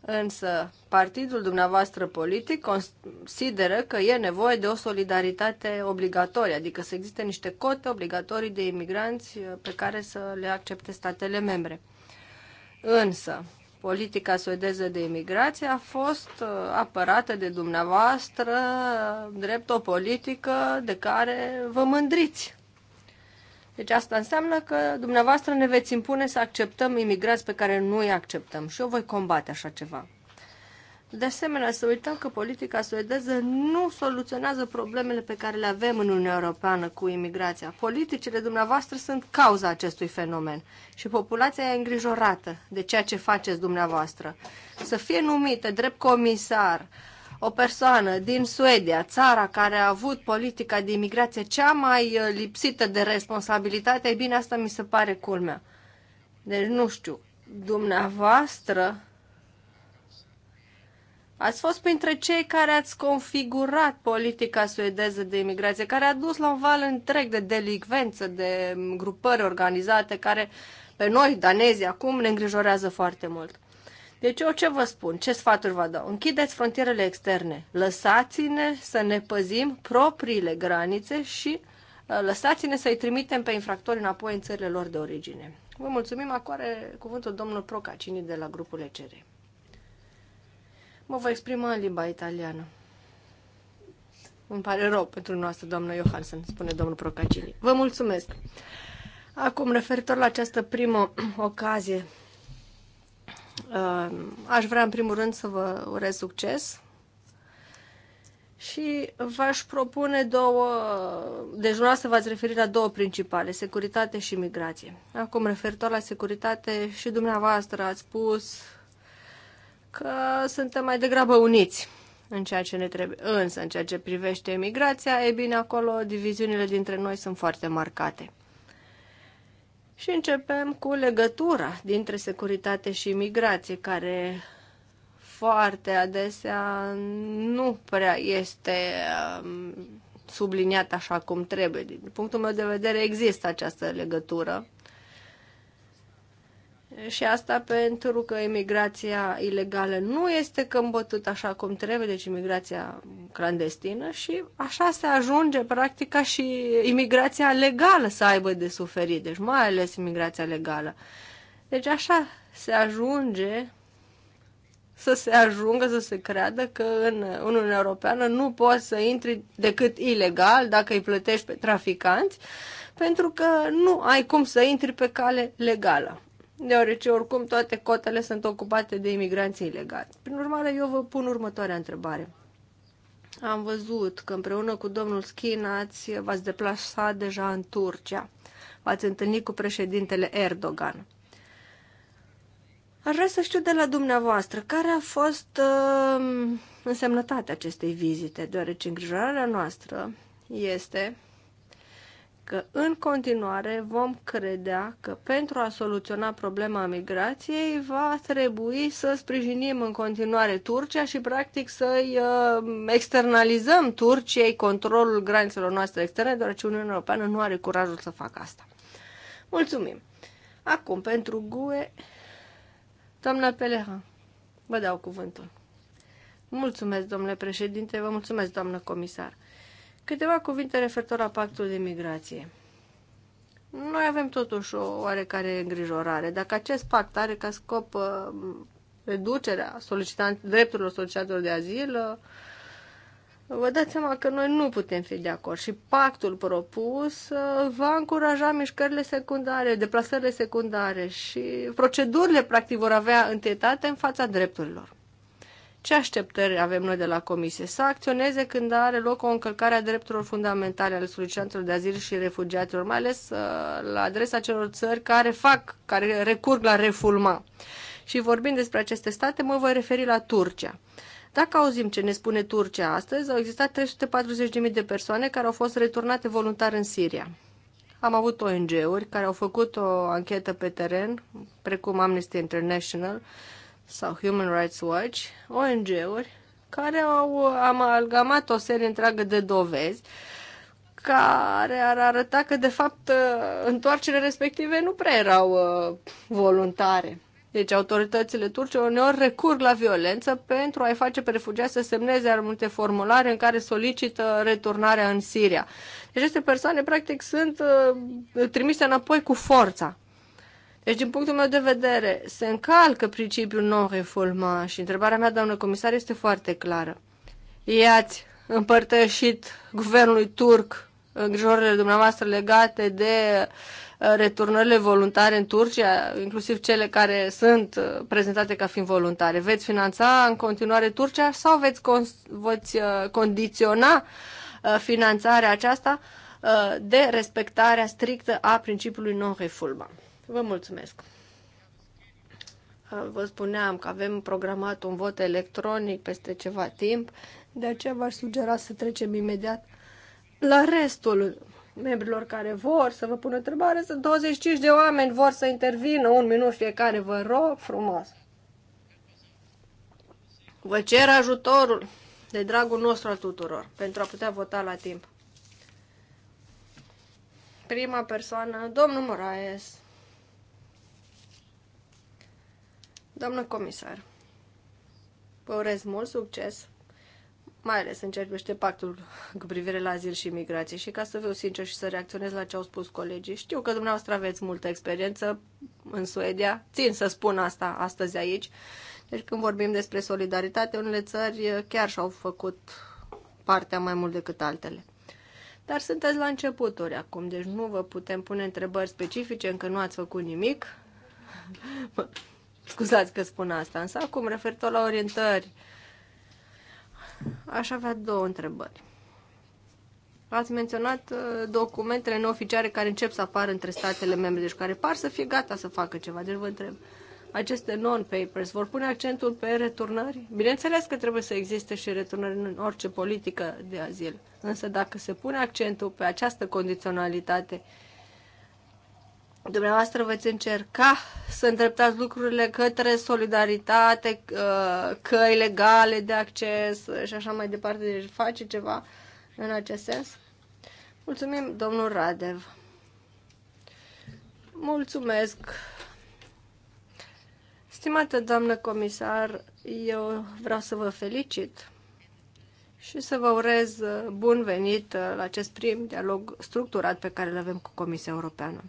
Însă, partidul dumneavoastră politic consideră că e nevoie de o solidaritate obligatorie, adică să existe niște cote obligatorii de imigranți uh, pe care să le accepte statele membre. Însă, politica suedeză de imigrație a fost uh, apărată de dumneavoastră uh, drept o politică de care vă mândriți. Deci asta înseamnă că dumneavoastră ne veți impune să acceptăm imigrați pe care nu îi acceptăm și eu voi combate așa ceva. De asemenea, să uităm că politica suedeză nu soluționează problemele pe care le avem în Uniunea Europeană cu imigrația. Politicile dumneavoastră sunt cauza acestui fenomen și populația e îngrijorată de ceea ce faceți dumneavoastră. Să fie numită drept comisar o persoană din Suedia, țara care a avut politica de imigrație cea mai uh, lipsită de responsabilitate, e bine, asta mi se pare culmea. Deci, nu știu, dumneavoastră Ați fost printre cei care ați configurat politica suedeză de imigrație, care a dus la un val întreg de delicvență, de grupări organizate, care pe noi, danezi, acum ne îngrijorează foarte mult. Deci eu ce vă spun, ce sfaturi vă dau? Închideți frontierele externe, lăsați-ne să ne păzim propriile granițe și uh, lăsați-ne să-i trimitem pe infractori înapoi în țările lor de origine. Vă mulțumim, acum are cuvântul domnul Procacini de la grupul ECR. Mă voi exprima în limba italiană. Îmi pare rău pentru noastră, doamnă Johansson, spune domnul Procacini. Vă mulțumesc! Acum, referitor la această primă <clears throat> ocazie, uh, aș vrea în primul rând să vă urez succes și v-aș propune două, deci dumneavoastră v-ați referit la două principale, securitate și migrație. Acum, referitor la securitate, și dumneavoastră ați spus că suntem mai degrabă uniți în ceea ce ne trebuie. Însă, în ceea ce privește emigrația, e bine, acolo diviziunile dintre noi sunt foarte marcate. Și începem cu legătura dintre securitate și imigrație care foarte adesea nu prea este um, subliniat așa cum trebuie. Din punctul meu de vedere există această legătură și asta pentru că imigrația ilegală nu este câmbătută așa cum trebuie, deci imigrația clandestină și așa se ajunge practica și imigrația legală să aibă de suferit, deci mai ales imigrația legală. Deci așa se ajunge să se ajungă să se creadă că în Uniunea Europeană nu poți să intri decât ilegal dacă îi plătești pe traficanți, pentru că nu ai cum să intri pe cale legală deoarece oricum toate cotele sunt ocupate de imigranții ilegali. Prin urmare, eu vă pun următoarea întrebare. Am văzut că împreună cu domnul Schin v-ați deplasat deja în Turcia. V-ați întâlnit cu președintele Erdogan. Aș vrea să știu de la dumneavoastră care a fost uh, însemnătatea acestei vizite, deoarece îngrijorarea noastră este că în continuare vom credea că pentru a soluționa problema migrației va trebui să sprijinim în continuare Turcia și practic să-i uh, externalizăm Turciei controlul granițelor noastre externe, deoarece Uniunea Europeană nu are curajul să facă asta. Mulțumim! Acum, pentru GUE, doamna Peleha, vă dau cuvântul. Mulțumesc, domnule președinte, vă mulțumesc, doamnă comisar. Câteva cuvinte referitor la pactul de migrație. Noi avem totuși o oarecare îngrijorare. Dacă acest pact are ca scop uh, reducerea solicitant, drepturilor solicitatorilor de azil, uh, Vă dați seama că noi nu putem fi de acord și pactul propus uh, va încuraja mișcările secundare, deplasările secundare și procedurile, practic, vor avea întâietate în fața drepturilor. Ce așteptări avem noi de la Comisie? Să acționeze când are loc o încălcare a drepturilor fundamentale ale solicitanților de azil și refugiaților, mai ales uh, la adresa celor țări care fac, care recurg la refulma. Și vorbind despre aceste state, mă voi referi la Turcia. Dacă auzim ce ne spune Turcia astăzi, au existat 340.000 de persoane care au fost returnate voluntar în Siria. Am avut ONG-uri care au făcut o anchetă pe teren, precum Amnesty International, sau Human Rights Watch, ONG-uri, care au amalgamat o serie întreagă de dovezi care ar arăta că, de fapt, întoarcerile respective nu prea erau uh, voluntare. Deci autoritățile turce uneori recurg la violență pentru a-i face pe refugiați să semneze multe formulare în care solicită returnarea în Siria. Deci aceste persoane practic sunt uh, trimise înapoi cu forța. Deci, din punctul meu de vedere, se încalcă principiul non-refulma și întrebarea mea, doamnă comisar, este foarte clară. I-ați împărtășit guvernului turc îngrijorările dumneavoastră legate de uh, returnările voluntare în Turcia, inclusiv cele care sunt uh, prezentate ca fiind voluntare. Veți finanța în continuare Turcia sau veți, con- veți uh, condiționa finanțarea aceasta de respectarea strictă a principiului non-refulma? Vă mulțumesc! Ah, vă spuneam că avem programat un vot electronic peste ceva timp, de aceea v-aș sugera să trecem imediat la restul membrilor care vor să vă pună întrebare. Sunt 25 de oameni, vor să intervină, un minut fiecare, vă rog frumos. Vă cer ajutorul de dragul nostru al tuturor pentru a putea vota la timp. Prima persoană, domnul Moraes. Doamnă comisar, vă urez mult succes, mai ales în ceea ce privește pactul cu privire la azil și migrație. Și ca să fiu sincer și să reacționez la ce au spus colegii, știu că dumneavoastră aveți multă experiență în Suedia, țin să spun asta astăzi aici. Deci când vorbim despre solidaritate, unele țări chiar și-au făcut partea mai mult decât altele. Dar sunteți la începuturi acum, deci nu vă putem pune întrebări specifice, încă nu ați făcut nimic. Scuzați că spun asta, însă acum, referitor la orientări, aș avea două întrebări. Ați menționat uh, documentele neoficiare care încep să apară între statele membre, deci care par să fie gata să facă ceva. Deci vă întreb, aceste non-papers vor pune accentul pe returnări? Bineînțeles că trebuie să existe și returnări în orice politică de azil, însă dacă se pune accentul pe această condiționalitate, dumneavoastră veți încerca să îndreptați lucrurile către solidaritate, uh, căi legale de acces și așa mai departe. Deci face ceva în acest sens. Mulțumim, domnul Radev. Mulțumesc. Stimată doamnă comisar, eu vreau să vă felicit și să vă urez bun venit la acest prim dialog structurat pe care îl avem cu Comisia Europeană.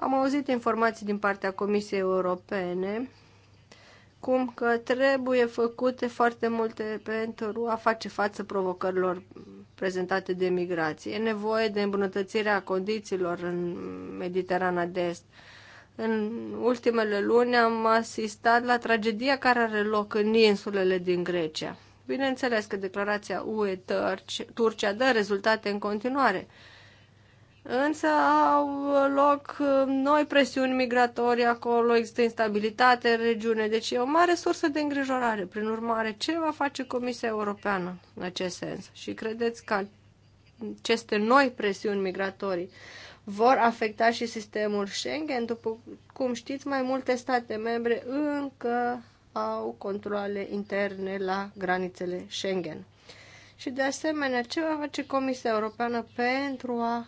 Am auzit informații din partea Comisiei Europene cum că trebuie făcute foarte multe pentru a face față provocărilor prezentate de migrație. E nevoie de îmbunătățirea condițiilor în Mediterana de Est. În ultimele luni am asistat la tragedia care are loc în insulele din Grecia. Bineînțeles că declarația UE Turcia dă rezultate în continuare, Însă au loc uh, noi presiuni migratorii acolo, există instabilitate în regiune, deci e o mare sursă de îngrijorare. Prin urmare, ce va face Comisia Europeană în acest sens? Și credeți că aceste noi presiuni migratorii vor afecta și sistemul Schengen? După cum știți, mai multe state membre încă au controle interne la granițele Schengen. Și de asemenea, ce va face Comisia Europeană pentru a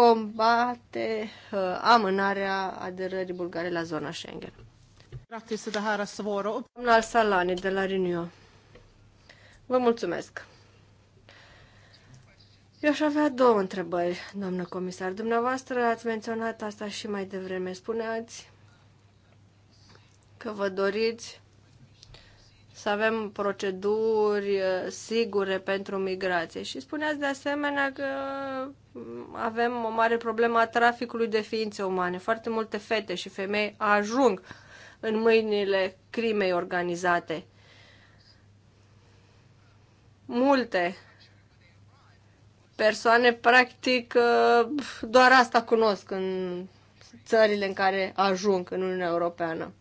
combate uh, amânarea aderării bulgare la zona Schengen. Practic, de här svoro. Domnul Salani de la Renew. Vă mulțumesc. Eu aș avea două întrebări, doamnă comisar. Dumneavoastră ați menționat asta și mai devreme. Spuneați că vă doriți să avem proceduri uh, sigure pentru migrație. Și spuneați de asemenea că uh, avem o mare problemă a traficului de ființe umane. Foarte multe fete și femei ajung în mâinile crimei organizate. Multe persoane, practic, uh, doar asta cunosc în țările în care ajung în Uniunea Europeană.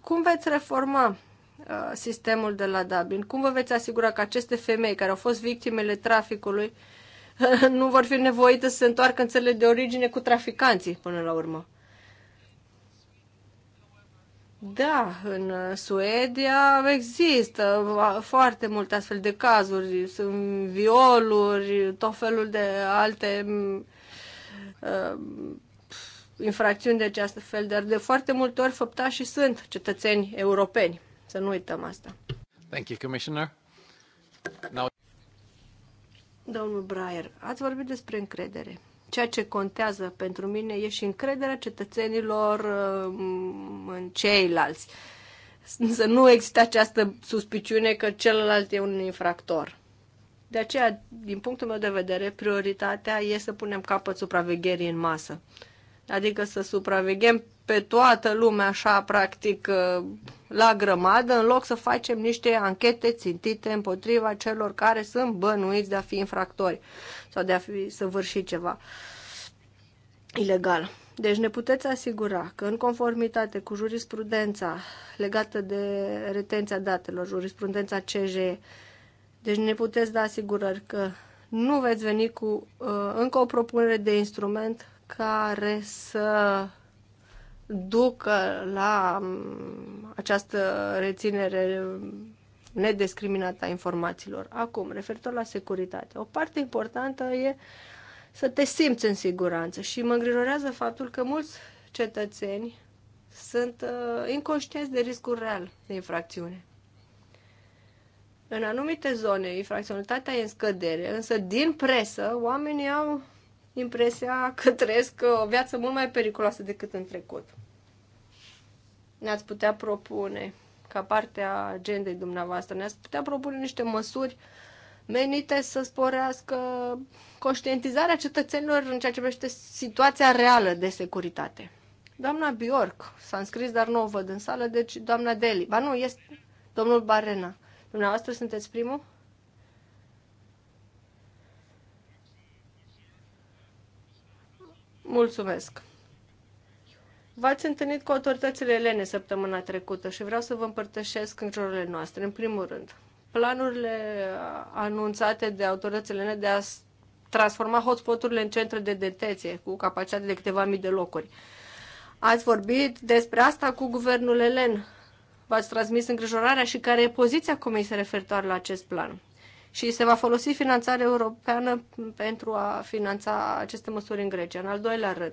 Cum veți reforma Uh, sistemul de la Dublin? Cum vă veți asigura că aceste femei care au fost victimele traficului <laughs> nu vor fi nevoite să se întoarcă în țările de origine cu traficanții până la urmă? Da, în Suedia există uh, foarte multe astfel de cazuri. Sunt violuri, tot felul de alte mm, uh, infracțiuni de acest fel, dar de foarte multe ori făptașii sunt cetățeni europeni. Să nu uităm asta. Thank you, Commissioner. Now... Domnul Breyer, ați vorbit despre încredere. Ceea ce contează pentru mine e și încrederea cetățenilor mm, în ceilalți. Să nu există această suspiciune că celălalt e un infractor. De aceea, din punctul meu de vedere, prioritatea e să punem capăt supravegherii în masă. Adică să supraveghem pe toată lumea așa, practic, uh, la grămadă, în loc să facem niște anchete țintite împotriva celor care sunt bănuiți de a fi infractori sau de a fi săvârșit ceva ilegal. Deci ne puteți asigura că în conformitate cu jurisprudența legată de retenția datelor, jurisprudența CJ, deci ne puteți da asigurări că nu veți veni cu uh, încă o propunere de instrument care să ducă la mm, această reținere nediscriminată a informațiilor. Acum, referitor la securitate, o parte importantă e să te simți în siguranță și mă îngrijorează faptul că mulți cetățeni sunt uh, inconștienți de riscul real de infracțiune. În anumite zone, infracționalitatea e în scădere, însă din presă oamenii au impresia că <laughs> trăiesc o viață mult mai periculoasă decât în trecut. Ne-ați putea propune, ca parte a agendei dumneavoastră, ne-ați putea propune niște măsuri menite să sporească conștientizarea cetățenilor în ceea ce privește situația reală de securitate. Doamna Bjork s-a înscris, dar nu o văd în sală, deci doamna Deli. Ba nu, este domnul Barena. Dumneavoastră sunteți primul? Mulțumesc! V-ați întâlnit cu autoritățile elene săptămâna trecută și vreau să vă împărtășesc îngrijorările noastre. În primul rând, planurile anunțate de autoritățile elene de a transforma hotspoturile în centre de detenție cu capacitate de câteva mii de locuri. Ați vorbit despre asta cu guvernul elen. V-ați transmis îngrijorarea și care e poziția comisiei referitoare la acest plan și se va folosi finanțarea europeană pentru a finanța aceste măsuri în Grecia. În al doilea rând,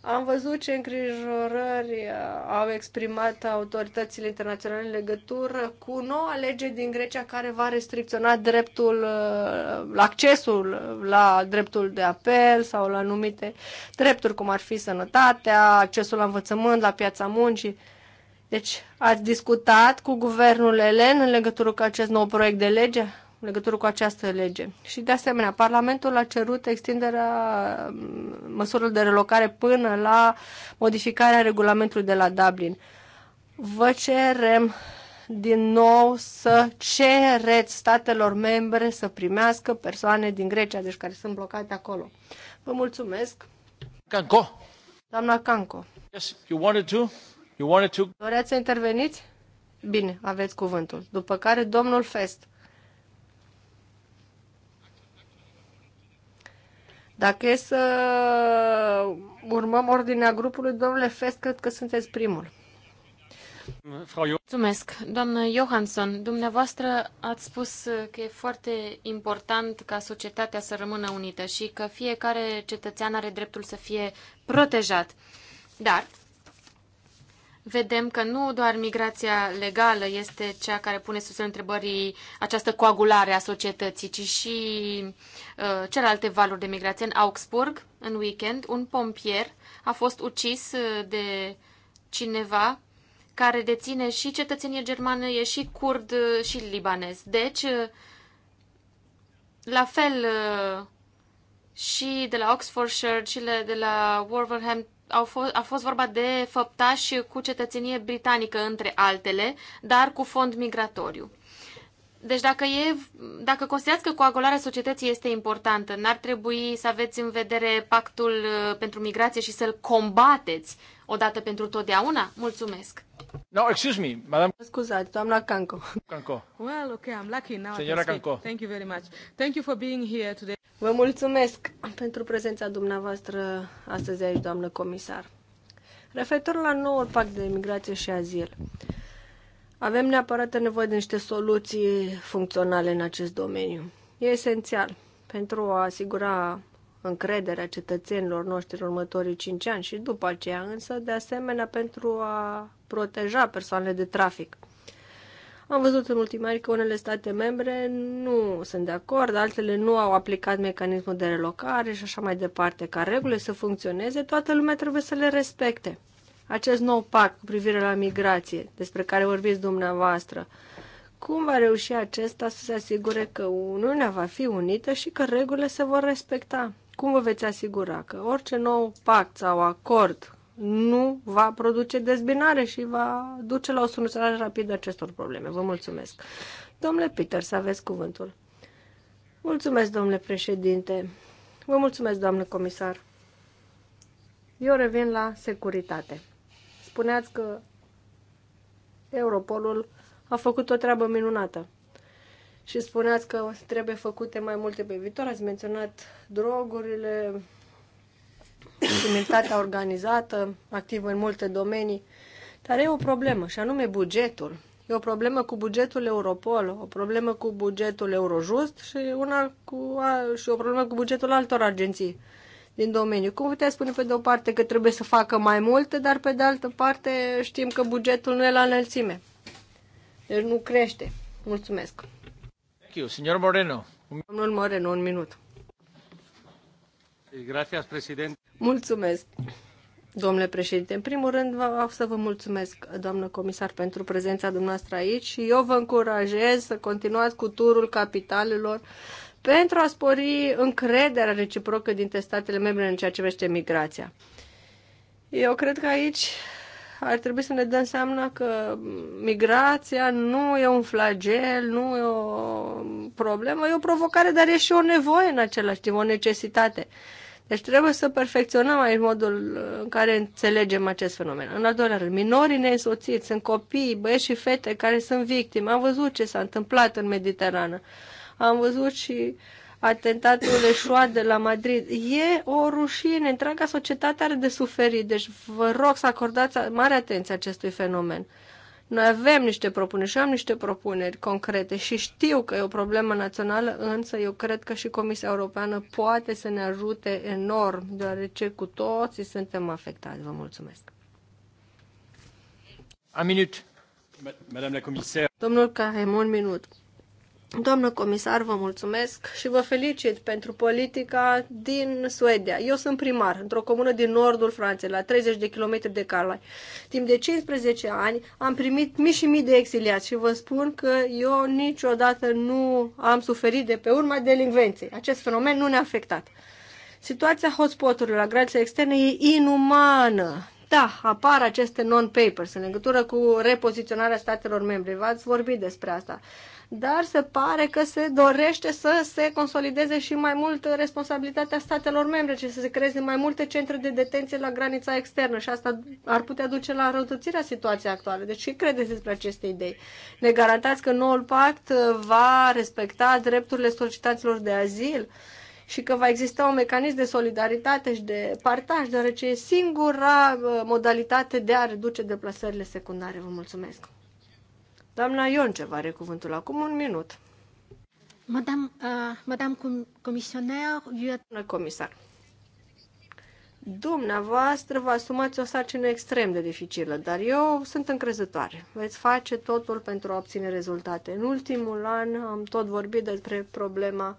am văzut ce îngrijorări au exprimat autoritățile internaționale în legătură cu noua lege din Grecia care va restricționa dreptul, uh, accesul la dreptul de apel sau la anumite drepturi, cum ar fi sănătatea, accesul la învățământ, la piața muncii. Deci, ați discutat cu guvernul elen în legătură cu acest nou proiect de lege? în legătură cu această lege. Și de asemenea, Parlamentul a cerut extinderea mm, măsurilor de relocare până la modificarea regulamentului de la Dublin. Vă cerem din nou să cereți statelor membre să primească persoane din Grecia, deci care sunt blocate acolo. Vă mulțumesc. Canco. Doamna Canco. Yes, you wanted to? You wanted to... Doreați să interveniți? Bine, aveți cuvântul. După care domnul Fest. Dacă e să urmăm ordinea grupului, domnule Fest, cred că sunteți primul. Mulțumesc. Doamnă Johansson, dumneavoastră ați spus că e foarte important ca societatea să rămână unită și că fiecare cetățean are dreptul să fie protejat. Dar vedem că nu doar migrația legală este cea care pune sus întrebării această coagulare a societății, ci și uh, celelalte valuri de migrație. În Augsburg, în weekend, un pompier a fost ucis uh, de cineva care deține și cetățenie germană, e și curd uh, și libanez. Deci, uh, la fel și de la Oxfordshire și de la Wolverhampton, au fost, a fost vorba de făptași cu cetățenie britanică, între altele, dar cu fond migratoriu. Deci dacă, e, dacă considerați că coagularea societății este importantă, n-ar trebui să aveți în vedere pactul uh, pentru migrație și să-l combateți odată pentru totdeauna? Mulțumesc! No, excuse me, madam. Scuzați, doamna Canco. Canco. Well, okay, I'm lucky now. Senora Canco. Thank you very much. Thank you for being here today. Vă mulțumesc pentru prezența dumneavoastră astăzi aici, doamnă comisar. Referitor la noul pact de migrație și azil, avem neapărat nevoie de niște soluții funcționale în acest domeniu. E esențial pentru a asigura încrederea cetățenilor noștri în următorii 5 ani și după aceea, însă, de asemenea, pentru a proteja persoanele de trafic. Am văzut în ultimii ani că unele state membre nu sunt de acord, altele nu au aplicat mecanismul de relocare și așa mai departe. Ca regulile să funcționeze, toată lumea trebuie să le respecte acest nou pact cu privire la migrație despre care vorbiți dumneavoastră. Cum va reuși acesta să se asigure că Uniunea va fi unită și că regulile se vor respecta? Cum vă veți asigura că orice nou pact sau acord nu va produce dezbinare și va duce la o soluționare rapidă acestor probleme? Vă mulțumesc. Domnule Peter, să aveți cuvântul. Mulțumesc, domnule președinte. Vă mulțumesc, doamnă comisar. Eu revin la securitate spuneați că Europolul a făcut o treabă minunată și spuneați că trebuie făcute mai multe pe viitor. Ați menționat drogurile, criminalitatea organizată, activă în multe domenii, dar e o problemă și anume bugetul. E o problemă cu bugetul Europol, o problemă cu bugetul Eurojust și, una cu, și o problemă cu bugetul altor agenții din domeniu. Cum puteți spune pe de o parte că trebuie să facă mai multe, dar pe de altă parte știm că bugetul nu e la înălțime. Deci nu crește. Mulțumesc. Thank you. Signor Moreno. Domnul Moreno, un minut. Gracias, President. Mulțumesc. Domnule președinte, în primul rând vreau să vă mulțumesc, doamnă comisar, pentru prezența dumneavoastră aici și eu vă încurajez să continuați cu turul capitalelor pentru a spori încrederea reciprocă dintre statele membre în ceea ce vește migrația. Eu cred că aici ar trebui să ne dăm seama că migrația nu e un flagel, nu e o problemă, e o provocare, dar e și o nevoie în același timp, o necesitate. Deci trebuie să perfecționăm aici modul în care înțelegem acest fenomen. În al doilea rând, minorii neînsoțiți, sunt copii, băieți și fete care sunt victime. Am văzut ce s-a întâmplat în Mediterană. Am văzut și atentatul eșuat de la Madrid. E o rușine, întreaga societate are de suferit, deci vă rog să acordați mare atenție acestui fenomen. Noi avem niște propuneri și am niște propuneri concrete și știu că e o problemă națională, însă eu cred că și Comisia Europeană poate să ne ajute enorm, deoarece cu toții suntem afectați. Vă mulțumesc. Un minut. Madame la comisar. Domnul Caremon, minut. Doamnă comisar, vă mulțumesc și vă felicit pentru politica din Suedia. Eu sunt primar într-o comună din nordul Franței, la 30 de kilometri de Carlai. Timp de 15 ani am primit mii și mii de exiliați și vă spun că eu niciodată nu am suferit de pe urma delinvenței. Acest fenomen nu ne-a afectat. Situația hotspoturilor la granița externe e inumană. Da, apar aceste non-papers în legătură cu repoziționarea statelor membre. V-ați vorbit despre asta dar se pare că se dorește să se consolideze și mai mult responsabilitatea statelor membre și să se creeze mai multe centre de detenție la granița externă și asta ar putea duce la răutățirea situației actuale. Deci ce credeți despre aceste idei? Ne garantați că noul pact va respecta drepturile solicitanților de azil? și că va exista un mecanism de solidaritate și de partaj, deoarece e singura uh, modalitate de a reduce deplasările secundare. Vă mulțumesc! Doamna Ionceva are cuvântul acum un minut. Madame, uh, Madame comisioner, eu... comisar, dumneavoastră vă asumați o sarcină extrem de dificilă, dar eu sunt încrezătoare. Veți face totul pentru a obține rezultate. În ultimul an am tot vorbit despre problema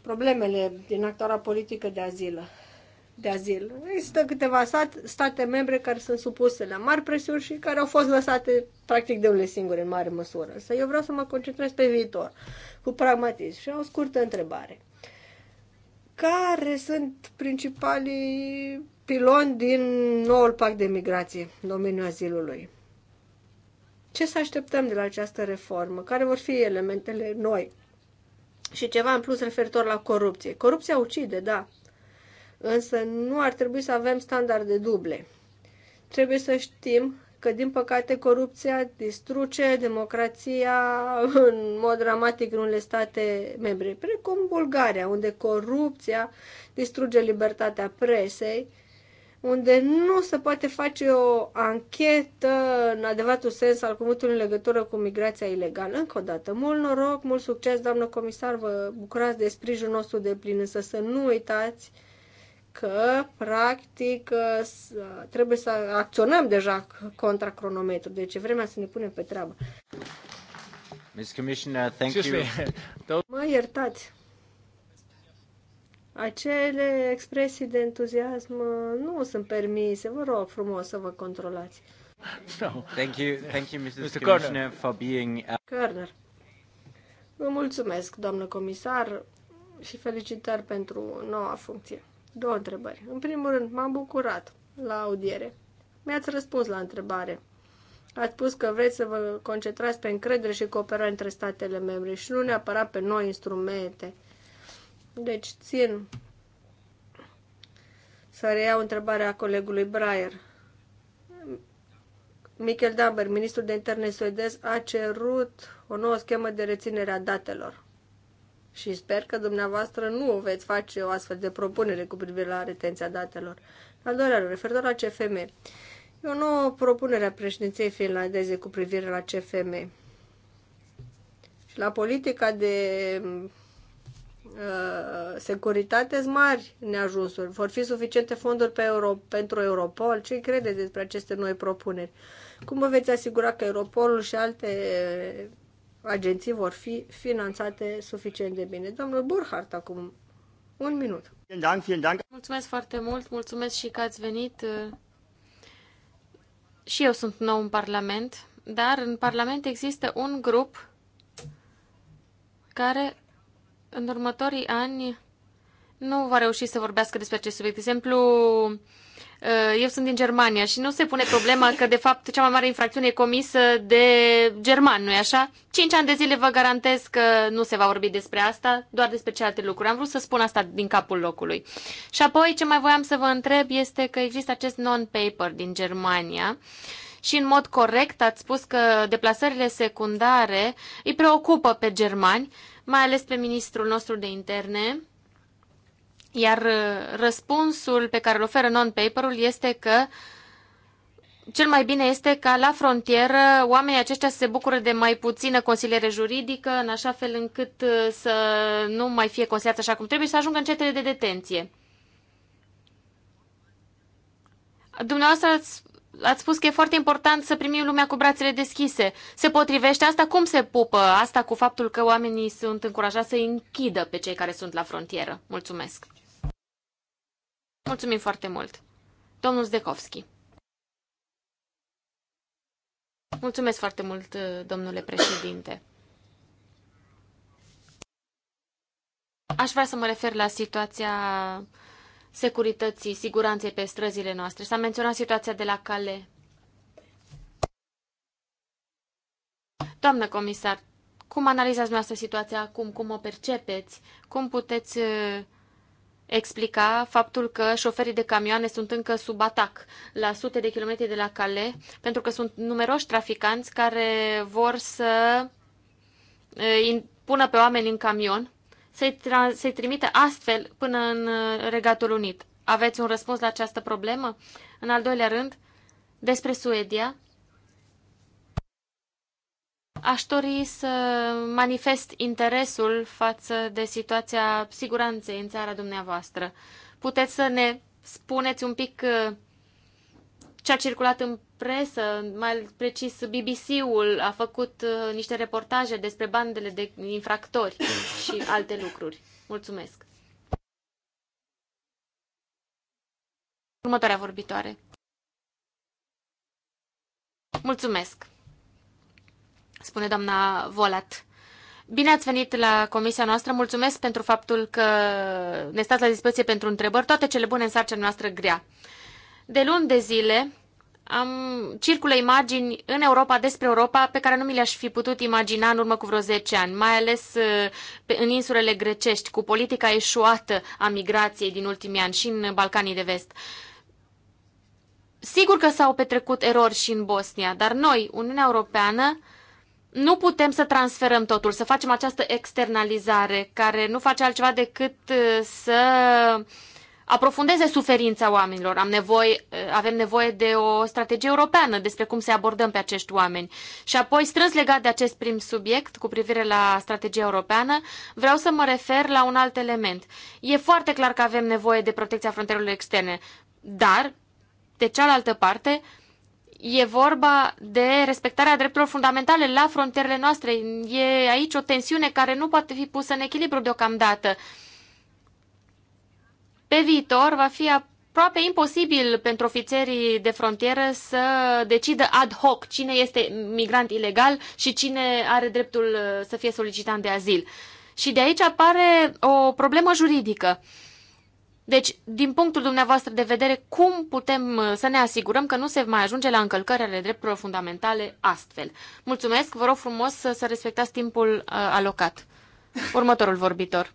problemele din actuala politică de azilă de azil. Există câteva state, state membre care sunt supuse la mari presiuni și care au fost lăsate practic de unele singure în mare măsură. Să eu vreau să mă concentrez pe viitor, cu pragmatism. Și am o scurtă întrebare. Care sunt principalii piloni din noul pact de migrație în domeniul azilului? Ce să așteptăm de la această reformă? Care vor fi elementele noi? Și ceva în plus referitor la corupție. Corupția ucide, da, Însă nu ar trebui să avem standarde duble. Trebuie să știm că, din păcate, corupția distruge democrația în mod dramatic în unele state membre, precum Bulgaria, unde corupția distruge libertatea presei, unde nu se poate face o anchetă în adevăratul sens al cuvântului în legătură cu migrația ilegală. Încă o dată, mult noroc, mult succes, doamnă comisar, vă bucurați de sprijinul nostru de plin, însă să nu uitați că, practic, uh, uh, trebuie să acționăm deja contra cronometru. Deci e vremea să ne punem pe treabă. Miss Commissioner, thank you. <laughs> Mă iertați. Acele expresii de entuziasm uh, nu sunt permise. Vă rog frumos să vă controlați. <laughs> Thank you, thank you, Mrs. Mr. Commissioner, Kerner. for being... Kerner. Vă mulțumesc, doamnă comisar, și felicitări pentru noua funcție. Două întrebări. În primul rând, m-am bucurat la audiere. Mi-ați răspuns la întrebare. Ați spus că vreți să vă concentrați pe încredere și cooperare între statele membre și nu neapărat pe noi instrumente. Deci, țin să reiau întrebarea colegului Breyer. Michael Damber, ministrul de interne suedez, a cerut o nouă schemă de reținere a datelor și sper că dumneavoastră nu veți face o astfel de propunere cu privire la retenția datelor. Al doilea, referitor la CFM. E o nouă propunere a președinției finlandeze cu privire la CFM și la politica de uh, securitate mari neajunsuri. Vor fi suficiente fonduri pe Euro, pentru Europol? Ce crede despre aceste noi propuneri? Cum vă veți asigura că Europolul și alte agenții vor fi finanțate suficient de bine. Domnul Burhardt, acum un minut. Mulțumesc foarte mult, mulțumesc și că ați venit. Și eu sunt nou în Parlament, dar în Parlament există un grup care în următorii ani nu va reuși să vorbească despre acest subiect. De exemplu, Eh, eu sunt din Germania și nu se pune problema că, de fapt, cea mai mare infracțiune e comisă de german, nu-i așa? Cinci ani de zile vă garantez că nu se va vorbi despre asta, doar despre alte lucruri. Am vrut să spun asta din capul locului. Și apoi, ce mai voiam să vă întreb este că există acest non-paper din Germania și în mod corect ați spus că deplasările secundare îi preocupă pe germani, mai ales pe ministrul nostru de interne, iar uh, răspunsul pe care îl oferă non-paperul este că cel mai bine este ca la frontieră oamenii aceștia să se bucură de mai puțină consiliere juridică, în așa fel încât uh, să nu mai fie consiliați așa cum trebuie și să ajungă în cetele de detenție. Dumneavoastră ați, ați spus că e foarte important să primim lumea cu brațele deschise. Se potrivește asta? Cum se pupă asta cu faptul că oamenii sunt încurajați să închidă pe cei care sunt la frontieră? Mulțumesc! Mulțumim foarte mult. Domnul Zdekovski. Mulțumesc foarte mult, uh, domnule președinte. Aș vrea să mă refer la situația securității, siguranței pe străzile noastre. S-a menționat situația de la cale. Doamnă comisar, cum analizați noastră situația acum? Cum o percepeți? Cum puteți uh, explica faptul că șoferii de camioane sunt încă sub atac la sute de kilometri de la cale, pentru că sunt numeroși traficanți care vor să pună pe oameni în camion, să-i, tra- să trimită astfel până în Regatul Unit. Aveți un răspuns la această problemă? În al doilea rând, despre Suedia, Aș dori să manifest interesul față de situația siguranței în țara dumneavoastră. Puteți să ne spuneți un pic uh, ce a circulat în presă, mai precis BBC-ul a făcut uh, niște reportaje despre bandele de infractori și alte lucruri. Mulțumesc. Următoarea vorbitoare. Mulțumesc spune doamna Volat. Bine ați venit la comisia noastră. Mulțumesc pentru faptul că ne stați la dispoziție pentru întrebări. Toate cele bune în sarcina noastră grea. De luni de zile am circulă imagini în Europa despre Europa pe care nu mi le-aș fi putut imagina în urmă cu vreo 10 ani, mai ales eh, în insulele grecești, cu politica eșuată a migrației din ultimii ani și în Balcanii de Vest. Sigur că s-au petrecut erori și în Bosnia, dar noi, Uniunea Europeană, nu putem să transferăm totul, să facem această externalizare care nu face altceva decât uh, să aprofundeze suferința oamenilor. Am nevoie, uh, avem nevoie de o strategie europeană despre cum să abordăm pe acești oameni. Și apoi, strâns legat de acest prim subiect cu privire la strategia europeană, vreau să mă refer la un alt element. E foarte clar că avem nevoie de protecția frontierelor externe, dar, de cealaltă parte, e vorba de respectarea drepturilor fundamentale la frontierele noastre. E aici o tensiune care nu poate fi pusă în echilibru deocamdată. Pe viitor va fi aproape imposibil pentru ofițerii de frontieră să decidă ad hoc cine este migrant ilegal și cine are dreptul să fie solicitant de azil. Și de aici apare o problemă juridică. Deci, din punctul dumneavoastră de vedere, cum putem uh, să ne asigurăm că nu se mai ajunge la încălcări ale drepturilor fundamentale astfel? Mulțumesc, vă rog frumos să, să respectați timpul uh, alocat. Următorul vorbitor.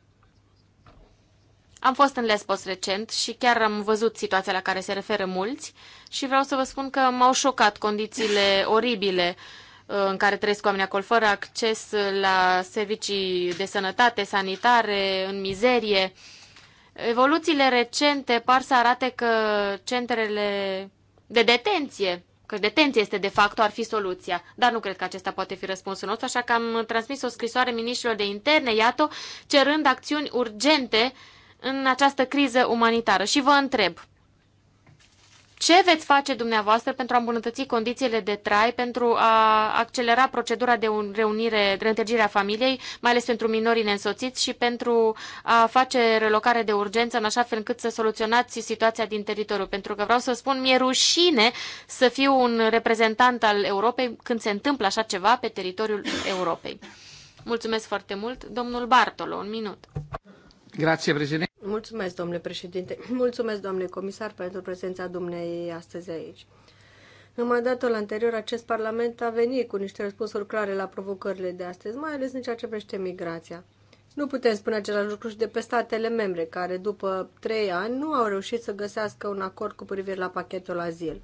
Am fost în Lesbos recent și chiar am văzut situația la care se referă mulți și vreau să vă spun că m-au șocat condițiile oribile uh, în care trăiesc oamenii acolo, fără acces la servicii de sănătate, sanitare, în mizerie. Evoluțiile recente par să arate că centrele de detenție, că detenție este de fapt, ar fi soluția. Dar nu cred că acesta poate fi răspunsul nostru, așa că am transmis o scrisoare ministrilor de interne, iată, cerând acțiuni urgente în această criză umanitară. Și vă întreb, ce veți face dumneavoastră pentru a îmbunătăți condițiile de trai, pentru a accelera procedura de reunire, de întâlnire a familiei, mai ales pentru minorii neînsoțiți și pentru a face relocare de urgență în așa fel încât să soluționați situația din teritoriu? Pentru că vreau să spun, mi-e rușine să fiu un reprezentant al Europei când se întâmplă așa ceva pe teritoriul Europei. Mulțumesc foarte mult. Domnul Bartolo, un minut. Grazie, președinte. Mulțumesc, domnule președinte. <clears throat> Mulțumesc, domnule comisar, pentru prezența dumnei astăzi aici. În mandatul anterior, acest parlament a venit cu niște răspunsuri clare la provocările de astăzi, mai ales în ceea ce privește migrația. Nu putem spune același lucru și de pe statele membre, care după trei ani nu au reușit să găsească un acord cu privire la pachetul azil.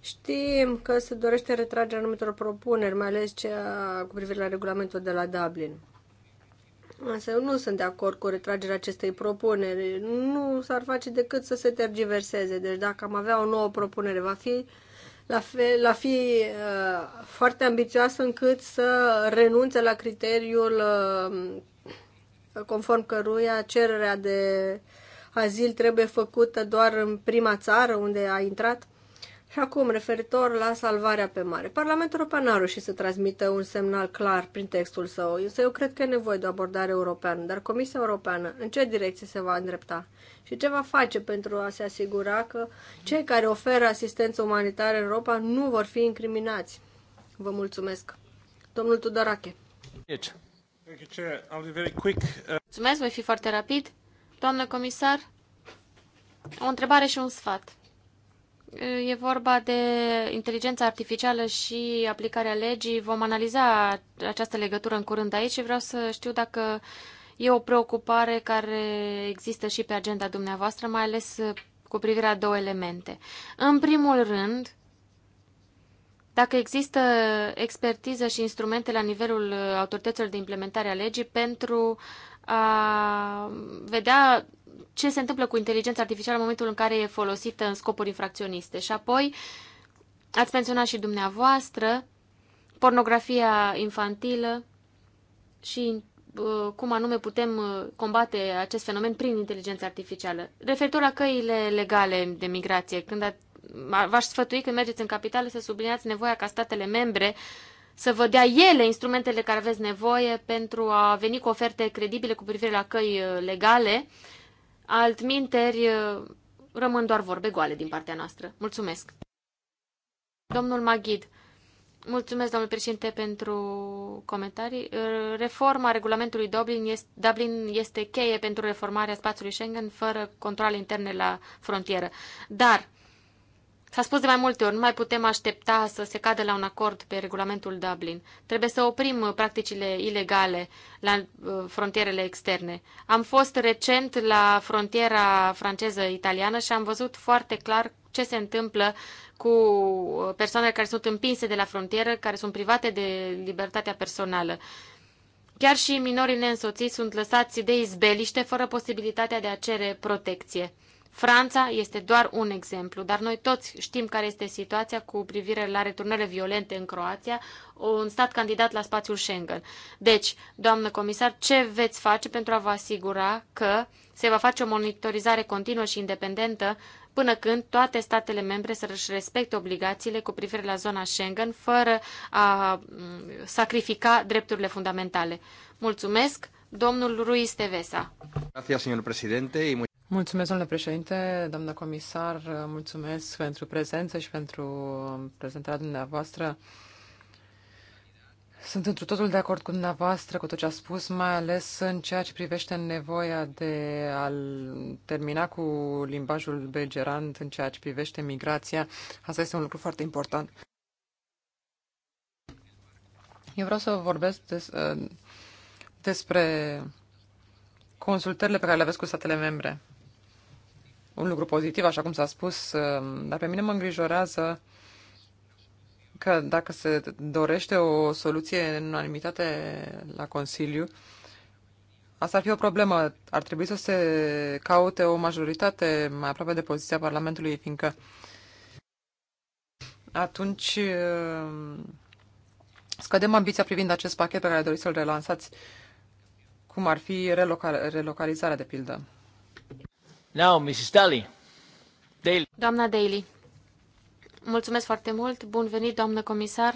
Știm că se dorește retragerea anumitor propuneri, mai ales cea cu privire la regulamentul de la Dublin. Asta eu nu sunt de acord cu retragerea acestei propuneri. Nu s-ar face decât să se tergiverseze. Deci dacă am avea o nouă propunere, va fi la fe, la fi uh, foarte ambițioasă încât să renunțe la criteriul uh, conform căruia cererea de azil trebuie făcută doar în prima țară unde a intrat. Și acum, referitor la salvarea pe mare, Parlamentul European a reușit să transmită un semnal clar prin textul său, însă eu cred că e nevoie de o abordare europeană, dar Comisia Europeană în ce direcție se va îndrepta și ce va face pentru a se asigura că cei care oferă asistență umanitară în Europa nu vor fi incriminați? Vă mulțumesc. Domnul Tudorache. Deci. Mulțumesc, voi fi foarte rapid. Doamnă comisar, o întrebare și un sfat. E vorba de inteligența artificială și aplicarea legii. Vom analiza această legătură în curând aici și vreau să știu dacă e o preocupare care există și pe agenda dumneavoastră, mai ales cu privire la două elemente. În primul rând, dacă există expertiză și instrumente la nivelul autorităților de implementare a legii pentru a vedea ce se întâmplă cu inteligența artificială în momentul în care e folosită în scopuri infracționiste. Și apoi, ați menționat și dumneavoastră, pornografia infantilă și uh, cum anume putem uh, combate acest fenomen prin inteligența artificială. Referitor la căile legale de migrație, când v-aș sfătui când mergeți în capitală să subliniați nevoia ca statele membre să vă dea ele instrumentele care aveți nevoie pentru a veni cu oferte credibile cu privire la căi uh, legale Altminteri, uh, rămân doar vorbe goale din partea noastră. Mulțumesc! Domnul Maghid, mulțumesc, domnul președinte, pentru comentarii. Uh, reforma regulamentului Dublin este, Dublin este cheie pentru reformarea spațiului Schengen fără controle interne la frontieră. Dar S-a spus de mai multe ori, nu mai putem aștepta să se cadă la un acord pe regulamentul Dublin. Trebuie să oprim uh, practicile ilegale la uh, frontierele externe. Am fost recent la frontiera franceză-italiană și am văzut foarte clar ce se întâmplă cu uh, persoanele care sunt împinse de la frontieră, care sunt private de libertatea personală. Chiar și minorii neînsoțiți sunt lăsați de izbeliște fără posibilitatea de a cere protecție. Franța este doar un exemplu, dar noi toți știm care este situația cu privire la returnările violente în Croația, un stat candidat la spațiul Schengen. Deci, doamnă comisar, ce veți face pentru a vă asigura că se va face o monitorizare continuă și independentă până când toate statele membre să își respecte obligațiile cu privire la zona Schengen, fără a sacrifica drepturile fundamentale? Mulțumesc! Domnul Ruiz Tevesa. Gracias, señor presidente, y Mulțumesc, domnule președinte, doamnă comisar, mulțumesc pentru prezență și pentru prezentarea dumneavoastră. Sunt într totul de acord cu dumneavoastră, cu tot ce a spus, mai ales în ceea ce privește nevoia de a termina cu limbajul belgerant în ceea ce privește migrația. Asta este un lucru foarte important. Eu vreau să vorbesc des, uh, despre consultările pe care le aveți cu statele membre un lucru pozitiv, așa cum s-a spus, um, dar pe mine mă îngrijorează că dacă se dorește o soluție în unanimitate la Consiliu, asta ar fi o problemă. Ar trebui să se caute o majoritate mai aproape de poziția Parlamentului, fiindcă atunci um, scădem ambiția privind acest pachet pe care doriți să-l relansați, cum ar fi relocalizarea, de pildă. Now, Mrs. Daly. Daly. Doamna Daly. Mulțumesc foarte mult. Bun venit, doamnă comisar.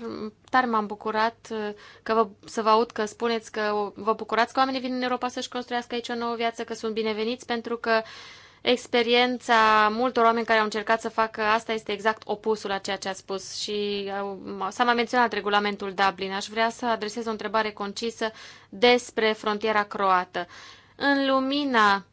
Tare m-am bucurat uh, că vă, să vă aud că spuneți că vă bucurați că oamenii vin în Europa să-și construiască aici o nouă viață, că sunt bineveniți, pentru că experiența multor oameni care au încercat să facă asta este exact opusul a ceea ce a spus și uh, s-a mai menționat regulamentul Dublin. Aș vrea să adresez o întrebare concisă despre frontiera croată. În lumina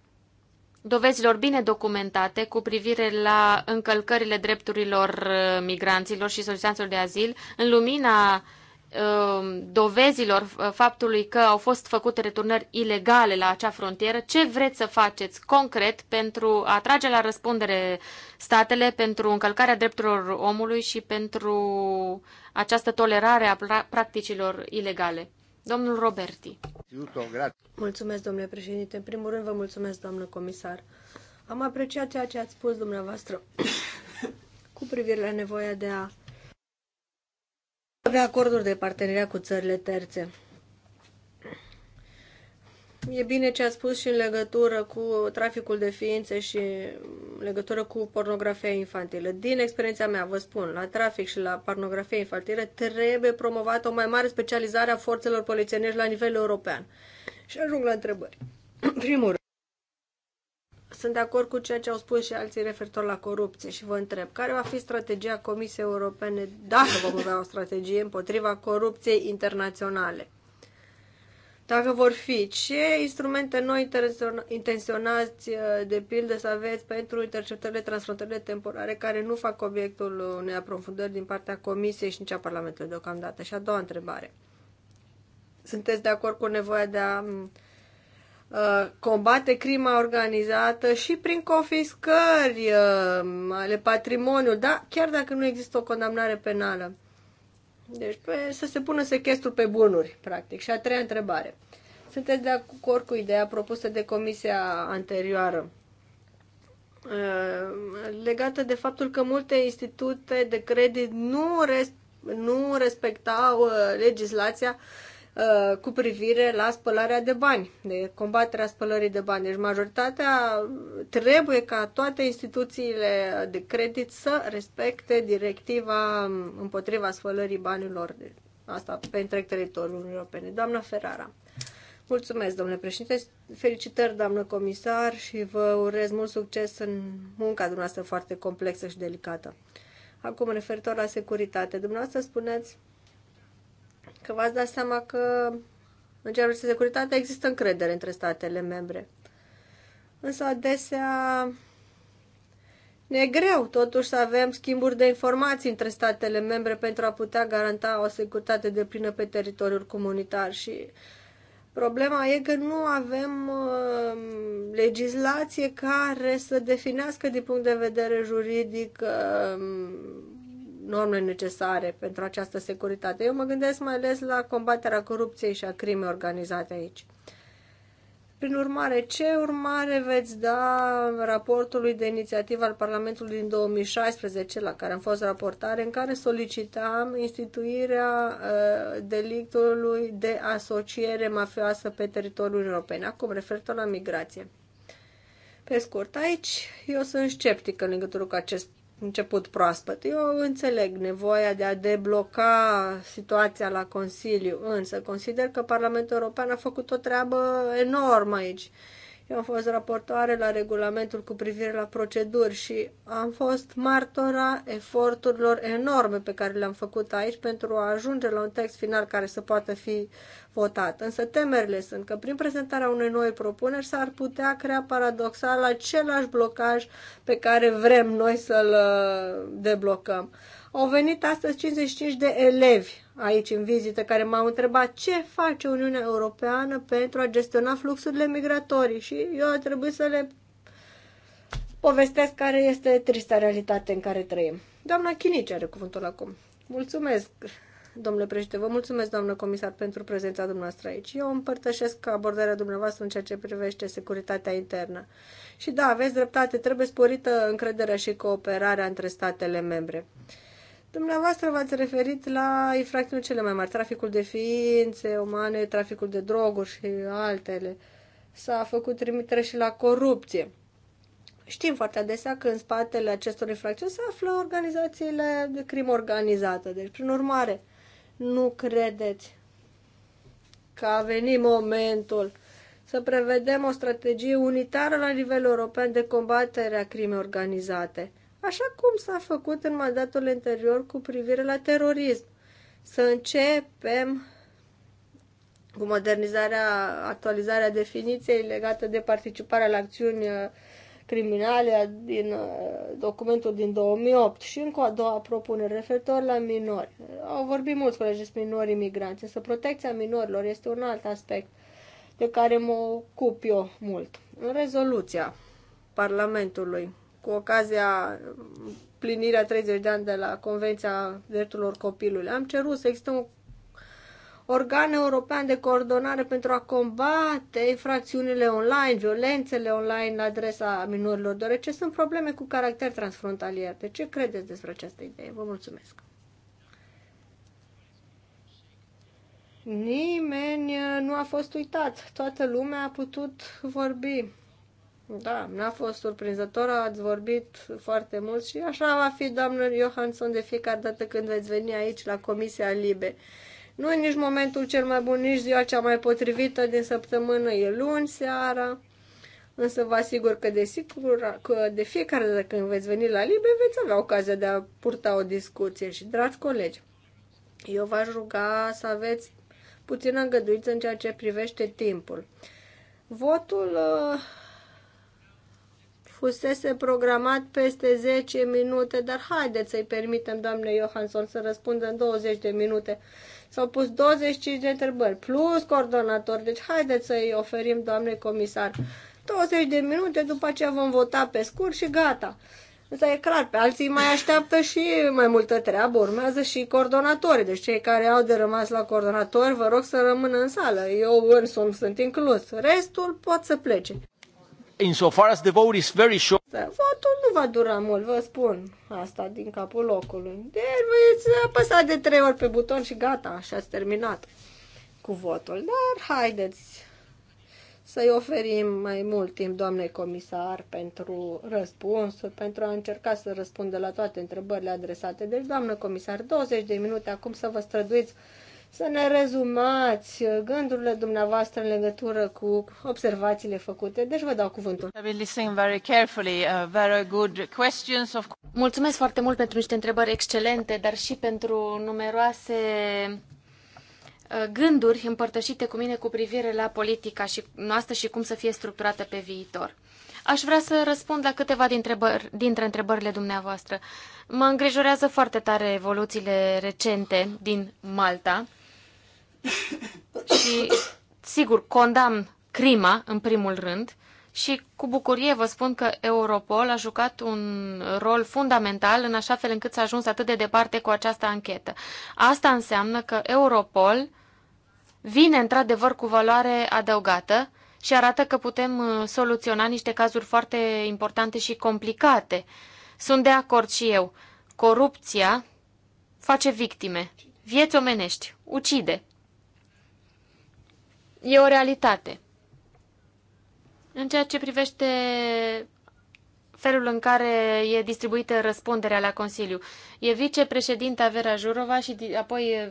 dovezilor bine documentate cu privire la încălcările drepturilor uh, migranților și solicitanților de azil, în lumina uh, dovezilor uh, faptului că au fost făcute returnări ilegale la acea frontieră, ce vreți să faceți concret pentru a atrage la răspundere statele pentru încălcarea drepturilor omului și pentru această tolerare a practicilor ilegale? Domnul Roberti. Mulțumesc, domnule președinte. În primul rând, vă mulțumesc, doamnă comisar. Am apreciat ceea ce ați spus dumneavoastră <coughs> cu privire la nevoia de a avea acorduri de parteneriat cu țările terțe. E bine ce ați spus și în legătură cu traficul de ființe și în legătură cu pornografia infantilă. Din experiența mea, vă spun, la trafic și la pornografia infantilă trebuie promovată o mai mare specializare a forțelor polițienești la nivel european. Și ajung la întrebări. <clears throat> Primul rând, sunt de acord cu ceea ce au spus și alții referitor la corupție și vă întreb, care va fi strategia Comisiei Europene dacă vom avea o strategie împotriva corupției internaționale? Dacă vor fi, ce instrumente noi intenționați, uh, de pildă, să aveți pentru interceptările transfrontaliere temporare care nu fac obiectul unei aprofundări din partea Comisiei și nici a Parlamentului deocamdată? Și a doua întrebare. Sunteți de acord cu nevoia de a mm, uh, combate crima organizată și prin confiscări uh, ale patrimoniului, da, chiar dacă nu există o condamnare penală. Deci pe, să se pună sechestru pe bunuri, practic. Și a treia întrebare. Sunteți de acord cu ideea propusă de comisia anterioară uh, legată de faptul că multe institute de credit nu, res- nu respectau uh, legislația uh, Uh, cu privire la spălarea de bani, de combaterea spălării de bani. Deci majoritatea trebuie ca toate instituțiile de credit să respecte directiva împotriva spălării banilor. Asta pe întreg teritoriul Uniunii Europene. Doamna Ferrara. Mulțumesc, domnule președinte. Felicitări, doamnă comisar, și vă urez mult succes în munca dumneavoastră foarte complexă și delicată. Acum, referitor la securitate, dumneavoastră spuneți că v-ați dat seama că în ceea de securitate există încredere între statele membre. Însă adesea ne e greu totuși să avem schimburi de informații între statele membre pentru a putea garanta o securitate de plină pe teritoriul comunitar și problema e că nu avem uh, legislație care să definească din punct de vedere juridic uh, norme necesare pentru această securitate. Eu mă gândesc mai ales la combaterea corupției și a crimei organizate aici. Prin urmare, ce urmare veți da raportului de inițiativă al Parlamentului din 2016, la care am fost raportare, în care solicitam instituirea uh, delictului de asociere mafioasă pe teritoriul european, acum referitor la migrație? Pe scurt, aici eu sunt sceptic în legătură cu acest început proaspăt. Eu înțeleg nevoia de a debloca situația la Consiliu, însă consider că Parlamentul European a făcut o treabă enormă aici. Eu am fost raportoare la regulamentul cu privire la proceduri și am fost martora eforturilor enorme pe care le-am făcut aici pentru a ajunge la un text final care să poată fi votat. Însă temerile sunt că prin prezentarea unei noi propuneri s-ar putea crea paradoxal același blocaj pe care vrem noi să-l uh, deblocăm. Au venit astăzi 55 de elevi aici în vizită care m-au întrebat ce face Uniunea Europeană pentru a gestiona fluxurile migratorii și eu a trebuit să le povestesc care este trista realitate în care trăim. Doamna Chinici are cuvântul acum. Mulțumesc, domnule președinte, vă mulțumesc, doamnă comisar, pentru prezența dumneavoastră aici. Eu împărtășesc abordarea dumneavoastră în ceea ce privește securitatea internă. Și da, aveți dreptate, trebuie sporită încrederea și cooperarea între statele membre. Dumneavoastră v-ați referit la infracțiuni cele mai mari, traficul de ființe umane, traficul de droguri și altele. S-a făcut trimitere și la corupție. Știm foarte adesea că în spatele acestor infracțiuni se află organizațiile de crimă organizată. Deci, prin urmare, nu credeți că a venit momentul să prevedem o strategie unitară la nivel european de combatere a crimei organizate așa cum s-a făcut în mandatul anterior cu privire la terorism. Să începem cu modernizarea, actualizarea definiției legată de participarea la acțiuni uh, criminale uh, din uh, documentul din 2008 și încă a doua propunere referitor la minori. Au vorbit mulți colegi despre minori imigranți, însă protecția minorilor este un alt aspect de care mă ocup eu mult. În rezoluția Parlamentului cu ocazia plinirea 30 de ani de la Convenția Drepturilor Copilului. Am cerut să existe un organ european de coordonare pentru a combate infracțiunile online, violențele online la adresa minorilor, deoarece sunt probleme cu caracter transfrontalier. De ce credeți despre această idee? Vă mulțumesc! Nimeni nu a fost uitat. Toată lumea a putut vorbi. Da, mi a fost surprinzător, ați vorbit foarte mult și așa va fi, doamnă Johansson, de fiecare dată când veți veni aici la Comisia Libe. Nu e nici momentul cel mai bun, nici ziua cea mai potrivită din săptămână, e luni seara, însă vă asigur că de, sigur, că de fiecare dată când veți veni la Libe veți avea ocazia de a purta o discuție și, dragi colegi, eu v-aș ruga să aveți puțină îngăduință în ceea ce privește timpul. Votul uh, fusese programat peste 10 minute, dar haideți să-i permitem doamne Johansson să răspundă în 20 de minute. S-au pus 25 de întrebări, plus coordonator, deci haideți să-i oferim doamne comisar 20 de minute, după aceea vom vota pe scurt și gata. Însă e clar, pe alții mai așteaptă și mai multă treabă, urmează și coordonatorii. Deci cei care au de rămas la coordonator, vă rog să rămână în sală. Eu însumi sunt inclus. Restul pot să plece insofar as the vote is very short... Da, votul nu va dura mult, vă spun asta din capul locului. Deci veți apăsa de trei ori pe buton și gata, și ați terminat cu votul. Dar haideți să-i oferim mai mult timp, doamnei comisar, pentru răspunsuri, pentru a încerca să răspundă la toate întrebările adresate. Deci, doamnă comisar, 20 de minute acum să vă străduiți să ne rezumați gândurile dumneavoastră în legătură cu observațiile făcute. Deci vă dau cuvântul. Uh, Mulțumesc foarte mult pentru niște întrebări excelente, dar și pentru numeroase uh, gânduri împărtășite cu mine cu privire la politica și noastră și cum să fie structurată pe viitor. Aș vrea să răspund la câteva dintre, întrebările dumneavoastră. Mă îngrijorează foarte tare evoluțiile recente din Malta și, sigur, condamn crima, în primul rând, și cu bucurie vă spun că Europol a jucat un rol fundamental în așa fel încât s-a ajuns atât de departe cu această anchetă. Asta înseamnă că Europol vine într-adevăr cu valoare adăugată și arată că putem uh, soluționa niște cazuri foarte importante și complicate. Sunt de acord și eu. Corupția face victime, vieți omenești, ucide e o realitate. În ceea ce privește felul în care e distribuită răspunderea la Consiliu. E vicepreședinta Vera Jurova și apoi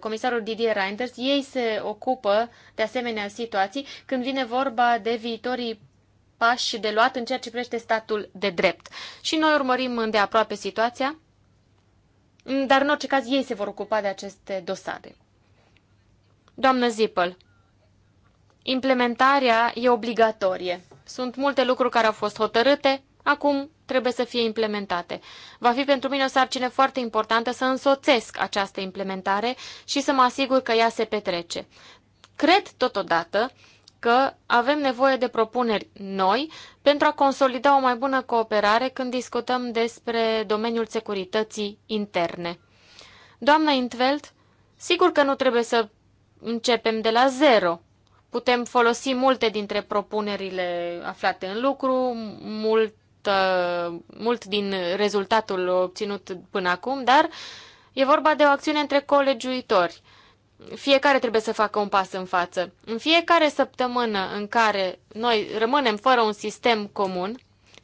comisarul Didier Reinders. Ei se ocupă de asemenea situații când vine vorba de viitorii pași de luat în ceea ce privește statul de drept. Și noi urmărim îndeaproape situația, dar în orice caz ei se vor ocupa de aceste dosare. Doamnă Zipăl, implementarea e obligatorie. Sunt multe lucruri care au fost hotărâte, acum trebuie să fie implementate. Va fi pentru mine o sarcină foarte importantă să însoțesc această implementare și să mă asigur că ea se petrece. Cred totodată că avem nevoie de propuneri noi pentru a consolida o mai bună cooperare când discutăm despre domeniul securității interne. Doamna Intveld, sigur că nu trebuie să începem de la zero. Putem folosi multe dintre propunerile aflate în lucru, mult, mult din rezultatul obținut până acum, dar e vorba de o acțiune între colegiuitori. Fiecare trebuie să facă un pas în față. În fiecare săptămână în care noi rămânem fără un sistem comun,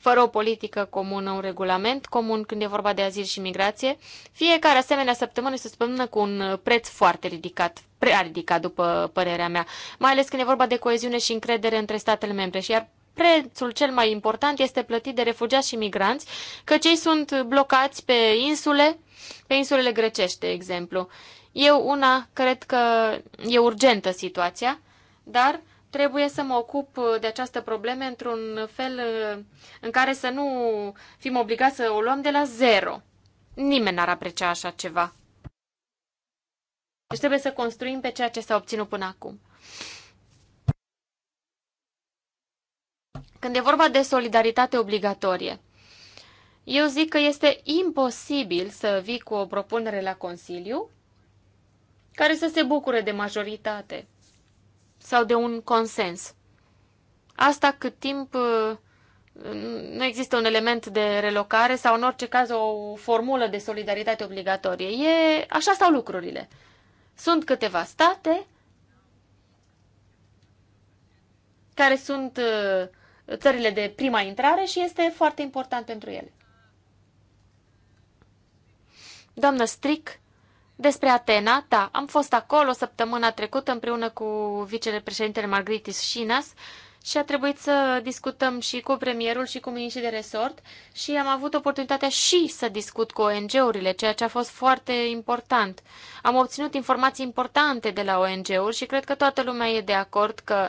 fără o politică comună, un regulament comun când e vorba de azil și migrație. Fiecare asemenea săptămână se o cu un preț foarte ridicat, prea ridicat după părerea mea, mai ales când e vorba de coeziune și încredere între statele membre. Și iar prețul cel mai important este plătit de refugiați și migranți, că cei sunt blocați pe insule, pe insulele grecești, de exemplu. Eu una cred că e urgentă situația, dar trebuie să mă ocup uh, de această probleme într-un fel uh, în care să nu fim obligați să o luăm de la zero. Nimeni n-ar aprecia așa ceva. Deci trebuie să construim pe ceea ce s-a obținut până acum. Când e vorba de solidaritate obligatorie, eu zic că este imposibil să vii cu o propunere la Consiliu care să se bucure de majoritate sau de un consens. Asta cât timp uh, nu există un element de relocare sau în orice caz o formulă de solidaritate obligatorie. E, așa stau lucrurile. Sunt câteva state care sunt uh, țările de prima intrare și este foarte important pentru ele. Doamnă Strick, despre Atena, da, am fost acolo săptămâna trecută împreună cu vicepreședintele Margritis Șinas și a trebuit să discutăm și cu premierul și cu miniștrii de resort și am avut oportunitatea și să discut cu ONG-urile, ceea ce a fost foarte important. Am obținut informații importante de la ONG-uri și cred că toată lumea e de acord că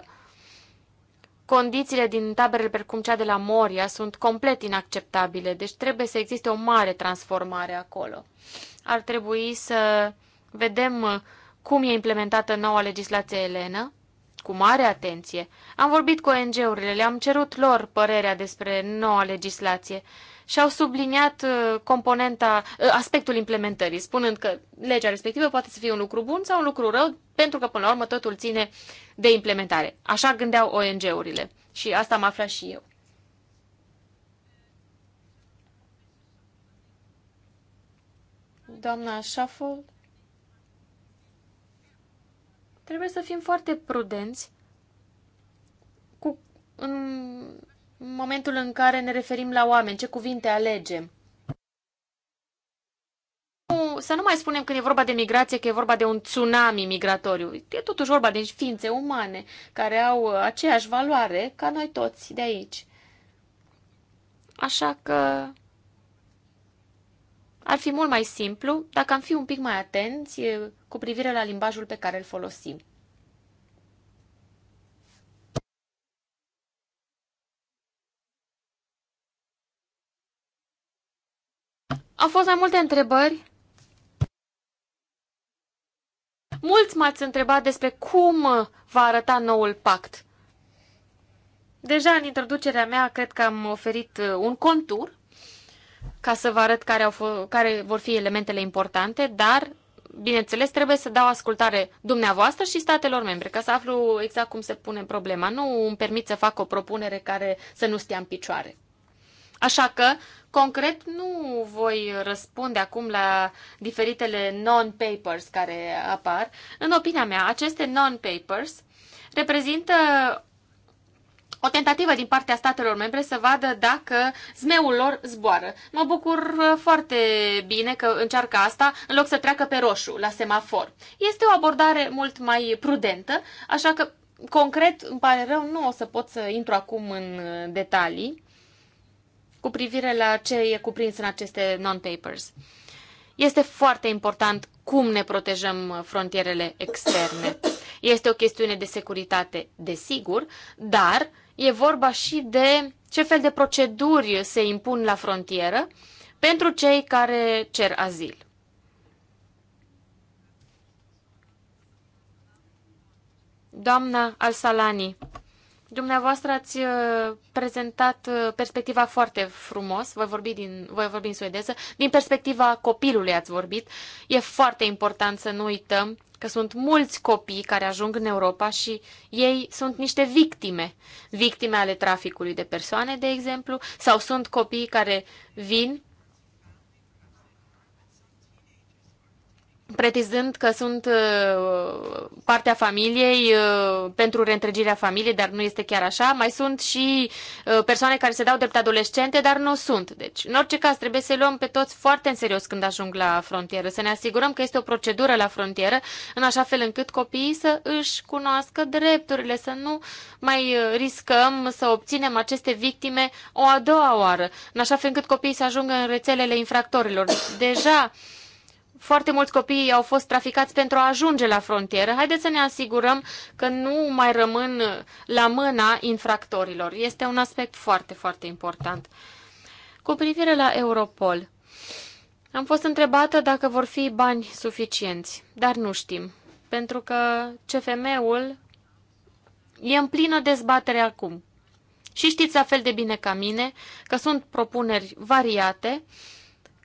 Condițiile din taberele precum cea de la Moria sunt complet inacceptabile, deci trebuie să existe o mare transformare acolo. Ar trebui să vedem uh, cum e implementată noua legislație elenă, cu mare atenție. Am vorbit cu ONG-urile, le-am cerut lor părerea despre noua legislație și-au subliniat uh, componenta, uh, aspectul implementării, spunând că legea respectivă poate să fie un lucru bun sau un lucru rău, pentru că, până la urmă, totul ține de implementare. Așa gândeau ONG-urile și asta am aflat și eu. Doamna Shuffle, trebuie să fim foarte prudenți cu, în, în momentul în care ne referim la oameni, ce cuvinte alegem. Nu, să nu mai spunem când e vorba de migrație că e vorba de un tsunami migratoriu. E totuși vorba de ființe umane care au aceeași valoare ca noi toți de aici. Așa că ar fi mult mai simplu dacă am fi un pic mai atenți cu privire la limbajul pe care îl folosim. Au fost mai multe întrebări. Mulți m-ați întrebat despre cum va arăta noul pact. Deja în introducerea mea cred că am oferit uh, un contur ca să vă arăt care, au care vor fi elementele importante, dar, bineînțeles, trebuie să dau ascultare dumneavoastră și statelor membre, ca să aflu exact cum se pune problema. Nu îmi permit să fac o propunere care să nu stea în picioare. Așa că Concret, nu voi răspunde acum la diferitele non-papers care apar. În opinia mea, aceste non-papers reprezintă o tentativă din partea statelor membre să vadă dacă zmeul lor zboară. Mă bucur foarte bine că încearcă asta în loc să treacă pe roșu, la semafor. Este o abordare mult mai prudentă, așa că, concret, îmi pare rău, nu o să pot să intru acum în detalii cu privire la ce e cuprins în aceste non-papers. Este foarte important cum ne protejăm frontierele externe. Este o chestiune de securitate, desigur, dar e vorba și de ce fel de proceduri se impun la frontieră pentru cei care cer azil. Doamna Al-Salani Dumneavoastră ați uh, prezentat uh, perspectiva foarte frumos, voi vorbi, din, voi vorbi în suedeză, din perspectiva copilului ați vorbit. E foarte important să nu uităm că sunt mulți copii care ajung în Europa și ei sunt niște victime. Victime ale traficului de persoane, de exemplu, sau sunt copii care vin pretizând că sunt uh, partea familiei uh, pentru reîntregirea familiei, dar nu este chiar așa. Mai sunt și uh, persoane care se dau drept adolescente, dar nu sunt. Deci, în orice caz, trebuie să luăm pe toți foarte în serios când ajung la frontieră, să ne asigurăm că este o procedură la frontieră, în așa fel încât copiii să își cunoască drepturile, să nu mai riscăm să obținem aceste victime o a doua oară, în așa fel încât copiii să ajungă în rețelele infractorilor. Deja, foarte mulți copii au fost traficați pentru a ajunge la frontieră. Haideți să ne asigurăm că nu mai rămân la mâna infractorilor. Este un aspect foarte, foarte important. Cu privire la Europol, am fost întrebată dacă vor fi bani suficienți, dar nu știm, pentru că CFM-ul e în plină dezbatere acum. Și știți la fel de bine ca mine că sunt propuneri variate,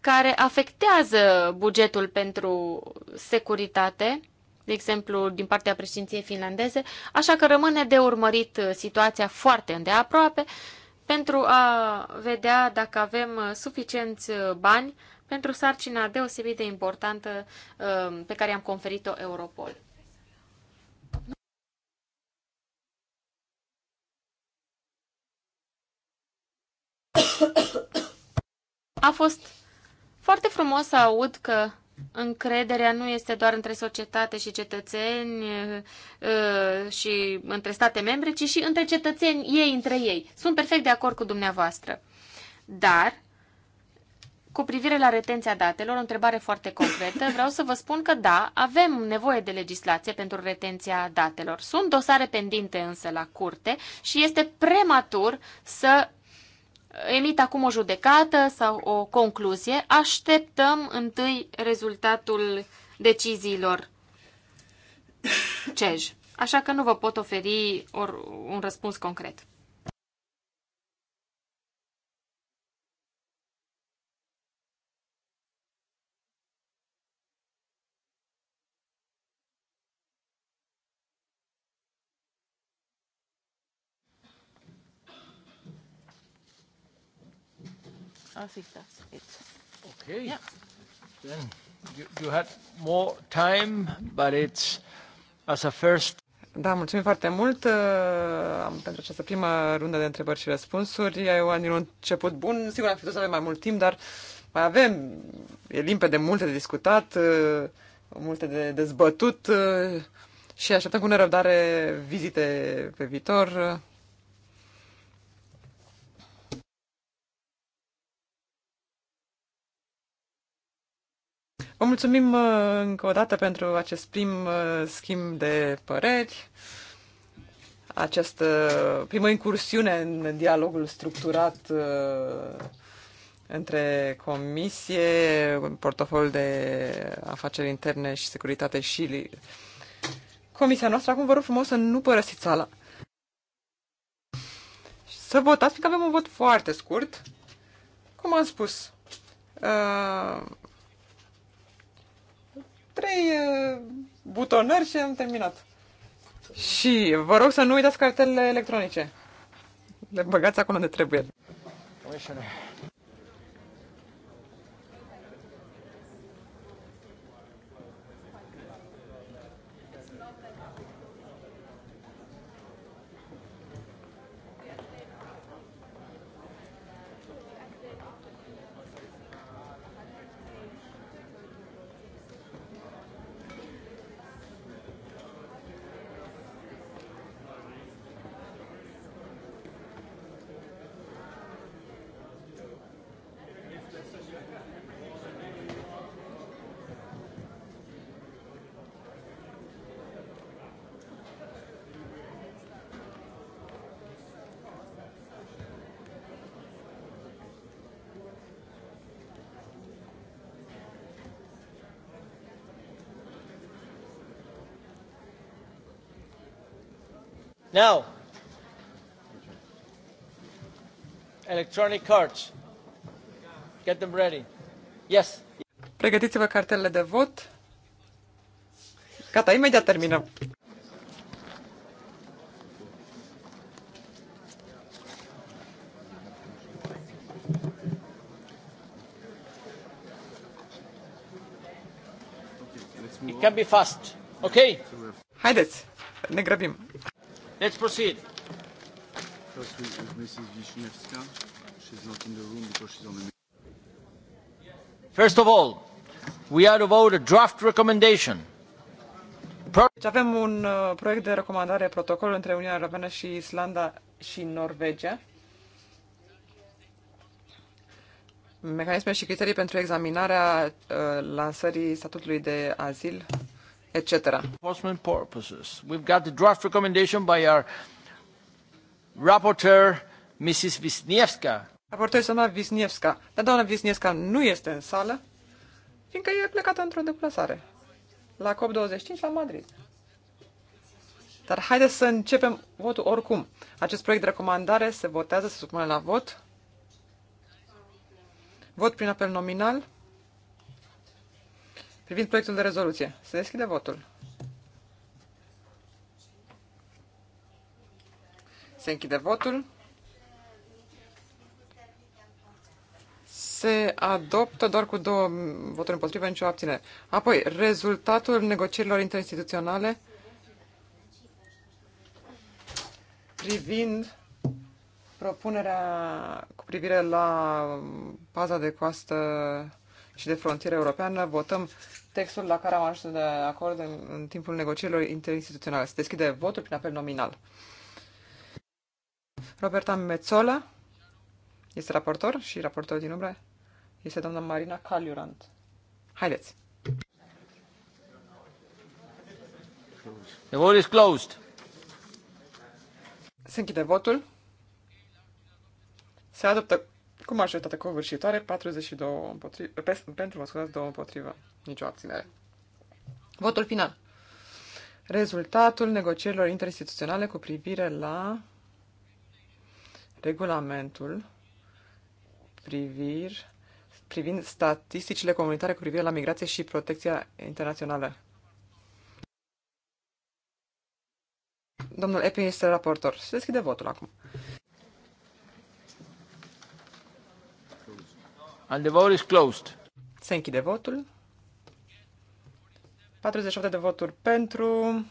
care afectează bugetul pentru securitate, de exemplu, din partea președinției finlandeze, așa că rămâne de urmărit situația foarte îndeaproape pentru a vedea dacă avem suficienți bani pentru sarcina deosebit de importantă um, pe care am conferit-o Europol. A fost foarte frumos să aud că încrederea nu este doar între societate și cetățeni și între state membre, ci și între cetățeni ei între ei. Sunt perfect de acord cu dumneavoastră. Dar, cu privire la retenția datelor, o întrebare foarte concretă, vreau să vă spun că da, avem nevoie de legislație pentru retenția datelor. Sunt dosare pendinte însă la curte și este prematur să emit acum o judecată sau o concluzie, așteptăm întâi rezultatul deciziilor CEJ. Așa că nu vă pot oferi or, un răspuns concret. I think that's it. Okay. Yeah. Then you, you had more time, but it's as a first da, mulțumim foarte mult uh, pentru această prima rundă de întrebări și răspunsuri. Eu un început bun, sigur am fi să avem mai mult timp, dar mai avem, e limpede, multe de discutat, multe de dezbătut și așteptăm cu nerăbdare vizite pe viitor. mulțumim uh, încă o dată pentru acest prim uh, schimb de păreri, această primă incursiune în dialogul structurat uh, între Comisie, portofoliul de afaceri interne și securitate și Comisia noastră. Acum vă rog frumos să nu părăsiți sala. Să votați, fiindcă avem un vot foarte scurt. Cum am spus, trei butonări și am terminat. Și vă rog să nu uitați cartelele electronice. Le băgați acolo unde trebuie. Now, electronic cards. Get them ready. Yes. Pregătiți-vă cartele de vot. Gata, imediat terminăm. It can be fast. Okay. Haideți, ne grăbim. Let's proceed. First with Mrs. Vishnevska. She's not in the room because she's on the... First of all, we are to vote a draft recommendation. Pro deci avem un uh, proiect de recomandare protocol între Uniunea Europeană și Islanda și Norvegia. Mecanisme și criterii pentru examinarea uh, lansării statutului de azil etc. Enforcement purposes. We've got the draft recommendation by our rapporteur, Mrs. Wisniewska. Raportul este doamna Wisniewska, dar doamna Wisniewska nu este în sală, fiindcă e plecată într-o deplasare la COP25 la Madrid. Dar haideți să începem votul oricum. Acest proiect de recomandare se votează, se supune la vot. Vot prin apel nominal privind proiectul de rezoluție. Se deschide votul. Se închide votul. Se adoptă doar cu două voturi împotrivă, nicio abținere. Apoi, rezultatul negocierilor interinstituționale privind propunerea cu privire la paza de coastă și de frontieră europeană, votăm textul la care am ajuns de acord în, în timpul negocierilor interinstituționale. Se deschide votul prin apel nominal. Roberta Mezzola este raportor și raportor din umbră este doamna Marina Caliurant. Haideți! The vote is closed. Se închide votul. Se adoptă cu majoritate covârșitoare, 42 împotriva, pe, pentru, mă scuzați, 2 împotriva. Nicio abținere. Votul final. Rezultatul negocierilor interinstituționale cu privire la regulamentul privir, privind statisticile comunitare cu privire la migrație și protecția internațională. Domnul Epi este raportor. Se deschide votul acum. And the vote is closed. Se închide votul. 47 de voturi pentru,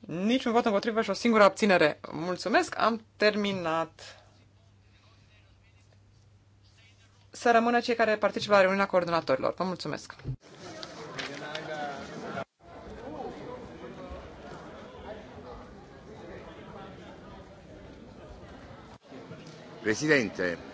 niciun vot împotrivă și o singură abținere. Mulțumesc, am terminat. Să rămână cei care participă la reuniunea coordonatorilor. Vă mulțumesc! Presidente.